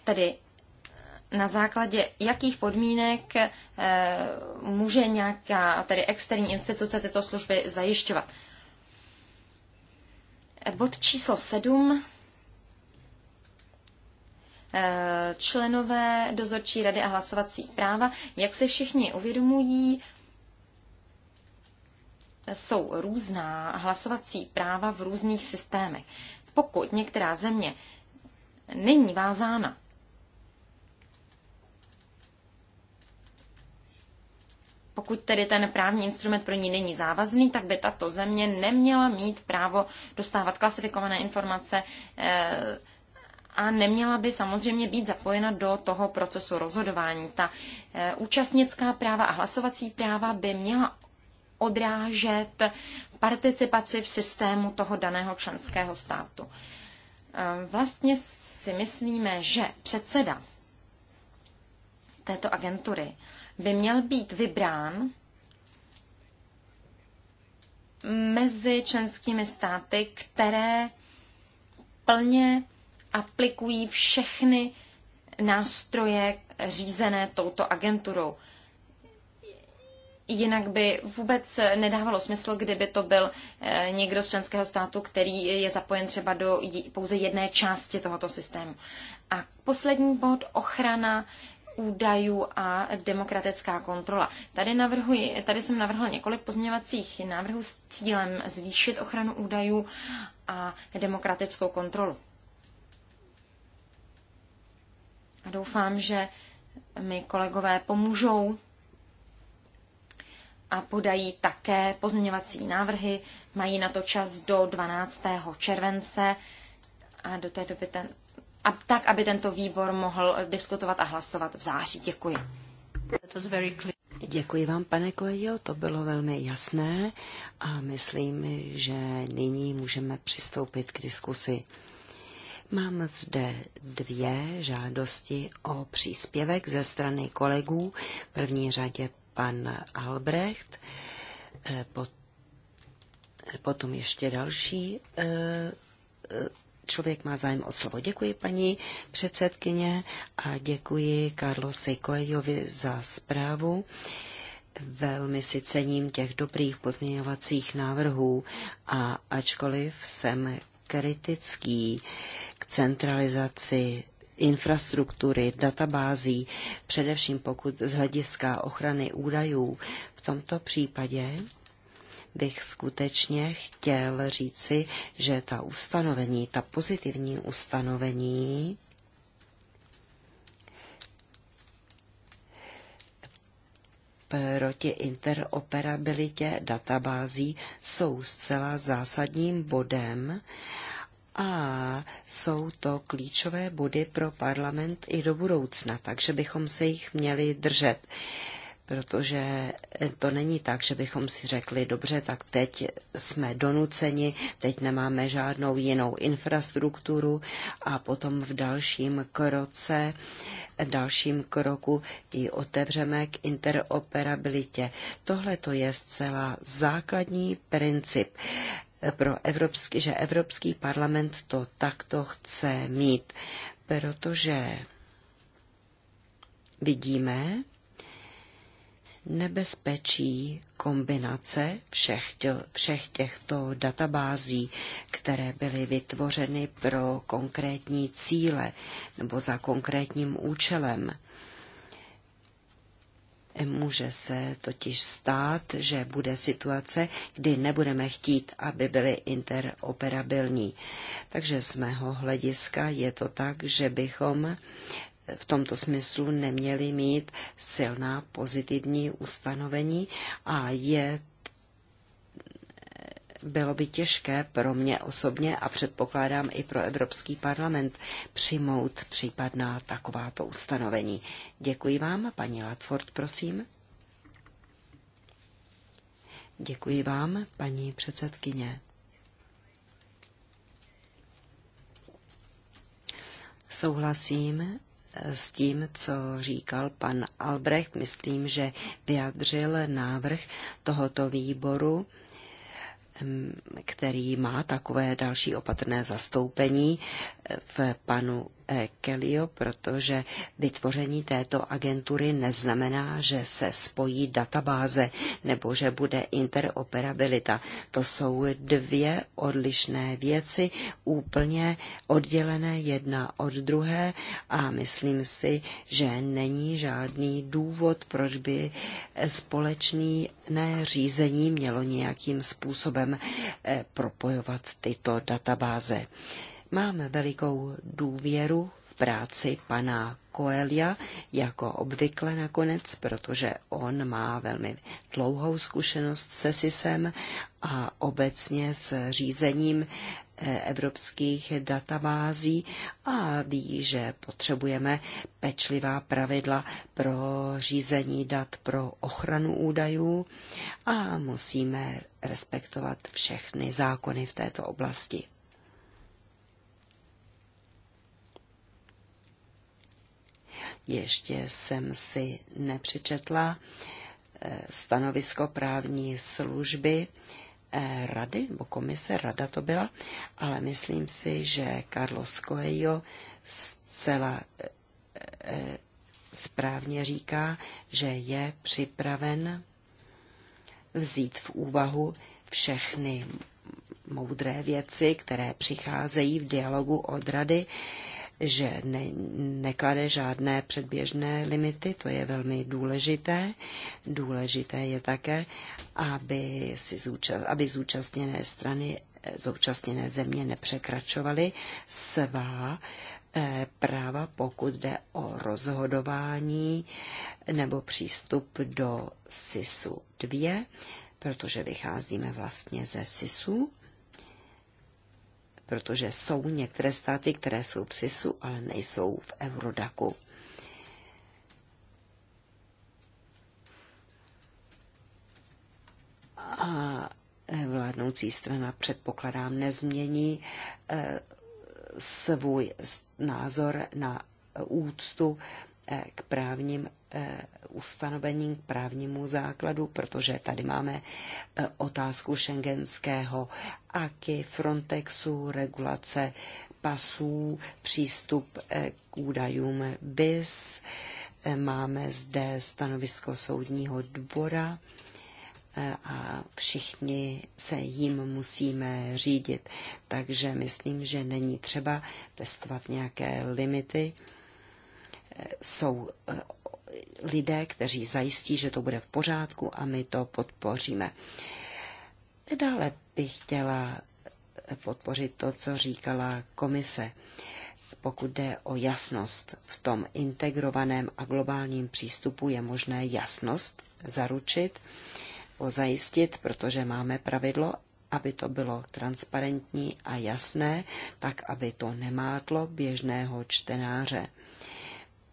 [SPEAKER 1] tedy eh, na základě jakých podmínek eh, může nějaká tedy externí instituce tyto služby zajišťovat. Eh, bod číslo 7. Členové dozorčí rady a hlasovací práva. Jak se všichni uvědomují, jsou různá hlasovací práva v různých systémech. Pokud některá země není vázána Pokud tedy ten právní instrument pro ní není závazný, tak by tato země neměla mít právo dostávat klasifikované informace eh, a neměla by samozřejmě být zapojena do toho procesu rozhodování. Ta eh, účastnická práva a hlasovací práva by měla odrážet participaci v systému toho daného členského státu. Ehm, vlastně si myslíme, že předseda této agentury by měl být vybrán mezi členskými státy, které plně aplikují všechny nástroje řízené touto agenturou. Jinak by vůbec nedávalo smysl, kdyby to byl eh, někdo z členského státu, který je zapojen třeba do pouze jedné části tohoto systému. A poslední bod, ochrana údajů a demokratická kontrola. Tady, navrhuji, tady jsem navrhl několik pozměňovacích návrhů s cílem zvýšit ochranu údajů a demokratickou kontrolu. A doufám, že mi kolegové pomůžou a podají také pozměňovací návrhy. Mají na to čas do 12. července a do té doby ten, a tak, aby tento výbor mohl diskutovat a hlasovat v září. Děkuji.
[SPEAKER 2] Děkuji vám, pane Kojo, to bylo velmi jasné a myslím, že nyní můžeme přistoupit k diskusi. Mám zde dvě žádosti o příspěvek ze strany kolegů. V první řadě pan Albrecht, eh, potom ještě další eh, eh, člověk má zájem o slovo. Děkuji paní předsedkyně a děkuji Karlosi Koejovi za zprávu. Velmi si cením těch dobrých pozměňovacích návrhů a ačkoliv jsem kritický k centralizaci infrastruktury, databází, především pokud z hlediska ochrany údajů. V tomto případě bych skutečně chtěl říci, že ta ustanovení, ta pozitivní ustanovení, proti interoperabilitě databází jsou zcela zásadním bodem a jsou to klíčové body pro parlament i do budoucna, takže bychom se jich měli držet. Protože to není tak, že bychom si řekli, dobře, tak teď jsme donuceni, teď nemáme žádnou jinou infrastrukturu a potom v dalším kroce, v dalším kroku ji otevřeme k interoperabilitě. Tohle to je zcela základní princip pro Evropský, že Evropský parlament to takto chce mít, protože vidíme nebezpečí kombinace všech, všech těchto databází, které byly vytvořeny pro konkrétní cíle nebo za konkrétním účelem. Může se totiž stát, že bude situace, kdy nebudeme chtít, aby byly interoperabilní. Takže z mého hlediska je to tak, že bychom v tomto smyslu neměli mít silná pozitivní ustanovení a je bylo by těžké pro mě osobně a předpokládám i pro Evropský parlament přijmout případná takováto ustanovení. Děkuji vám, paní Latford, prosím. Děkuji vám, paní předsedkyně. Souhlasím s tím, co říkal pan Albrecht. Myslím, že vyjadřil návrh tohoto výboru Hm, který má takové další opatrné zastoupení v panu Eh, Kellyho, protože vytvoření této agentury neznamená, že se spojí databáze nebo že bude interoperabilita. To jsou dvě odlišné věci, úplně oddělené jedna od druhé a myslím si, že není žádný důvod, proč by společný řízení mělo nějakým způsobem eh, propojovat tyto databáze. Máme velikou důvěru v práci pana Koelia, jako obvykle nakonec, protože on má velmi dlouhou zkušenost se SISem a obecně s řízením eh, evropských databází a ví, že potřebujeme pečlivá pravidla pro řízení dat pro ochranu údajů a musíme respektovat všechny zákony v této oblasti. Ještě jsem si nepřečetla eh, stanovisko právní služby eh, rady, nebo komise, rada to byla, ale myslím si, že Carlos Coelho zcela eh, správně říká, že je připraven vzít v úvahu všechny moudré věci, které přicházejí v dialogu od rady že ne, neklade žádné předběžné limity, to je velmi důležité. Důležité je také, aby, si zúčast, aby zúčastněné strany, eh, zúčastněné země nepřekračovaly svá eh, práva, pokud jde o rozhodování nebo přístup do SISu 2, protože vycházíme vlastně ze SISu protože jsou některé státy, které jsou v SISu, ale nejsou v Eurodaku. A eh, vládnoucí strana, předpokladám nezmění eh, svůj názor na úctu E, k právním e, ustanovením, k právnímu základu, protože tady máme e, otázku šengenského aky, Frontexu, regulace pasů, přístup k údajům BIS, máme zde stanovisko soudního dvora a všichni se jim musíme řídit. Takže myslím, že není třeba testovat nějaké limity jsou eh, lidé, kteří zajistí, že to bude v pořádku a my to podpoříme. Dále bych chtěla eh, podpořit to, co říkala komise, pokud jde o jasnost. V tom integrovaném a globálním přístupu je možné jasnost zaručit, zajistit, protože máme pravidlo, aby to bylo transparentní a jasné, tak aby to nemátlo běžného čtenáře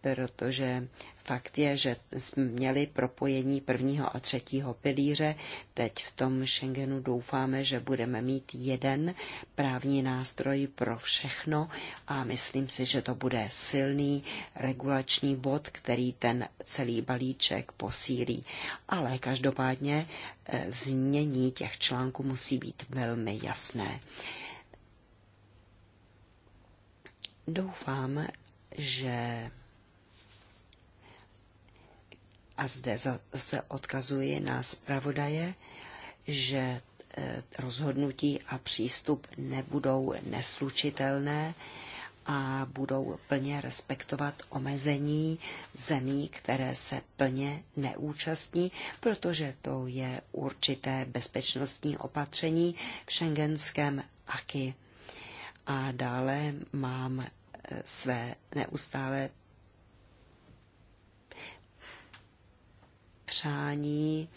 [SPEAKER 2] protože fakt je, že jsme měli propojení prvního a třetího pilíře. Teď v tom Schengenu doufáme, že budeme mít jeden právní nástroj pro všechno a myslím si, že to bude silný regulační bod, který ten celý balíček posílí. Ale každopádně eh, změní těch článků musí být velmi jasné. Doufám, že a zde se odkazuje na zpravodaje, že e, rozhodnutí a přístup nebudou neslučitelné a budou plně respektovat omezení zemí, které se plně neúčastní, protože to je určité bezpečnostní opatření v šengenském AKI. A dále mám e, své neustále přání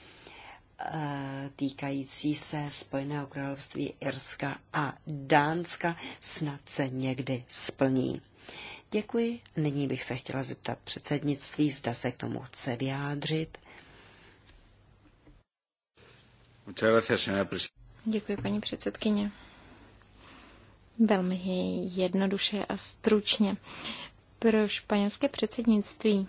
[SPEAKER 2] eh, týkající se Spojeného království Irska a Dánska snad se někdy splní. Děkuji. Nyní bych se chtěla zeptat předsednictví, zda se k tomu chce vyjádřit. Děkuji, paní předsedkyně.
[SPEAKER 3] Velmi jednoduše a stručně. Pro španělské předsednictví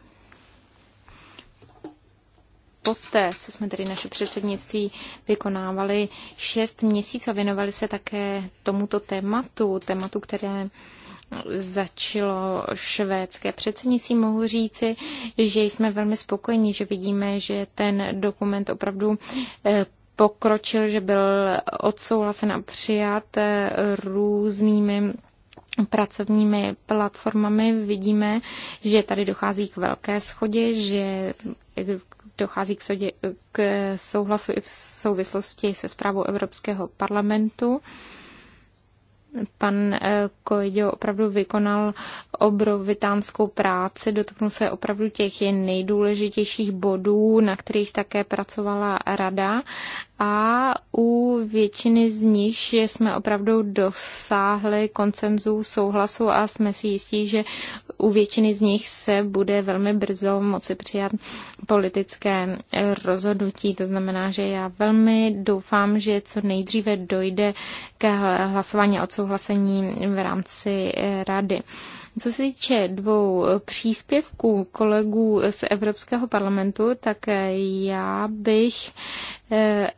[SPEAKER 3] poté, co jsme tedy naše předsednictví vykonávali šest měsíců a věnovali se také tomuto tématu, tématu, které začalo švédské předsednictví, mohu říci, že jsme velmi spokojeni, že vidíme, že ten dokument opravdu eh, pokročil, že byl odsouhlasen a přijat eh, různými pracovními platformami vidíme, že tady dochází k velké schodě, že dochází k, sodě, k souhlasu i v souvislosti se zprávou Evropského parlamentu. Pan eh, Kojdo opravdu vykonal obrovitánskou práci, dotknul se opravdu těch nejdůležitějších bodů, na kterých také pracovala rada a u většiny z nich jsme opravdu dosáhli koncenzu, souhlasu a jsme si jistí, že u většiny z nich se bude velmi brzo moci přijat politické eh, rozhodnutí. To znamená, že já velmi doufám, že co nejdříve dojde k hlasování a odsouhlasení v rámci eh, rady. Co se týče dvou eh, příspěvků kolegů z Evropského parlamentu, tak eh, já bych eh,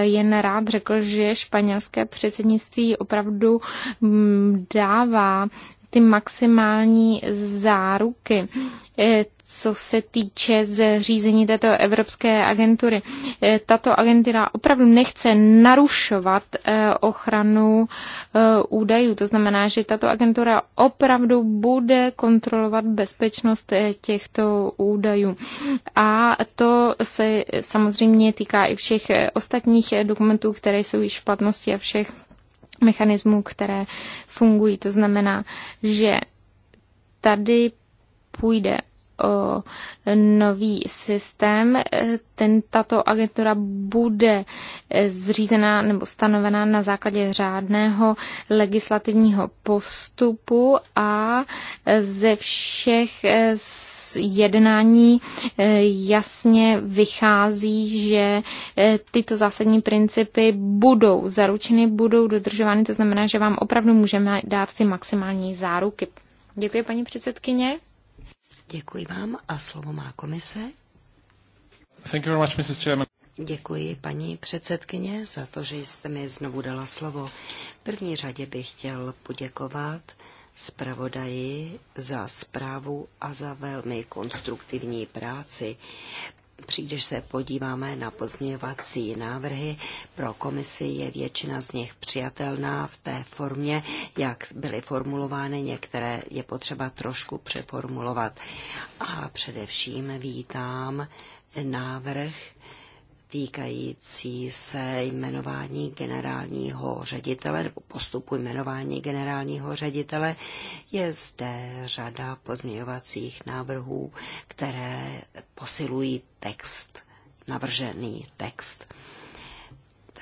[SPEAKER 3] jen rád řekl, že španělské předsednictví opravdu mm, dává ty maximální záruky, eh, co se týče zřízení této Evropské agentury. Eh, tato agentura opravdu nechce narušovat eh, ochranu údajů. To znamená, že tato agentura opravdu bude kontrolovat bezpečnost těchto údajů. A to se samozřejmě týká i všech ostatních dokumentů, které jsou již v platnosti a všech mechanismů, které fungují. To znamená, že tady půjde o nový systém. Ten, tato agentura bude zřízená nebo stanovená na základě řádného legislativního postupu a ze všech jednání eh, jasně vychází, že eh, tyto zásadní principy budou zaručeny, budou dodržovány, to znamená, že vám opravdu můžeme dát ty maximální záruky. Děkuji, paní předsedkyně.
[SPEAKER 2] Děkuji vám a slovo má komise. Thank you very much, Mrs. Chairman. Děkuji paní předsedkyně za to, že jste mi znovu dala slovo. V první řadě bych chtěl poděkovat zpravodaji za zprávu a za velmi konstruktivní práci. Příliš se podíváme na pozměňovací návrhy. Pro komisi je většina z nich přijatelná v té formě, jak byly formulovány. Některé je potřeba trošku přeformulovat. A především vítám návrh týkající se jmenování generálního ředitele nebo postupu jmenování generálního ředitele, je zde řada pozměňovacích návrhů, které posilují text, navržený text.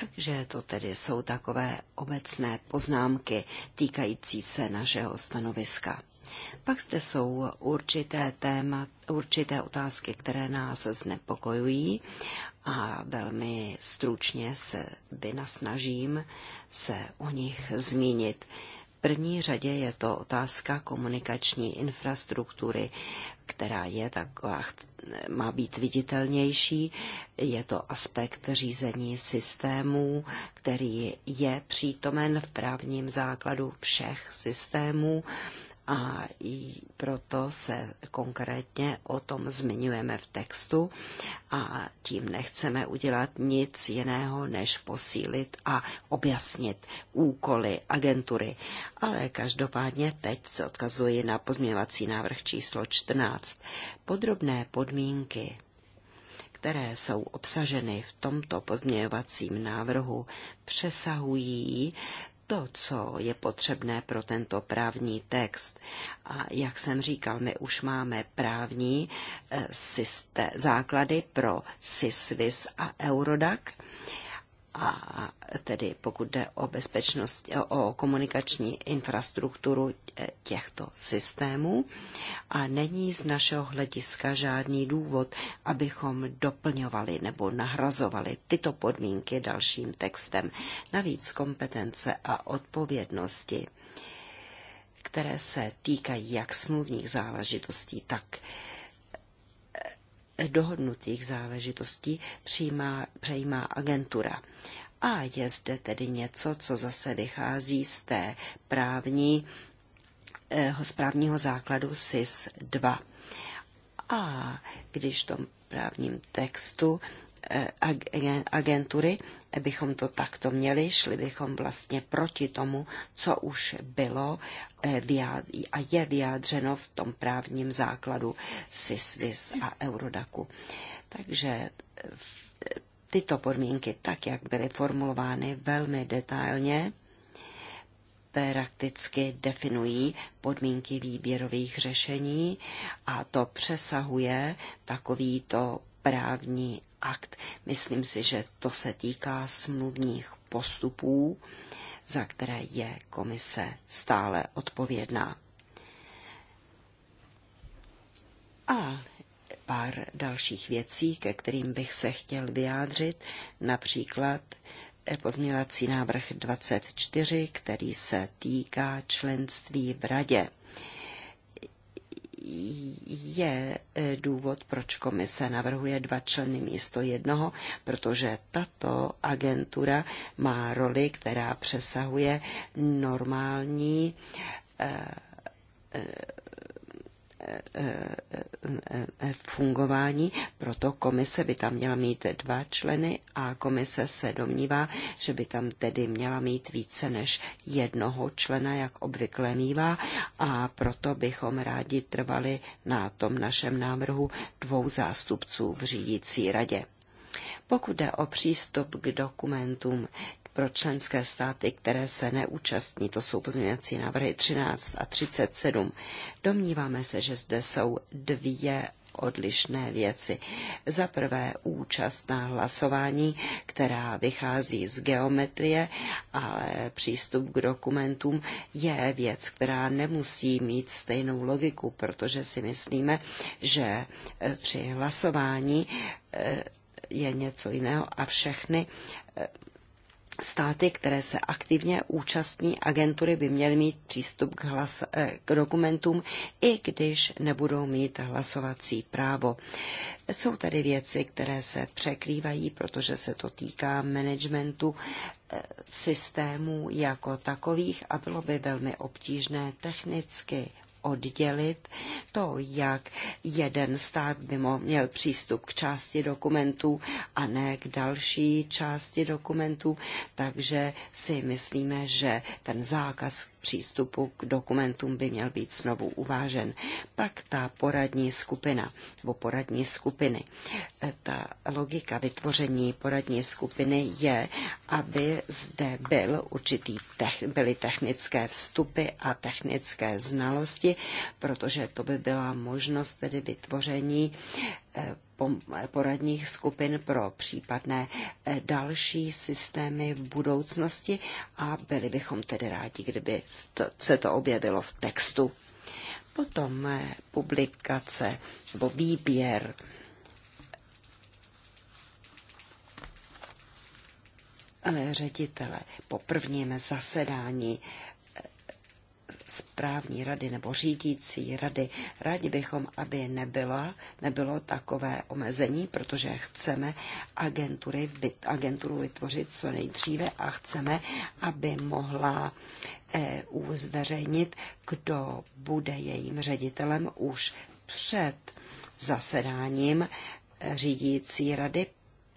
[SPEAKER 2] Takže to tedy jsou takové obecné poznámky týkající se našeho stanoviska. Pak zde jsou určité téma, určité otázky, které nás znepokojují a velmi stručně se vynasnažím se o nich zmínit. V první řadě je to otázka komunikační infrastruktury, která je taková, má být viditelnější. Je to aspekt řízení systémů, který je přítomen v právním základu všech systémů a proto se konkrétně o tom zmiňujeme v textu a tím nechceme udělat nic jiného, než posílit a objasnit úkoly agentury. Ale každopádně teď se odkazuji na pozměňovací návrh číslo 14. Podrobné podmínky které jsou obsaženy v tomto pozměňovacím návrhu, přesahují to, co je potřebné pro tento právní text. A jak jsem říkal, my už máme právní eh, systé, základy pro SISVIS a Eurodac a tedy pokud jde o bezpečnost, o komunikační infrastrukturu těchto systémů a není z našeho hlediska žádný důvod, abychom doplňovali nebo nahrazovali tyto podmínky dalším textem. Navíc kompetence a odpovědnosti které se týkají jak smluvních záležitostí, tak dohodnutých záležitostí přijímá, přejímá agentura. A je zde tedy něco, co zase vychází z té právní, eh, z právního základu SIS 2. A když v tom právním textu eh, agentury bychom to takto měli, šli bychom vlastně proti tomu, co už bylo eh, a je vyjádřeno v tom právním základu SISVIS a Eurodaku. Takže eh, eh, tyto podmínky, tak jak byly formulovány velmi detailně, prakticky definují podmínky výběrových řešení a to přesahuje takovýto právní akt. Myslím si, že to se týká smluvních postupů, za které je komise stále odpovědná. A pár dalších věcí, ke kterým bych se chtěl vyjádřit, například pozměňovací návrh 24, který se týká členství v radě je e, důvod, proč komise navrhuje dva členy místo jednoho, protože tato agentura má roli, která přesahuje normální e, e, fungování, proto komise by tam měla mít dva členy a komise se domnívá, že by tam tedy měla mít více než jednoho člena, jak obvykle mívá, a proto bychom rádi trvali na tom našem návrhu dvou zástupců v řídící radě. Pokud jde o přístup k dokumentům, pro členské státy, které se neúčastní. To jsou pozměňovací návrhy 13 a 37. Domníváme se, že zde jsou dvě odlišné věci. Za prvé účast na hlasování, která vychází z geometrie, ale přístup k dokumentům je věc, která nemusí mít stejnou logiku, protože si myslíme, že eh, při hlasování eh, je něco jiného a všechny eh, Státy, které se aktivně účastní agentury, by měly mít přístup k, hlas, eh, k dokumentům, i když nebudou mít hlasovací právo. Jsou tady věci, které se překrývají, protože se to týká managementu eh, systémů jako takových a bylo by velmi obtížné technicky oddělit to, jak jeden stát by měl přístup k části dokumentů a ne k další části dokumentů, takže si myslíme, že ten zákaz přístupu k dokumentům by měl být znovu uvážen. Pak ta poradní skupina nebo poradní skupiny. E, ta logika vytvoření poradní skupiny je, aby zde byl určitý byly technické vstupy a technické znalosti, protože to by byla možnost tedy vytvoření e, poradních skupin pro případné eh, další systémy v budoucnosti a byli bychom tedy rádi, kdyby se to objevilo v textu. Potom eh, publikace nebo výběr eh, ředitele po prvním zasedání správní rady nebo řídící rady. Rádi bychom, aby nebyla, nebylo takové omezení, protože chceme agentury, agenturu vytvořit co nejdříve a chceme, aby mohla EU eh, zveřejnit, kdo bude jejím ředitelem už před zasedáním eh, řídící rady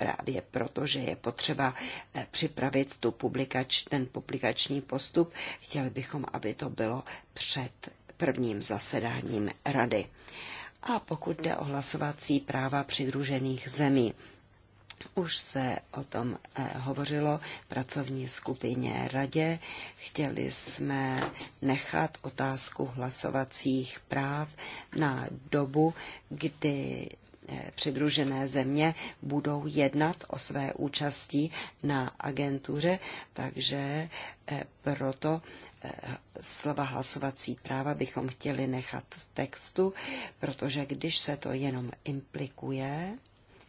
[SPEAKER 2] právě proto, že je potřeba eh, připravit tu publikač, ten publikační postup. Chtěli bychom, aby to bylo před prvním zasedáním rady. A pokud jde o hlasovací práva přidružených zemí, už se o tom eh, hovořilo v pracovní skupině radě. Chtěli jsme nechat otázku hlasovacích práv na dobu, kdy Eh, přidružené země budou jednat o své účasti na agentuře, takže eh, proto eh, slova hlasovací práva bychom chtěli nechat v textu, protože když se to jenom implikuje,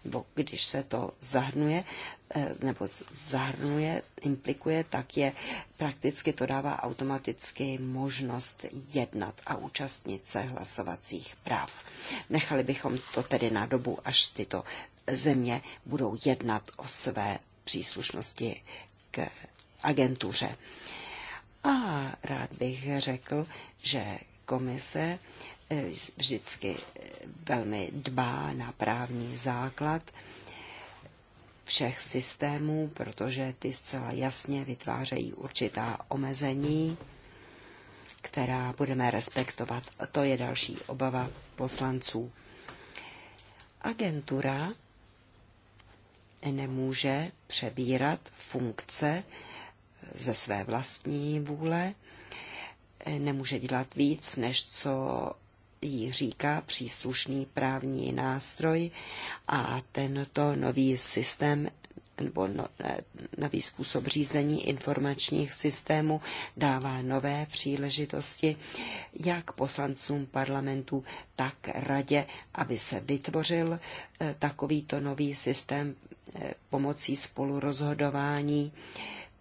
[SPEAKER 2] nebo když se to zahrnuje, eh, nebo zahrnuje, implikuje, tak je prakticky to dává automaticky možnost jednat a účastnit se hlasovacích práv. Nechali bychom to tedy na dobu, až tyto země budou jednat o své příslušnosti k agentuře. A rád bych řekl, že komise Eh, vždycky eh, velmi dbá na právní základ všech systémů, protože ty zcela jasně vytvářejí určitá omezení, která budeme respektovat. A to je další obava poslanců. Agentura nemůže přebírat funkce eh, ze své vlastní vůle, nemůže dělat víc, než co jí říká příslušný právní nástroj a tento nový systém nebo no, eh, nový způsob řízení informačních systémů dává nové příležitosti jak poslancům parlamentu, tak radě, aby se vytvořil eh, takovýto nový systém eh, pomocí spolurozhodování.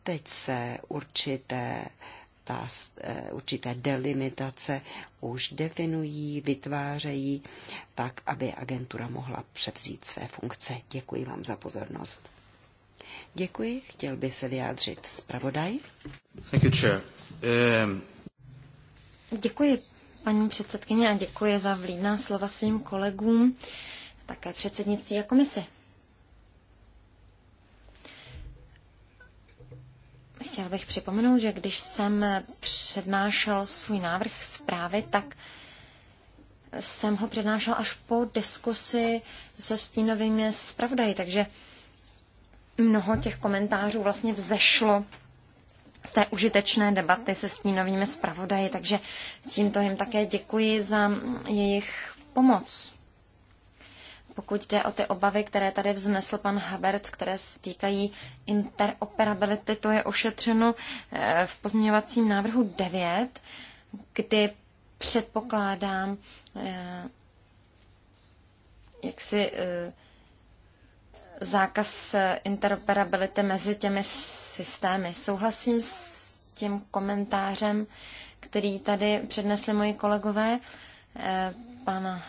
[SPEAKER 2] Teď se určité určitá, eh, určité delimitace už definují, vytvářejí tak, aby agentura mohla převzít své funkce. Děkuji vám za pozornost. Děkuji. Chtěl by se vyjádřit zpravodaj.
[SPEAKER 1] Thank you, chair. Um... Děkuji, paní předsedkyně, a děkuji za vlídná slova svým kolegům, také předsednictví a komisi. Chtěl bych připomenout, že když jsem přednášel svůj návrh zprávy, tak jsem ho přednášel až po diskusi se stínovými zpravodaji, takže mnoho těch komentářů vlastně vzešlo z té užitečné debaty se stínovými zpravodaji, takže tímto jim také děkuji za jejich pomoc pokud jde o ty obavy, které tady vznesl pan Habert, které se týkají interoperability, to je ošetřeno eh, v pozměňovacím návrhu 9, kdy předpokládám, eh, jak si eh, zákaz interoperability mezi těmi systémy. Souhlasím s tím komentářem, který tady přednesli moji kolegové, pan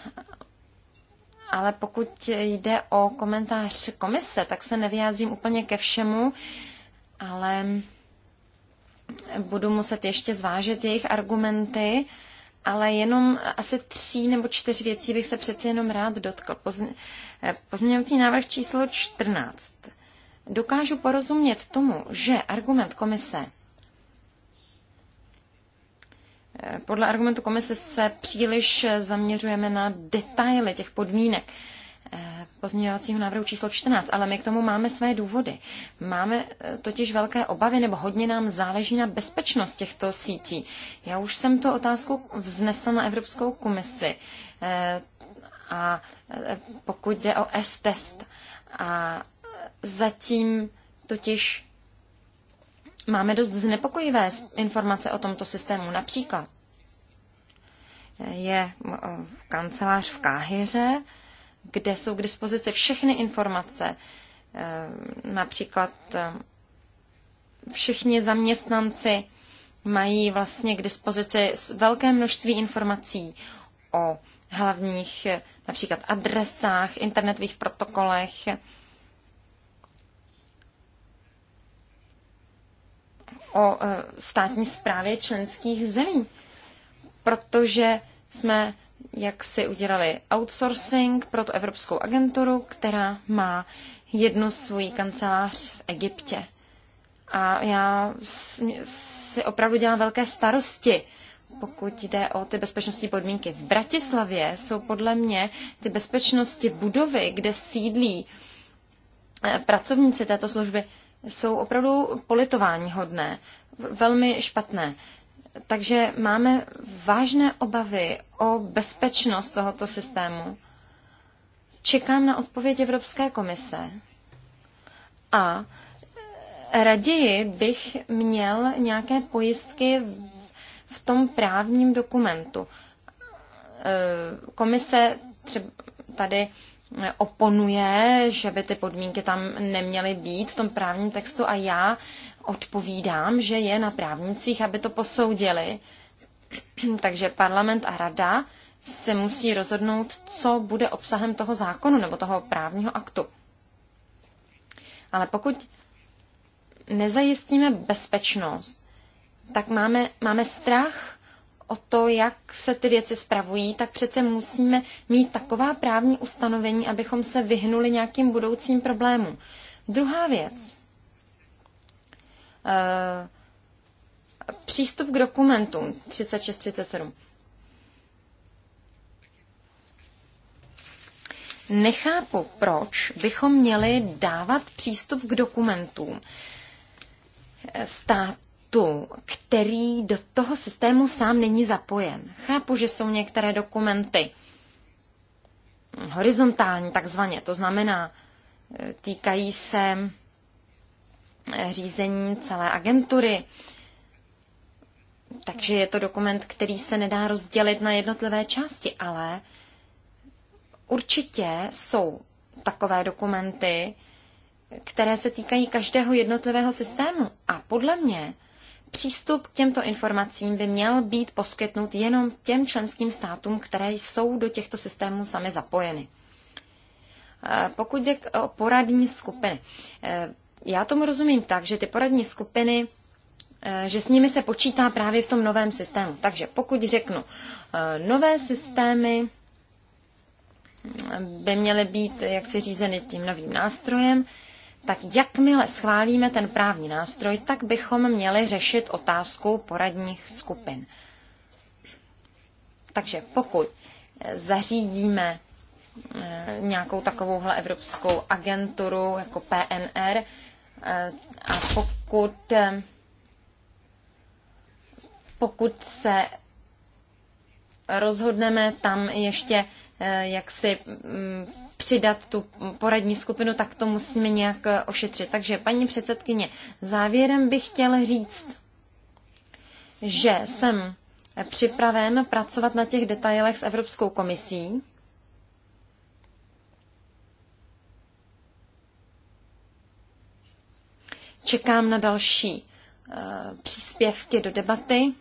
[SPEAKER 1] ale pokud jde o komentář komise, tak se nevyjádřím úplně ke všemu, ale budu muset ještě zvážit jejich argumenty, ale jenom asi tří nebo čtyř věcí bych se přeci jenom rád dotkl. Pozměňovací návrh číslo 14. Dokážu porozumět tomu, že argument komise podle argumentu komise se příliš zaměřujeme na detaily těch podmínek eh, pozměňovacího návrhu číslo 14, ale my k tomu máme své důvody. Máme eh, totiž velké obavy, nebo hodně nám záleží na bezpečnost těchto sítí. Já už jsem tu otázku vznesla na Evropskou komisi eh, a pokud jde o S-test a zatím totiž máme dost znepokojivé informace o tomto systému. Například je eh, kancelář v Káhyře, kde jsou k dispozici všechny informace, eh, například eh, všichni zaměstnanci mají vlastně k dispozici velké množství informací o hlavních například adresách, internetových protokolech, o e, státní správě členských zemí, protože jsme jak si udělali outsourcing pro tu Evropskou agenturu, která má jednu svůj kancelář v Egyptě. A já si opravdu dělám velké starosti, pokud jde o ty bezpečnostní podmínky. V Bratislavě jsou podle mě ty bezpečnosti budovy, kde sídlí e, pracovníci této služby, jsou opravdu politování hodné, velmi špatné. Takže máme vážné obavy o bezpečnost tohoto systému. Čekám na odpověď Evropské komise. A raději bych měl nějaké pojistky v tom právním dokumentu. E, komise třeba tady oponuje, že by ty podmínky tam neměly být v tom právním textu a já odpovídám, že je na právnicích, aby to posoudili. Takže parlament a rada se musí rozhodnout, co bude obsahem toho zákonu nebo toho právního aktu. Ale pokud nezajistíme bezpečnost, tak máme, máme strach o to, jak se ty věci spravují, tak přece musíme mít taková právní ustanovení, abychom se vyhnuli nějakým budoucím problémům. Druhá věc. Eh, přístup k dokumentům 3637. Nechápu, proč bychom měli dávat přístup k dokumentům eh, státu, tu, který do toho systému sám není zapojen. Chápu, že jsou některé dokumenty horizontální takzvaně, to znamená, e, týkají se e, řízení celé agentury, takže je to dokument, který se nedá rozdělit na jednotlivé části, ale určitě jsou takové dokumenty, které se týkají každého jednotlivého systému. A podle mě Přístup k těmto informacím by měl být poskytnut jenom těm členským státům, které jsou do těchto systémů sami zapojeny. Eh, pokud jde o poradní skupiny, eh, já tomu rozumím tak, že ty poradní skupiny, eh, že s nimi se počítá právě v tom novém systému. Takže pokud řeknu, nové systémy mm, by měly být jaksi řízeny tím novým nástrojem, tak jakmile schválíme ten právní nástroj, tak bychom měli řešit otázku poradních skupin. Takže pokud eh, zařídíme eh, nějakou takovouhle evropskou agenturu jako PNR eh, a pokud, pokud se rozhodneme tam ještě jak si mm, přidat tu poradní skupinu, tak to musíme nějak eh, ošetřit. Takže paní předsedkyně, závěrem bych chtěl říct, že jsem připraven pracovat na těch detailech s Evropskou komisí. Čekám na další eh, příspěvky do debaty.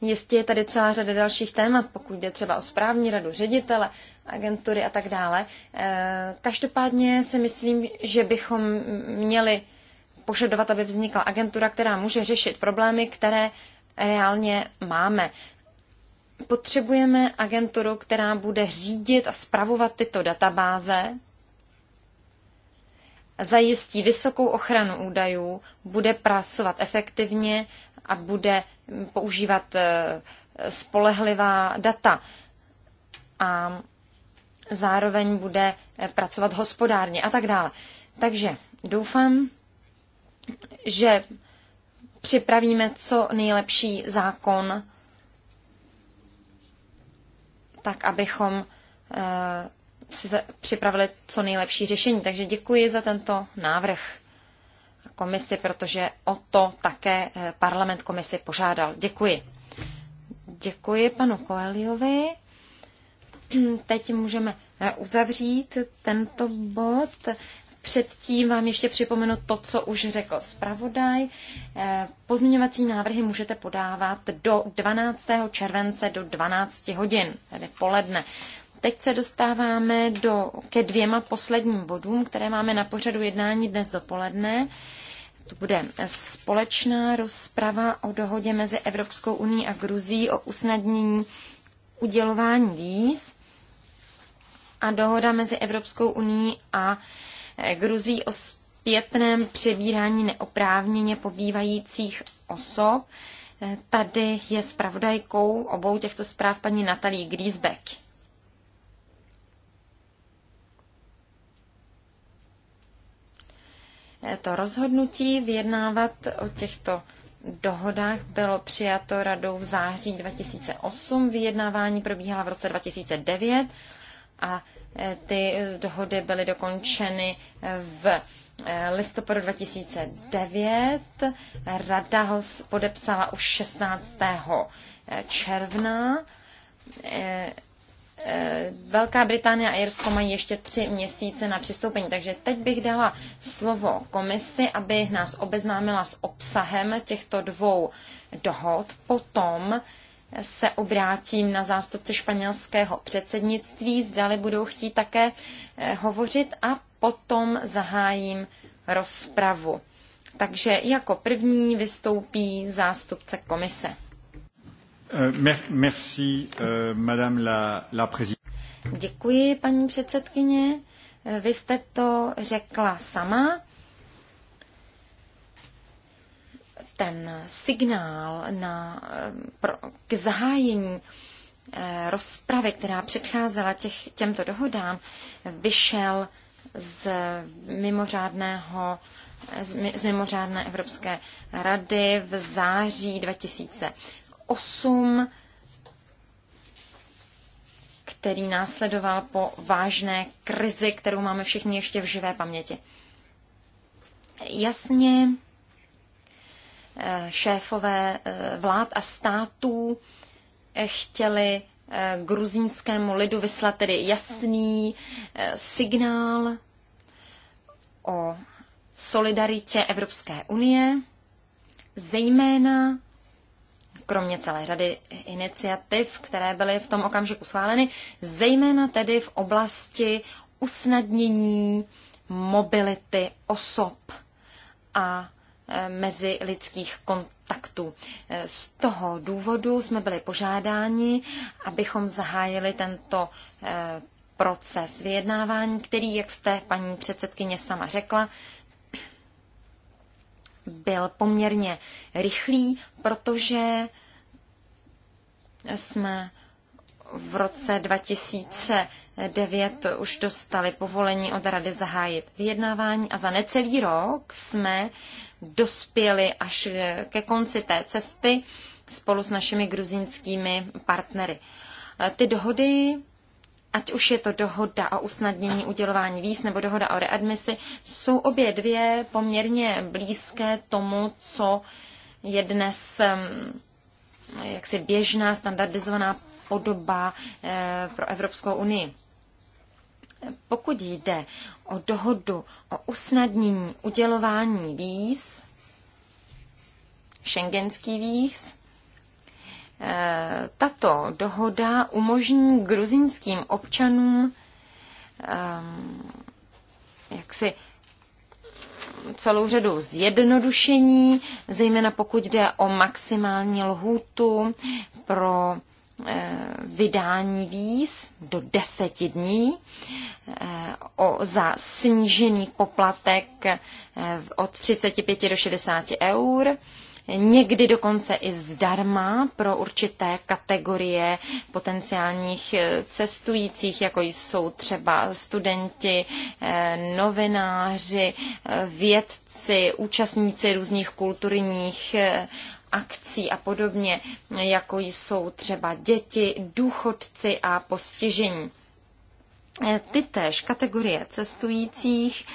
[SPEAKER 1] Jistě je tady celá řada dalších témat, pokud jde třeba o správní radu ředitele, agentury a tak dále. Eh, každopádně si myslím, že bychom měli požadovat, aby vznikla agentura, která může řešit problémy, které reálně máme. Potřebujeme agenturu, která bude řídit a spravovat tyto databáze, zajistí vysokou ochranu údajů, bude pracovat efektivně a bude používat eh, spolehlivá data a zároveň bude eh, pracovat hospodárně a tak dále. Takže doufám, že připravíme co nejlepší zákon, tak abychom eh, si připravili co nejlepší řešení. Takže děkuji za tento návrh komisi, protože o to také eh, parlament komisi požádal. Děkuji. Děkuji panu Koeliovi. Teď můžeme eh, uzavřít tento bod. Předtím vám ještě připomenu to, co už řekl zpravodaj. Eh, pozměňovací návrhy můžete podávat do 12. července do 12 hodin, tedy poledne. Teď se dostáváme do, ke dvěma posledním bodům, které máme na pořadu jednání dnes dopoledne. To bude společná rozprava o dohodě mezi Evropskou unii a Gruzí o usnadnění udělování víz a dohoda mezi Evropskou unii a eh, Gruzí o zpětném přebírání neoprávněně pobývajících osob. Eh, tady je spravodajkou obou těchto zpráv paní Natalie Griesbeck. To rozhodnutí vyjednávat o těchto dohodách bylo přijato radou v září 2008, vyjednávání probíhala v roce 2009 a eh, ty dohody byly dokončeny v eh, listopadu 2009. Rada ho podepsala už 16. Eh, června. Eh, Velká Británie a Irsko mají ještě tři měsíce na přistoupení, takže teď bych dala slovo komisi, aby nás obeznámila s obsahem těchto dvou dohod. Potom se obrátím na zástupce španělského předsednictví, zdali budou chtít také eh, hovořit a potom zahájím rozpravu. Takže jako první vystoupí zástupce komise.
[SPEAKER 3] Euh, euh,
[SPEAKER 1] Děkuji, paní předsedkyně. Eh, vy jste to řekla sama. Ten signál na, eh, pro, k zahájení eh, rozpravy, která předcházela těch, těmto dohodám, vyšel z mimořádného z mimořádné Evropské rady v září 2000 8, který následoval po vážné krizi, kterou máme všichni ještě v živé paměti. Jasně, eh, šéfové eh, vlád a států eh, chtěli gruzínskému lidu vyslat tedy jasný signál o solidaritě Evropské unie, zejména kromě celé řady iniciativ, které byly v tom okamžiku schváleny, zejména tedy v oblasti usnadnění mobility osob a e, mezi lidských kontaktů. E, z toho důvodu jsme byli požádáni, abychom zahájili tento e, proces vyjednávání, který, jak jste paní předsedkyně sama řekla, byl poměrně rychlý, protože jsme v roce 2009 už dostali povolení od Rady zahájit vyjednávání a za necelý rok jsme dospěli až ke konci té cesty spolu s našimi gruzínskými partnery. Ty dohody ať už je to dohoda o usnadnění udělování víz nebo dohoda o readmisi, jsou obě dvě poměrně blízké tomu, co je dnes jaksi běžná standardizovaná podoba eh, pro Evropskou unii. Pokud jde o dohodu o usnadnění udělování víz, šengenský víz, Eh, tato dohoda umožní gruzínským občanům ehm, jaksi celou řadu zjednodušení, zejména pokud jde o maximální lhůtu pro eh, vydání víz do deseti dní eh, o, za snížený poplatek od 35 do 60 eur někdy dokonce i zdarma pro určité kategorie potenciálních eh, cestujících, jako jsou třeba studenti, eh, novináři, eh, vědci, účastníci různých kulturních akcí a podobně, jako jsou třeba děti, důchodci a postižení. Ty též kategorie cestujících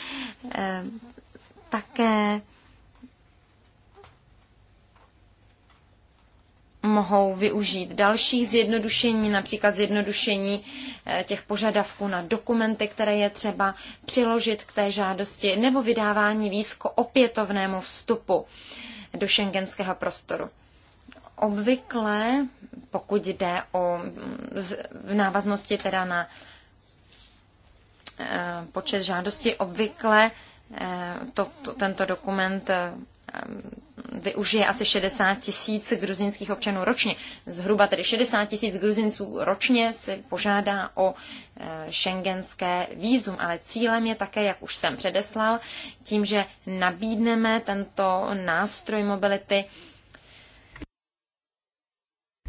[SPEAKER 1] také mohou využít dalších zjednodušení, například zjednodušení eh, těch požadavků na dokumenty, které je třeba přiložit k té žádosti, nebo vydávání výzko opětovnému vstupu do šengenského prostoru. Obvykle, pokud jde o v návaznosti teda na eh, počet žádostí, obvykle eh, to, to, tento dokument Ehm, využije asi 60 tisíc gruzinských občanů ročně. Zhruba tedy 60 tisíc gruzinců ročně si požádá o eh, šengenské výzum, ale cílem je také, jak už jsem předeslal, tím, že nabídneme tento nástroj mobility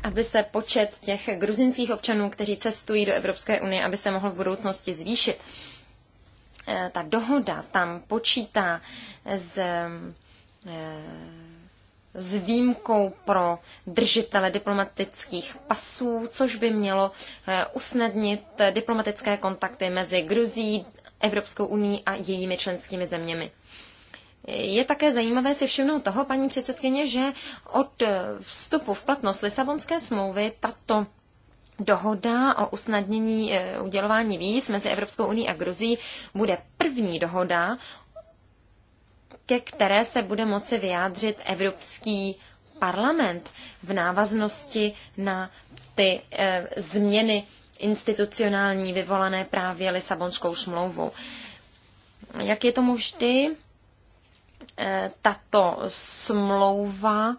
[SPEAKER 1] aby se počet těch gruzinských občanů, kteří cestují do Evropské unie, aby se mohl v budoucnosti zvýšit. Eh, ta dohoda tam počítá s s výjimkou pro držitele diplomatických pasů, což by mělo eh, usnadnit eh, diplomatické kontakty mezi Gruzí, Evropskou unii a jejími členskými zeměmi. Je také zajímavé si všimnout toho, paní předsedkyně, že od eh, vstupu v platnost Lisabonské smlouvy tato Dohoda o usnadnění udělování víz mezi Evropskou unii a Gruzí bude první dohoda ke které se bude moci vyjádřit Evropský parlament v návaznosti na ty e, změny institucionální vyvolané právě Lisabonskou smlouvou. Jak je tomu vždy, e, tato smlouva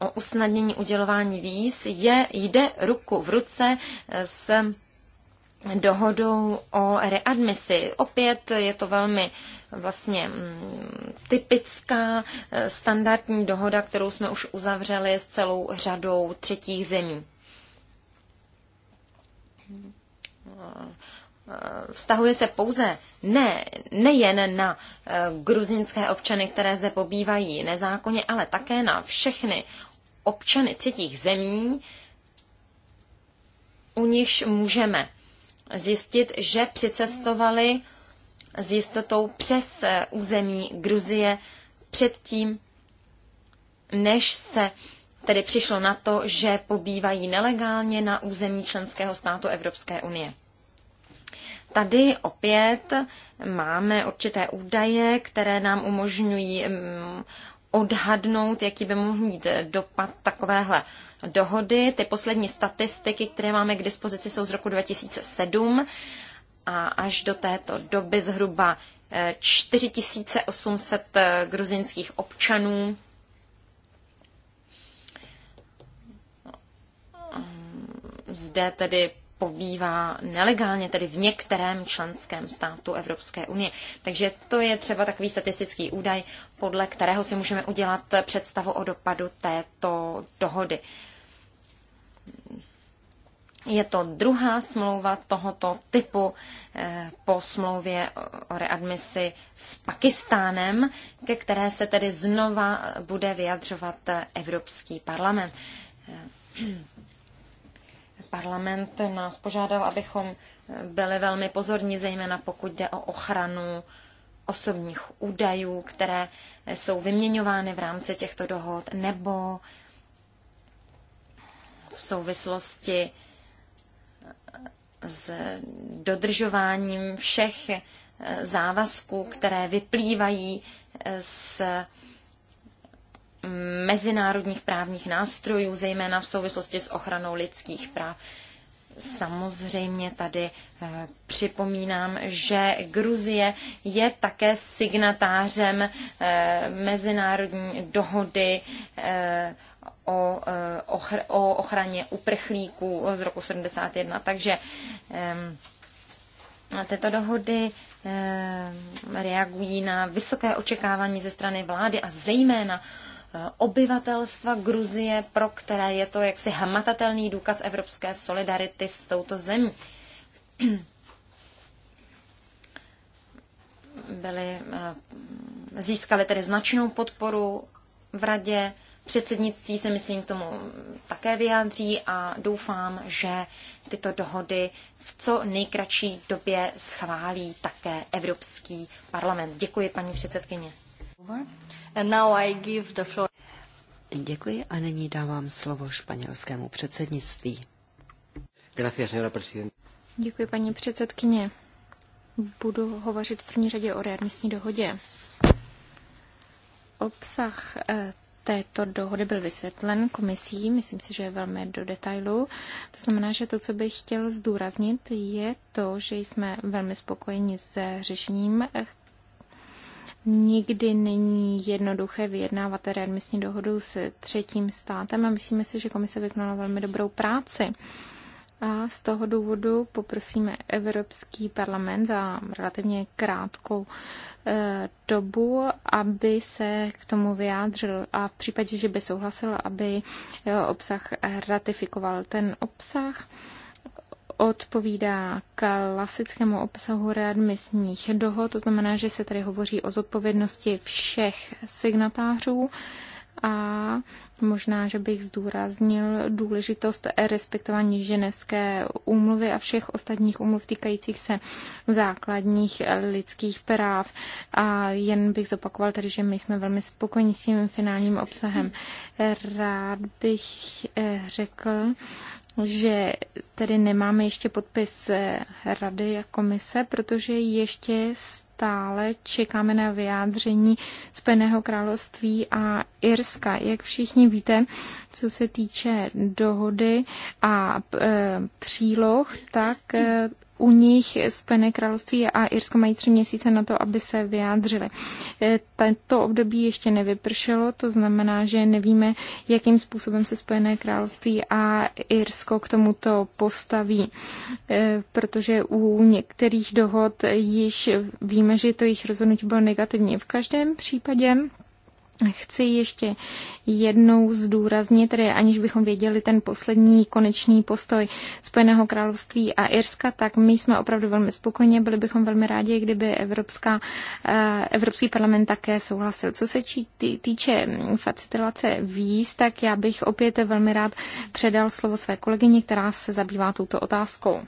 [SPEAKER 1] o usnadnění udělování víz je, jde ruku v ruce s dohodou o readmisi. Opět je to velmi vlastně mm, typická eh, standardní dohoda, kterou jsme už uzavřeli s celou řadou třetích zemí. Eh, vztahuje se pouze ne, nejen na eh, gruzinské občany, které zde pobývají nezákonně, ale také na všechny občany třetích zemí, u nichž můžeme zjistit, že přicestovali s jistotou přes eh, území Gruzie předtím, než se tedy přišlo na to, že pobývají nelegálně na území členského státu Evropské unie. Tady opět máme určité údaje, které nám umožňují mm, odhadnout, jaký by mohl mít dopad takovéhle dohody. Ty poslední statistiky, které máme k dispozici, jsou z roku 2007 a až do této doby zhruba 4800 eh, eh, gruzinských občanů zde tedy pobývá nelegálně, tedy v některém členském státu Evropské unie. Takže to je třeba takový statistický údaj, podle kterého si můžeme udělat představu o dopadu této dohody. Je to druhá smlouva tohoto typu eh, po smlouvě o readmisi s Pakistánem, ke které se tedy znova bude vyjadřovat eh, Evropský parlament. Eh, parlament nás požádal, abychom byli velmi pozorní, zejména pokud jde o ochranu osobních údajů, které jsou vyměňovány v rámci těchto dohod nebo v souvislosti s dodržováním všech eh, závazků, které vyplývají eh, z mm, mezinárodních právních nástrojů, zejména v souvislosti s ochranou lidských práv. Samozřejmě tady eh, připomínám, že Gruzie je také signatářem mezinárodní dohody o, eh, ochr- o ochraně uprchlíků z roku 71. Takže tyto dohody reagují na vysoké očekávání ze strany vlády a zejména eh, obyvatelstva Gruzie, pro které je to jaksi hmatatelný důkaz evropské solidarity s touto zemí. Byli, eh, získali tedy značnou podporu v radě, Předsednictví se, myslím, k tomu také vyjádří a doufám, že tyto dohody v co nejkratší době schválí také Evropský parlament. Děkuji, paní předsedkyně.
[SPEAKER 2] Děkuji a nyní dávám slovo španělskému předsednictví.
[SPEAKER 3] Děkuji, paní předsedkyně. Budu hovořit v první řadě o readmisní dohodě. Obsah eh, této dohody byl vysvětlen komisí, myslím si, že je velmi do detailu. To znamená, že to, co bych chtěl zdůraznit, je to, že jsme velmi spokojeni s řešením. Nikdy není jednoduché vyjednávat readmisní dohodu s třetím státem a myslíme si, že komise vykonala velmi dobrou práci. A z toho důvodu poprosíme Evropský parlament za relativně krátkou eh, dobu, aby se k tomu vyjádřil a v případě, že by souhlasil, aby eh, obsah ratifikoval ten obsah odpovídá klasickému obsahu readmisních dohod, to znamená, že se tady hovoří o zodpovědnosti všech signatářů a možná, že bych zdůraznil důležitost respektování ženevské úmluvy a všech ostatních úmluv týkajících se základních lidských práv. A jen bych zopakoval tedy, že my jsme velmi spokojení s tím finálním obsahem. Rád bych eh, řekl, že tedy nemáme ještě podpis eh, rady a komise, protože ještě stále čekáme na vyjádření Spojeného království a Irska. Jak všichni víte, co se týče dohody a e, příloh, tak e, u nich Spojené království a Irsko mají tři měsíce na to, aby se vyjádřili. E, tento období ještě nevypršelo, to znamená, že nevíme, jakým způsobem se Spojené království a Irsko k tomuto postaví, protože u některých dohod již víme, že to jejich rozhodnutí bylo negativní. V každém případě Chci ještě jednou zdůraznit, tedy aniž bychom věděli ten poslední konečný postoj Spojeného království a Irska, tak my jsme opravdu velmi spokojeni, byli bychom velmi rádi, kdyby Evropská, eh, Evropský parlament také souhlasil. Co se tý, týče mm, facilitace víz, tak já bych opět velmi rád předal slovo své kolegyni, která se zabývá touto otázkou.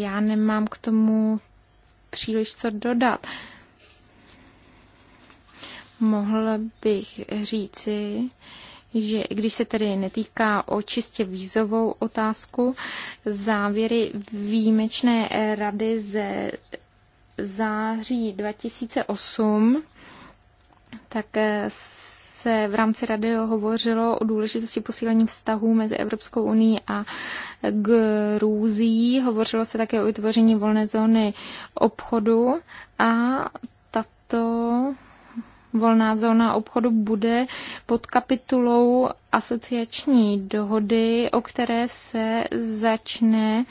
[SPEAKER 3] Já nemám k tomu příliš co dodat. Mohl bych říci, že když se tedy netýká o čistě výzovou otázku, závěry výjimečné rady ze září 2008, tak se v rámci Rady hovořilo o důležitosti posílení vztahů mezi Evropskou unii a Gruzí. Hovořilo se také o vytvoření volné zóny obchodu a tato volná zóna obchodu bude pod kapitulou asociační dohody, o které se začne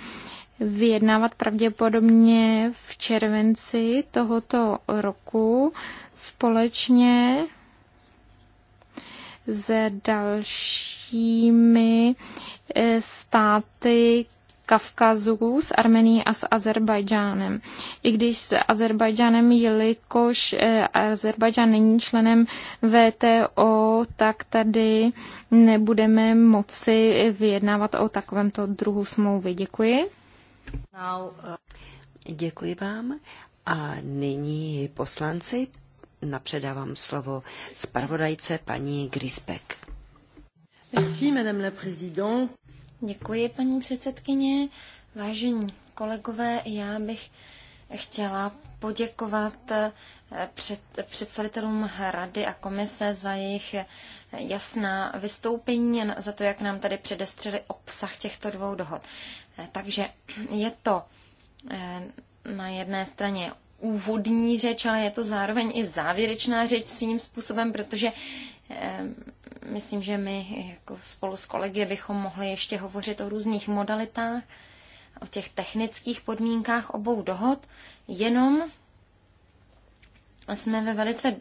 [SPEAKER 3] vyjednávat pravděpodobně v červenci tohoto roku společně s dalšími eh, státy Kavkazu, s Armenií a s Azerbajdžánem. I když s Azerbajdžánem, jelikož eh, Azerbajdžán není členem VTO, tak tady nebudeme moci vyjednávat o takovémto druhu smlouvy. Děkuji.
[SPEAKER 2] Děkuji vám. A nyní poslanci napředávám slovo zpravodajce paní Grisbeck.
[SPEAKER 1] Merci, madame la Děkuji, paní předsedkyně. Vážení kolegové, já bych chtěla poděkovat eh, před, představitelům rady a komise za jejich jasná vystoupení a za to, jak nám tady předestřeli obsah těchto dvou dohod. Eh, takže je to eh, na jedné straně úvodní řeč, ale je to zároveň i závěrečná řeč svým způsobem, protože myslím, že my jako spolu s kolegy bychom mohli ještě hovořit o různých modalitách, o těch technických podmínkách obou dohod, jenom jsme ve velice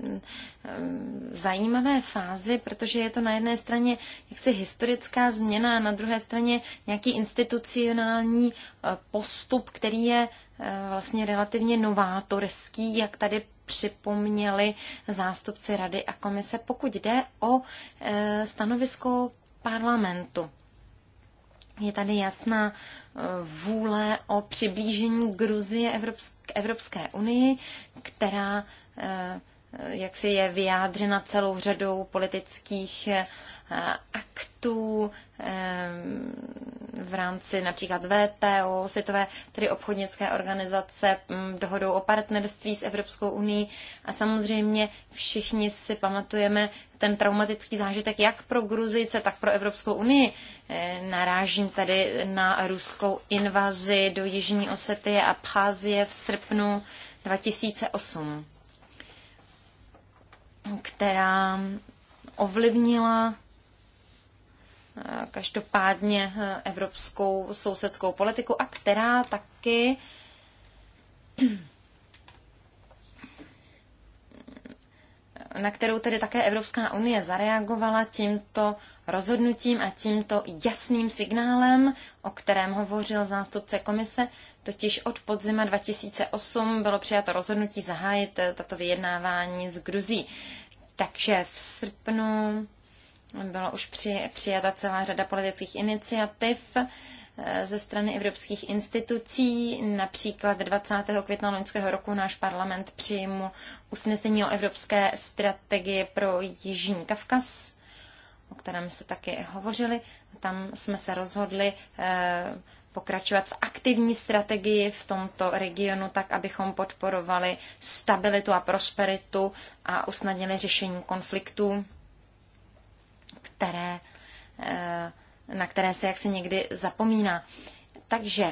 [SPEAKER 1] zajímavé fázi, protože je to na jedné straně jaksi historická změna a na druhé straně nějaký institucionální e, postup, který je vlastně relativně novátorský, jak tady připomněli zástupci rady a komise, pokud jde o e, stanovisko parlamentu. Je tady jasná e, vůle o přiblížení Gruzie k Evropské unii, která e, jak si je vyjádřena celou řadou politických Eh, aktů eh, v rámci například VTO, Světové tedy obchodnické organizace, mm, dohodou o partnerství s Evropskou unii a samozřejmě všichni si pamatujeme ten traumatický zážitek jak pro Gruzice, tak pro Evropskou unii. Eh, narážím tady na ruskou invazi do Jižní Osety a Abcházie v srpnu 2008, která ovlivnila každopádně eh, evropskou sousedskou politiku a která taky na kterou tedy také Evropská unie zareagovala tímto rozhodnutím a tímto jasným signálem, o kterém hovořil zástupce komise, totiž od podzima 2008 bylo přijato rozhodnutí zahájit eh, tato vyjednávání s Gruzí. Takže v srpnu byla už při, přijata celá řada politických iniciativ eh, ze strany evropských institucí. Například 20. května loňského roku náš parlament přijmu usnesení o evropské strategii pro Jižní Kavkaz, o kterém se taky hovořili. Tam jsme se rozhodli eh, pokračovat v aktivní strategii v tomto regionu, tak abychom podporovali stabilitu a prosperitu a usnadnili řešení konfliktů které, eh, na které se jaksi někdy zapomíná. Takže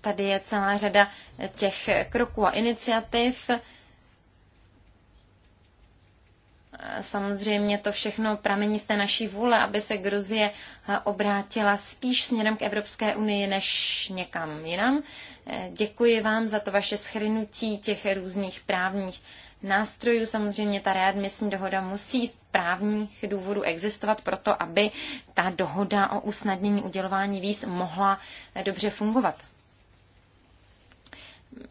[SPEAKER 1] tady je celá řada těch kroků a iniciativ. Samozřejmě to všechno pramení z té naší vůle, aby se Gruzie eh, obrátila spíš směrem k Evropské unii než někam jinam. Eh, děkuji vám za to vaše schrnutí těch různých právních nástrojů. Samozřejmě ta readmisní dohoda musí z právních důvodů existovat proto, aby ta dohoda o usnadnění udělování víz mohla eh, dobře fungovat.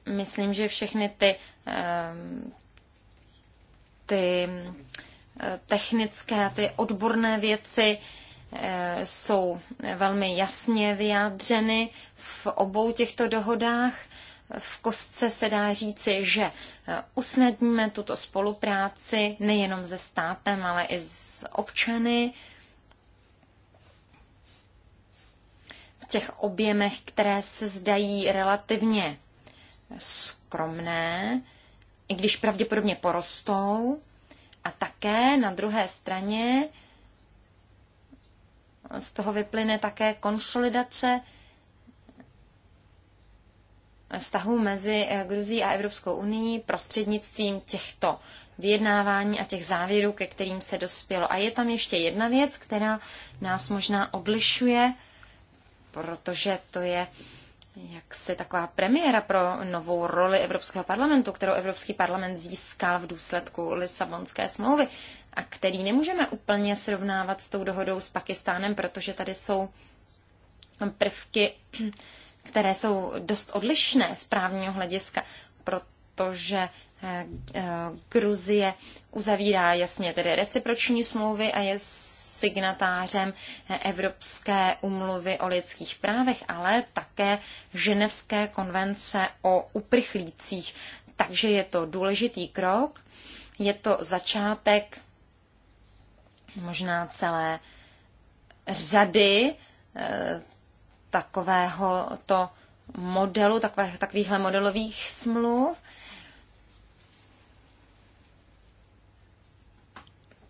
[SPEAKER 1] Myslím, že všechny ty, eh, ty eh, technické, ty odborné věci, jsou velmi jasně vyjádřeny v obou těchto dohodách v kostce se dá říci, že eh, usnadníme tuto spolupráci nejenom se státem, ale i s občany v těch objemech, které se zdají relativně skromné, i když pravděpodobně porostou. A také na druhé straně z toho vyplyne také konsolidace vztahů mezi eh, Gruzí a Evropskou unii prostřednictvím těchto vyjednávání a těch závěrů, ke kterým se dospělo. A je tam ještě jedna věc, která nás možná odlišuje, protože to je jak se taková premiéra pro novou roli Evropského parlamentu, kterou Evropský parlament získal v důsledku Lisabonské smlouvy a který nemůžeme úplně srovnávat s tou dohodou s Pakistánem, protože tady jsou prvky které jsou dost odlišné z právního hlediska, protože eh, eh, Gruzie uzavírá jasně tedy reciproční smlouvy a je signatářem eh, Evropské umluvy o lidských právech, ale také Ženevské konvence o uprchlících. Takže je to důležitý krok, je to začátek možná celé řady takového to modelu, takové, takovýchhle modelových smluv.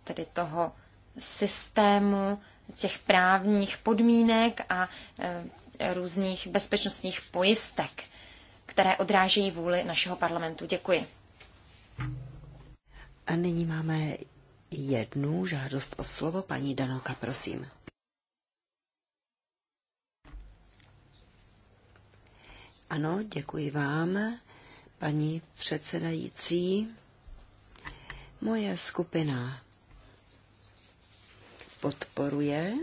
[SPEAKER 1] Tedy toho systému těch právních podmínek a e, různých bezpečnostních pojistek, které odrážejí vůli našeho parlamentu. Děkuji.
[SPEAKER 2] A nyní máme jednu žádost o slovo. Paní Danoka, prosím. Ano, děkuji vám, paní předsedající. Moje skupina podporuje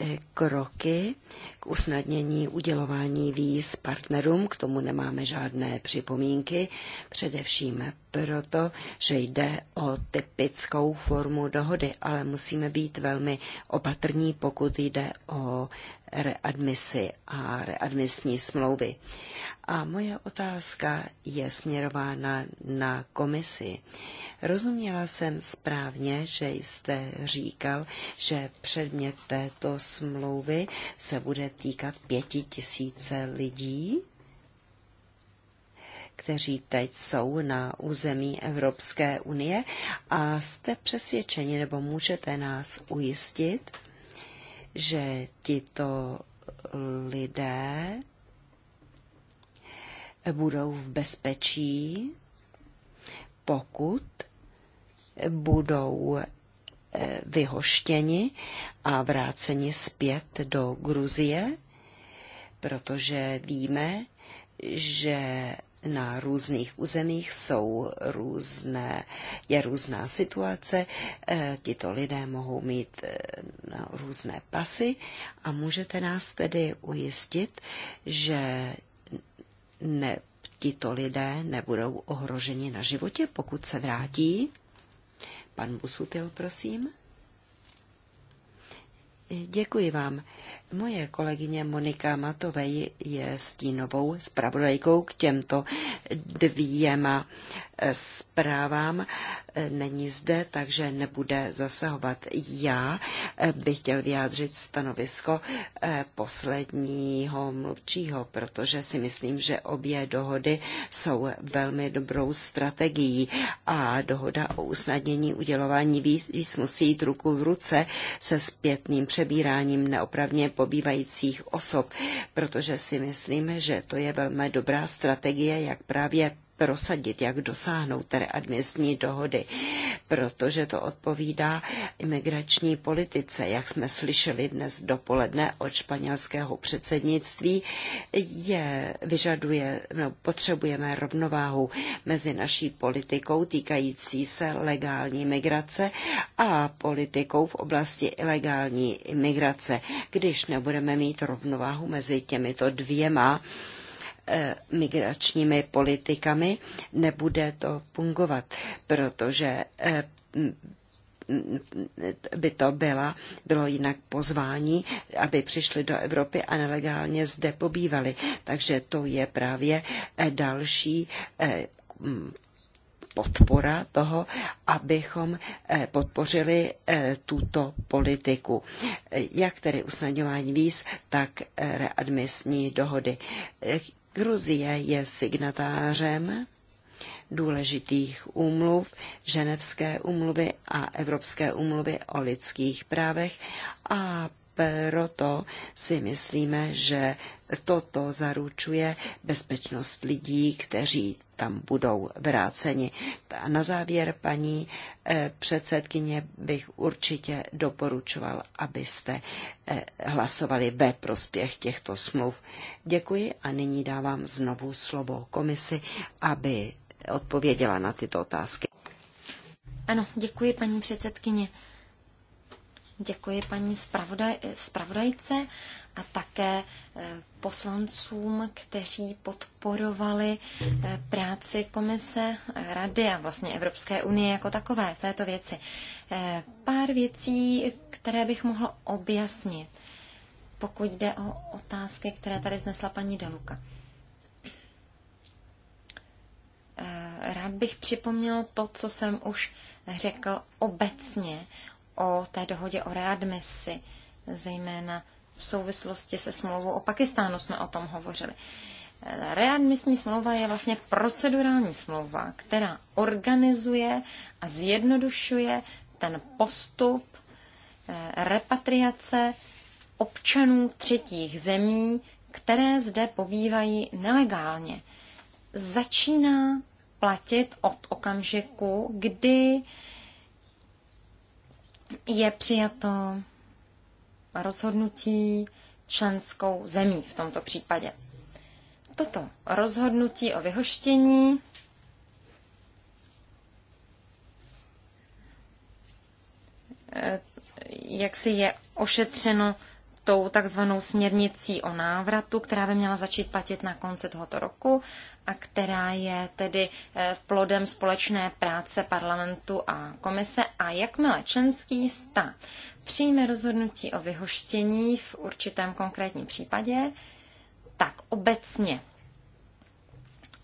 [SPEAKER 2] eh, kroky k usnadnění udělování víz partnerům. K tomu nemáme žádné připomínky, především proto, že jde o typickou formu dohody, ale musíme být velmi opatrní, pokud jde o readmisy a readmisní smlouvy. A moje otázka je směrována na komisi. Rozuměla jsem správně, že jste říkal, že předmět této smlouvy se bude týkat pěti tisíce lidí, kteří teď jsou na území Evropské unie a jste přesvědčeni nebo můžete nás ujistit, že tito lidé budou v bezpečí, pokud budou eh, vyhoštěni a vráceni zpět do Gruzie, protože víme, že na různých územích jsou různé, je různá situace, eh, tito lidé mohou mít eh, různé pasy a můžete nás tedy ujistit, že ne, tito lidé nebudou ohroženi na životě, pokud se vrátí? Pan Busutil, prosím. Děkuji vám. Moje kolegyně Monika Matovej je stínovou zpravodajkou k těmto dvěma zprávám není zde, takže nebude zasahovat. Já eh, bych chtěl vyjádřit stanovisko eh, posledního mluvčího, protože si myslím, že obě dohody jsou velmi dobrou strategií a dohoda o usnadnění udělování víz musí jít ruku v ruce se zpětným přebíráním neopravně pobývajících osob, protože si myslím, že to je velmi dobrá strategie, jak právě prosadit, jak dosáhnout readmisní dohody, protože to odpovídá imigrační politice. Jak jsme slyšeli dnes dopoledne od španělského předsednictví, je, vyžaduje, no, potřebujeme rovnováhu mezi naší politikou týkající se legální migrace a politikou v oblasti ilegální imigrace, když nebudeme mít rovnováhu mezi těmito dvěma E, migračními politikami, nebude to fungovat, protože e, by to byla, bylo jinak pozvání, aby přišli do Evropy a nelegálně zde pobývali. Takže to je právě e, další podpora toho, abychom podpořili tuto politiku. Jak tedy usnadňování víz, tak readmisní dohody. Gruzie je signatářem důležitých úmluv, ženevské úmluvy a evropské úmluvy o lidských právech a proto si myslíme, že toto zaručuje bezpečnost lidí, kteří tam budou vráceni. A na závěr, paní eh, předsedkyně, bych určitě doporučoval, abyste eh, hlasovali ve prospěch těchto smluv. Děkuji a nyní dávám znovu slovo komisi, aby odpověděla na tyto otázky.
[SPEAKER 1] Ano, děkuji, paní předsedkyně. Děkuji paní spravodaj, spravodajce a také eh, poslancům, kteří podporovali eh, práci komise eh, Rady a vlastně Evropské unie jako takové v této věci. Pár věcí, které bych mohla objasnit, pokud jde o otázky, které tady vznesla paní Deluka. Rád bych připomněl to, co jsem už řekl obecně o té dohodě o readmisi, zejména v souvislosti se smlouvou o Pakistánu jsme o tom hovořili. Readmisní smlouva je vlastně procedurální smlouva, která organizuje a zjednodušuje ten postup eh, repatriace občanů třetích zemí, které zde pobývají nelegálně. Začíná platit od okamžiku, kdy je přijato rozhodnutí členskou zemí v tomto případě. Toto rozhodnutí o vyhoštění eh, jak si je ošetřeno tou takzvanou směrnicí o návratu, která by měla začít platit na konci tohoto roku a která je tedy eh, plodem společné práce parlamentu a komise. A jakmile členský stát přijme rozhodnutí o vyhoštění v určitém konkrétním případě, tak obecně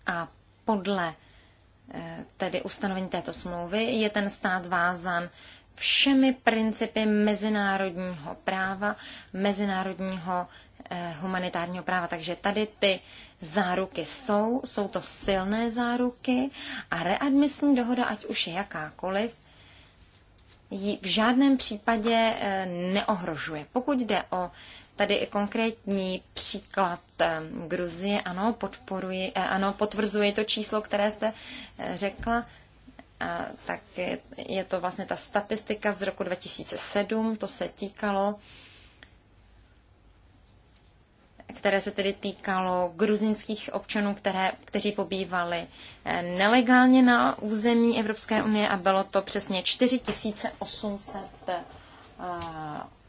[SPEAKER 1] a podle eh, tedy ustanovení této smlouvy je ten stát vázan všemi principy mezinárodního práva, mezinárodního eh, humanitárního práva. Takže tady ty záruky jsou, jsou to silné záruky a readmisní dohoda, ať už je jakákoliv, ji v žádném případě eh, neohrožuje. Pokud jde o tady i konkrétní příklad eh, Gruzie, ano, podporuji, ano, potvrzuji to číslo, které jste řekla, tak je, to vlastně ta statistika z roku 2007, to se týkalo, které se tedy týkalo gruzinských občanů, které, kteří pobývali eh, nelegálně na území Evropské unie a bylo to přesně 4800 eh,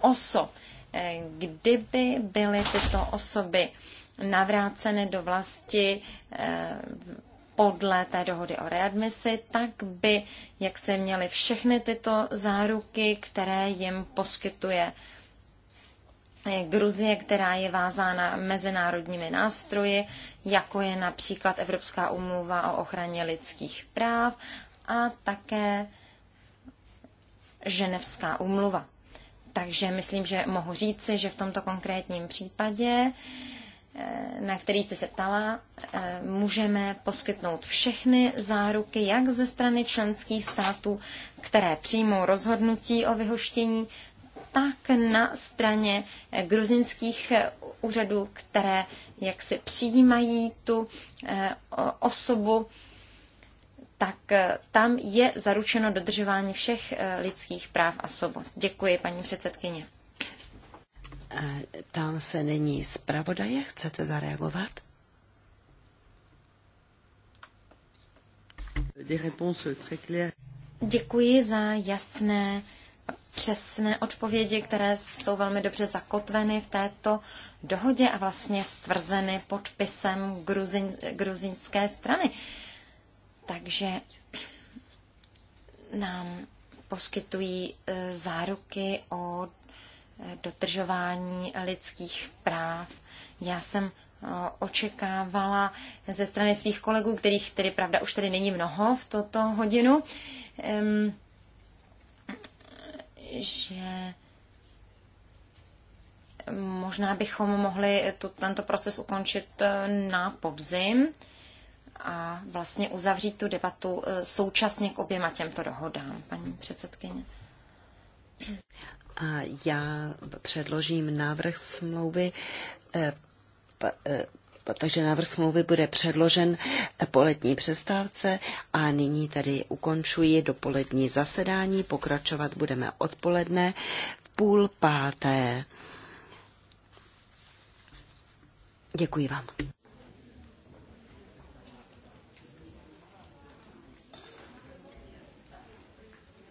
[SPEAKER 1] osob. Eh, kdyby byly tyto osoby navráceny do vlasti podle té dohody o readmisi, tak by jak se měly všechny tyto záruky, které jim poskytuje eh, Gruzie, která je vázána mezinárodními nástroji, jako je například Evropská umluva o ochraně lidských práv a také Ženevská umluva. Takže myslím, že mohu říci, že v tomto konkrétním případě na který jste se ptala, eh, můžeme poskytnout všechny záruky, jak ze strany členských států, které přijmou rozhodnutí o vyhoštění, tak na straně eh, gruzinských eh, úřadů, které jak si přijímají tu osobu, tak tam je zaručeno dodržování všech lidských práv a svobod. Děkuji, paní předsedkyně.
[SPEAKER 2] Tam se není zpravodaje. Chcete zareagovat?
[SPEAKER 1] Děkuji za jasné, přesné odpovědi, které jsou velmi dobře zakotveny v této dohodě a vlastně stvrzeny podpisem gruzin, gruzínské strany. Takže nám poskytují e, záruky o dodržování lidských práv. Já jsem eh, očekávala ze strany svých kolegů, kterých tedy pravda už tady není mnoho v toto hodinu, že možná bychom mohli tento proces ukončit eh, na podzim a vlastně uzavřít tu debatu eh, současně k oběma těmto
[SPEAKER 2] dohodám, paní předsedkyně a já předložím návrh smlouvy eh, eh, takže návrh smlouvy bude předložen po letní přestávce a nyní tady ukončuji dopolední zasedání. Pokračovat budeme odpoledne v půl páté. Děkuji vám.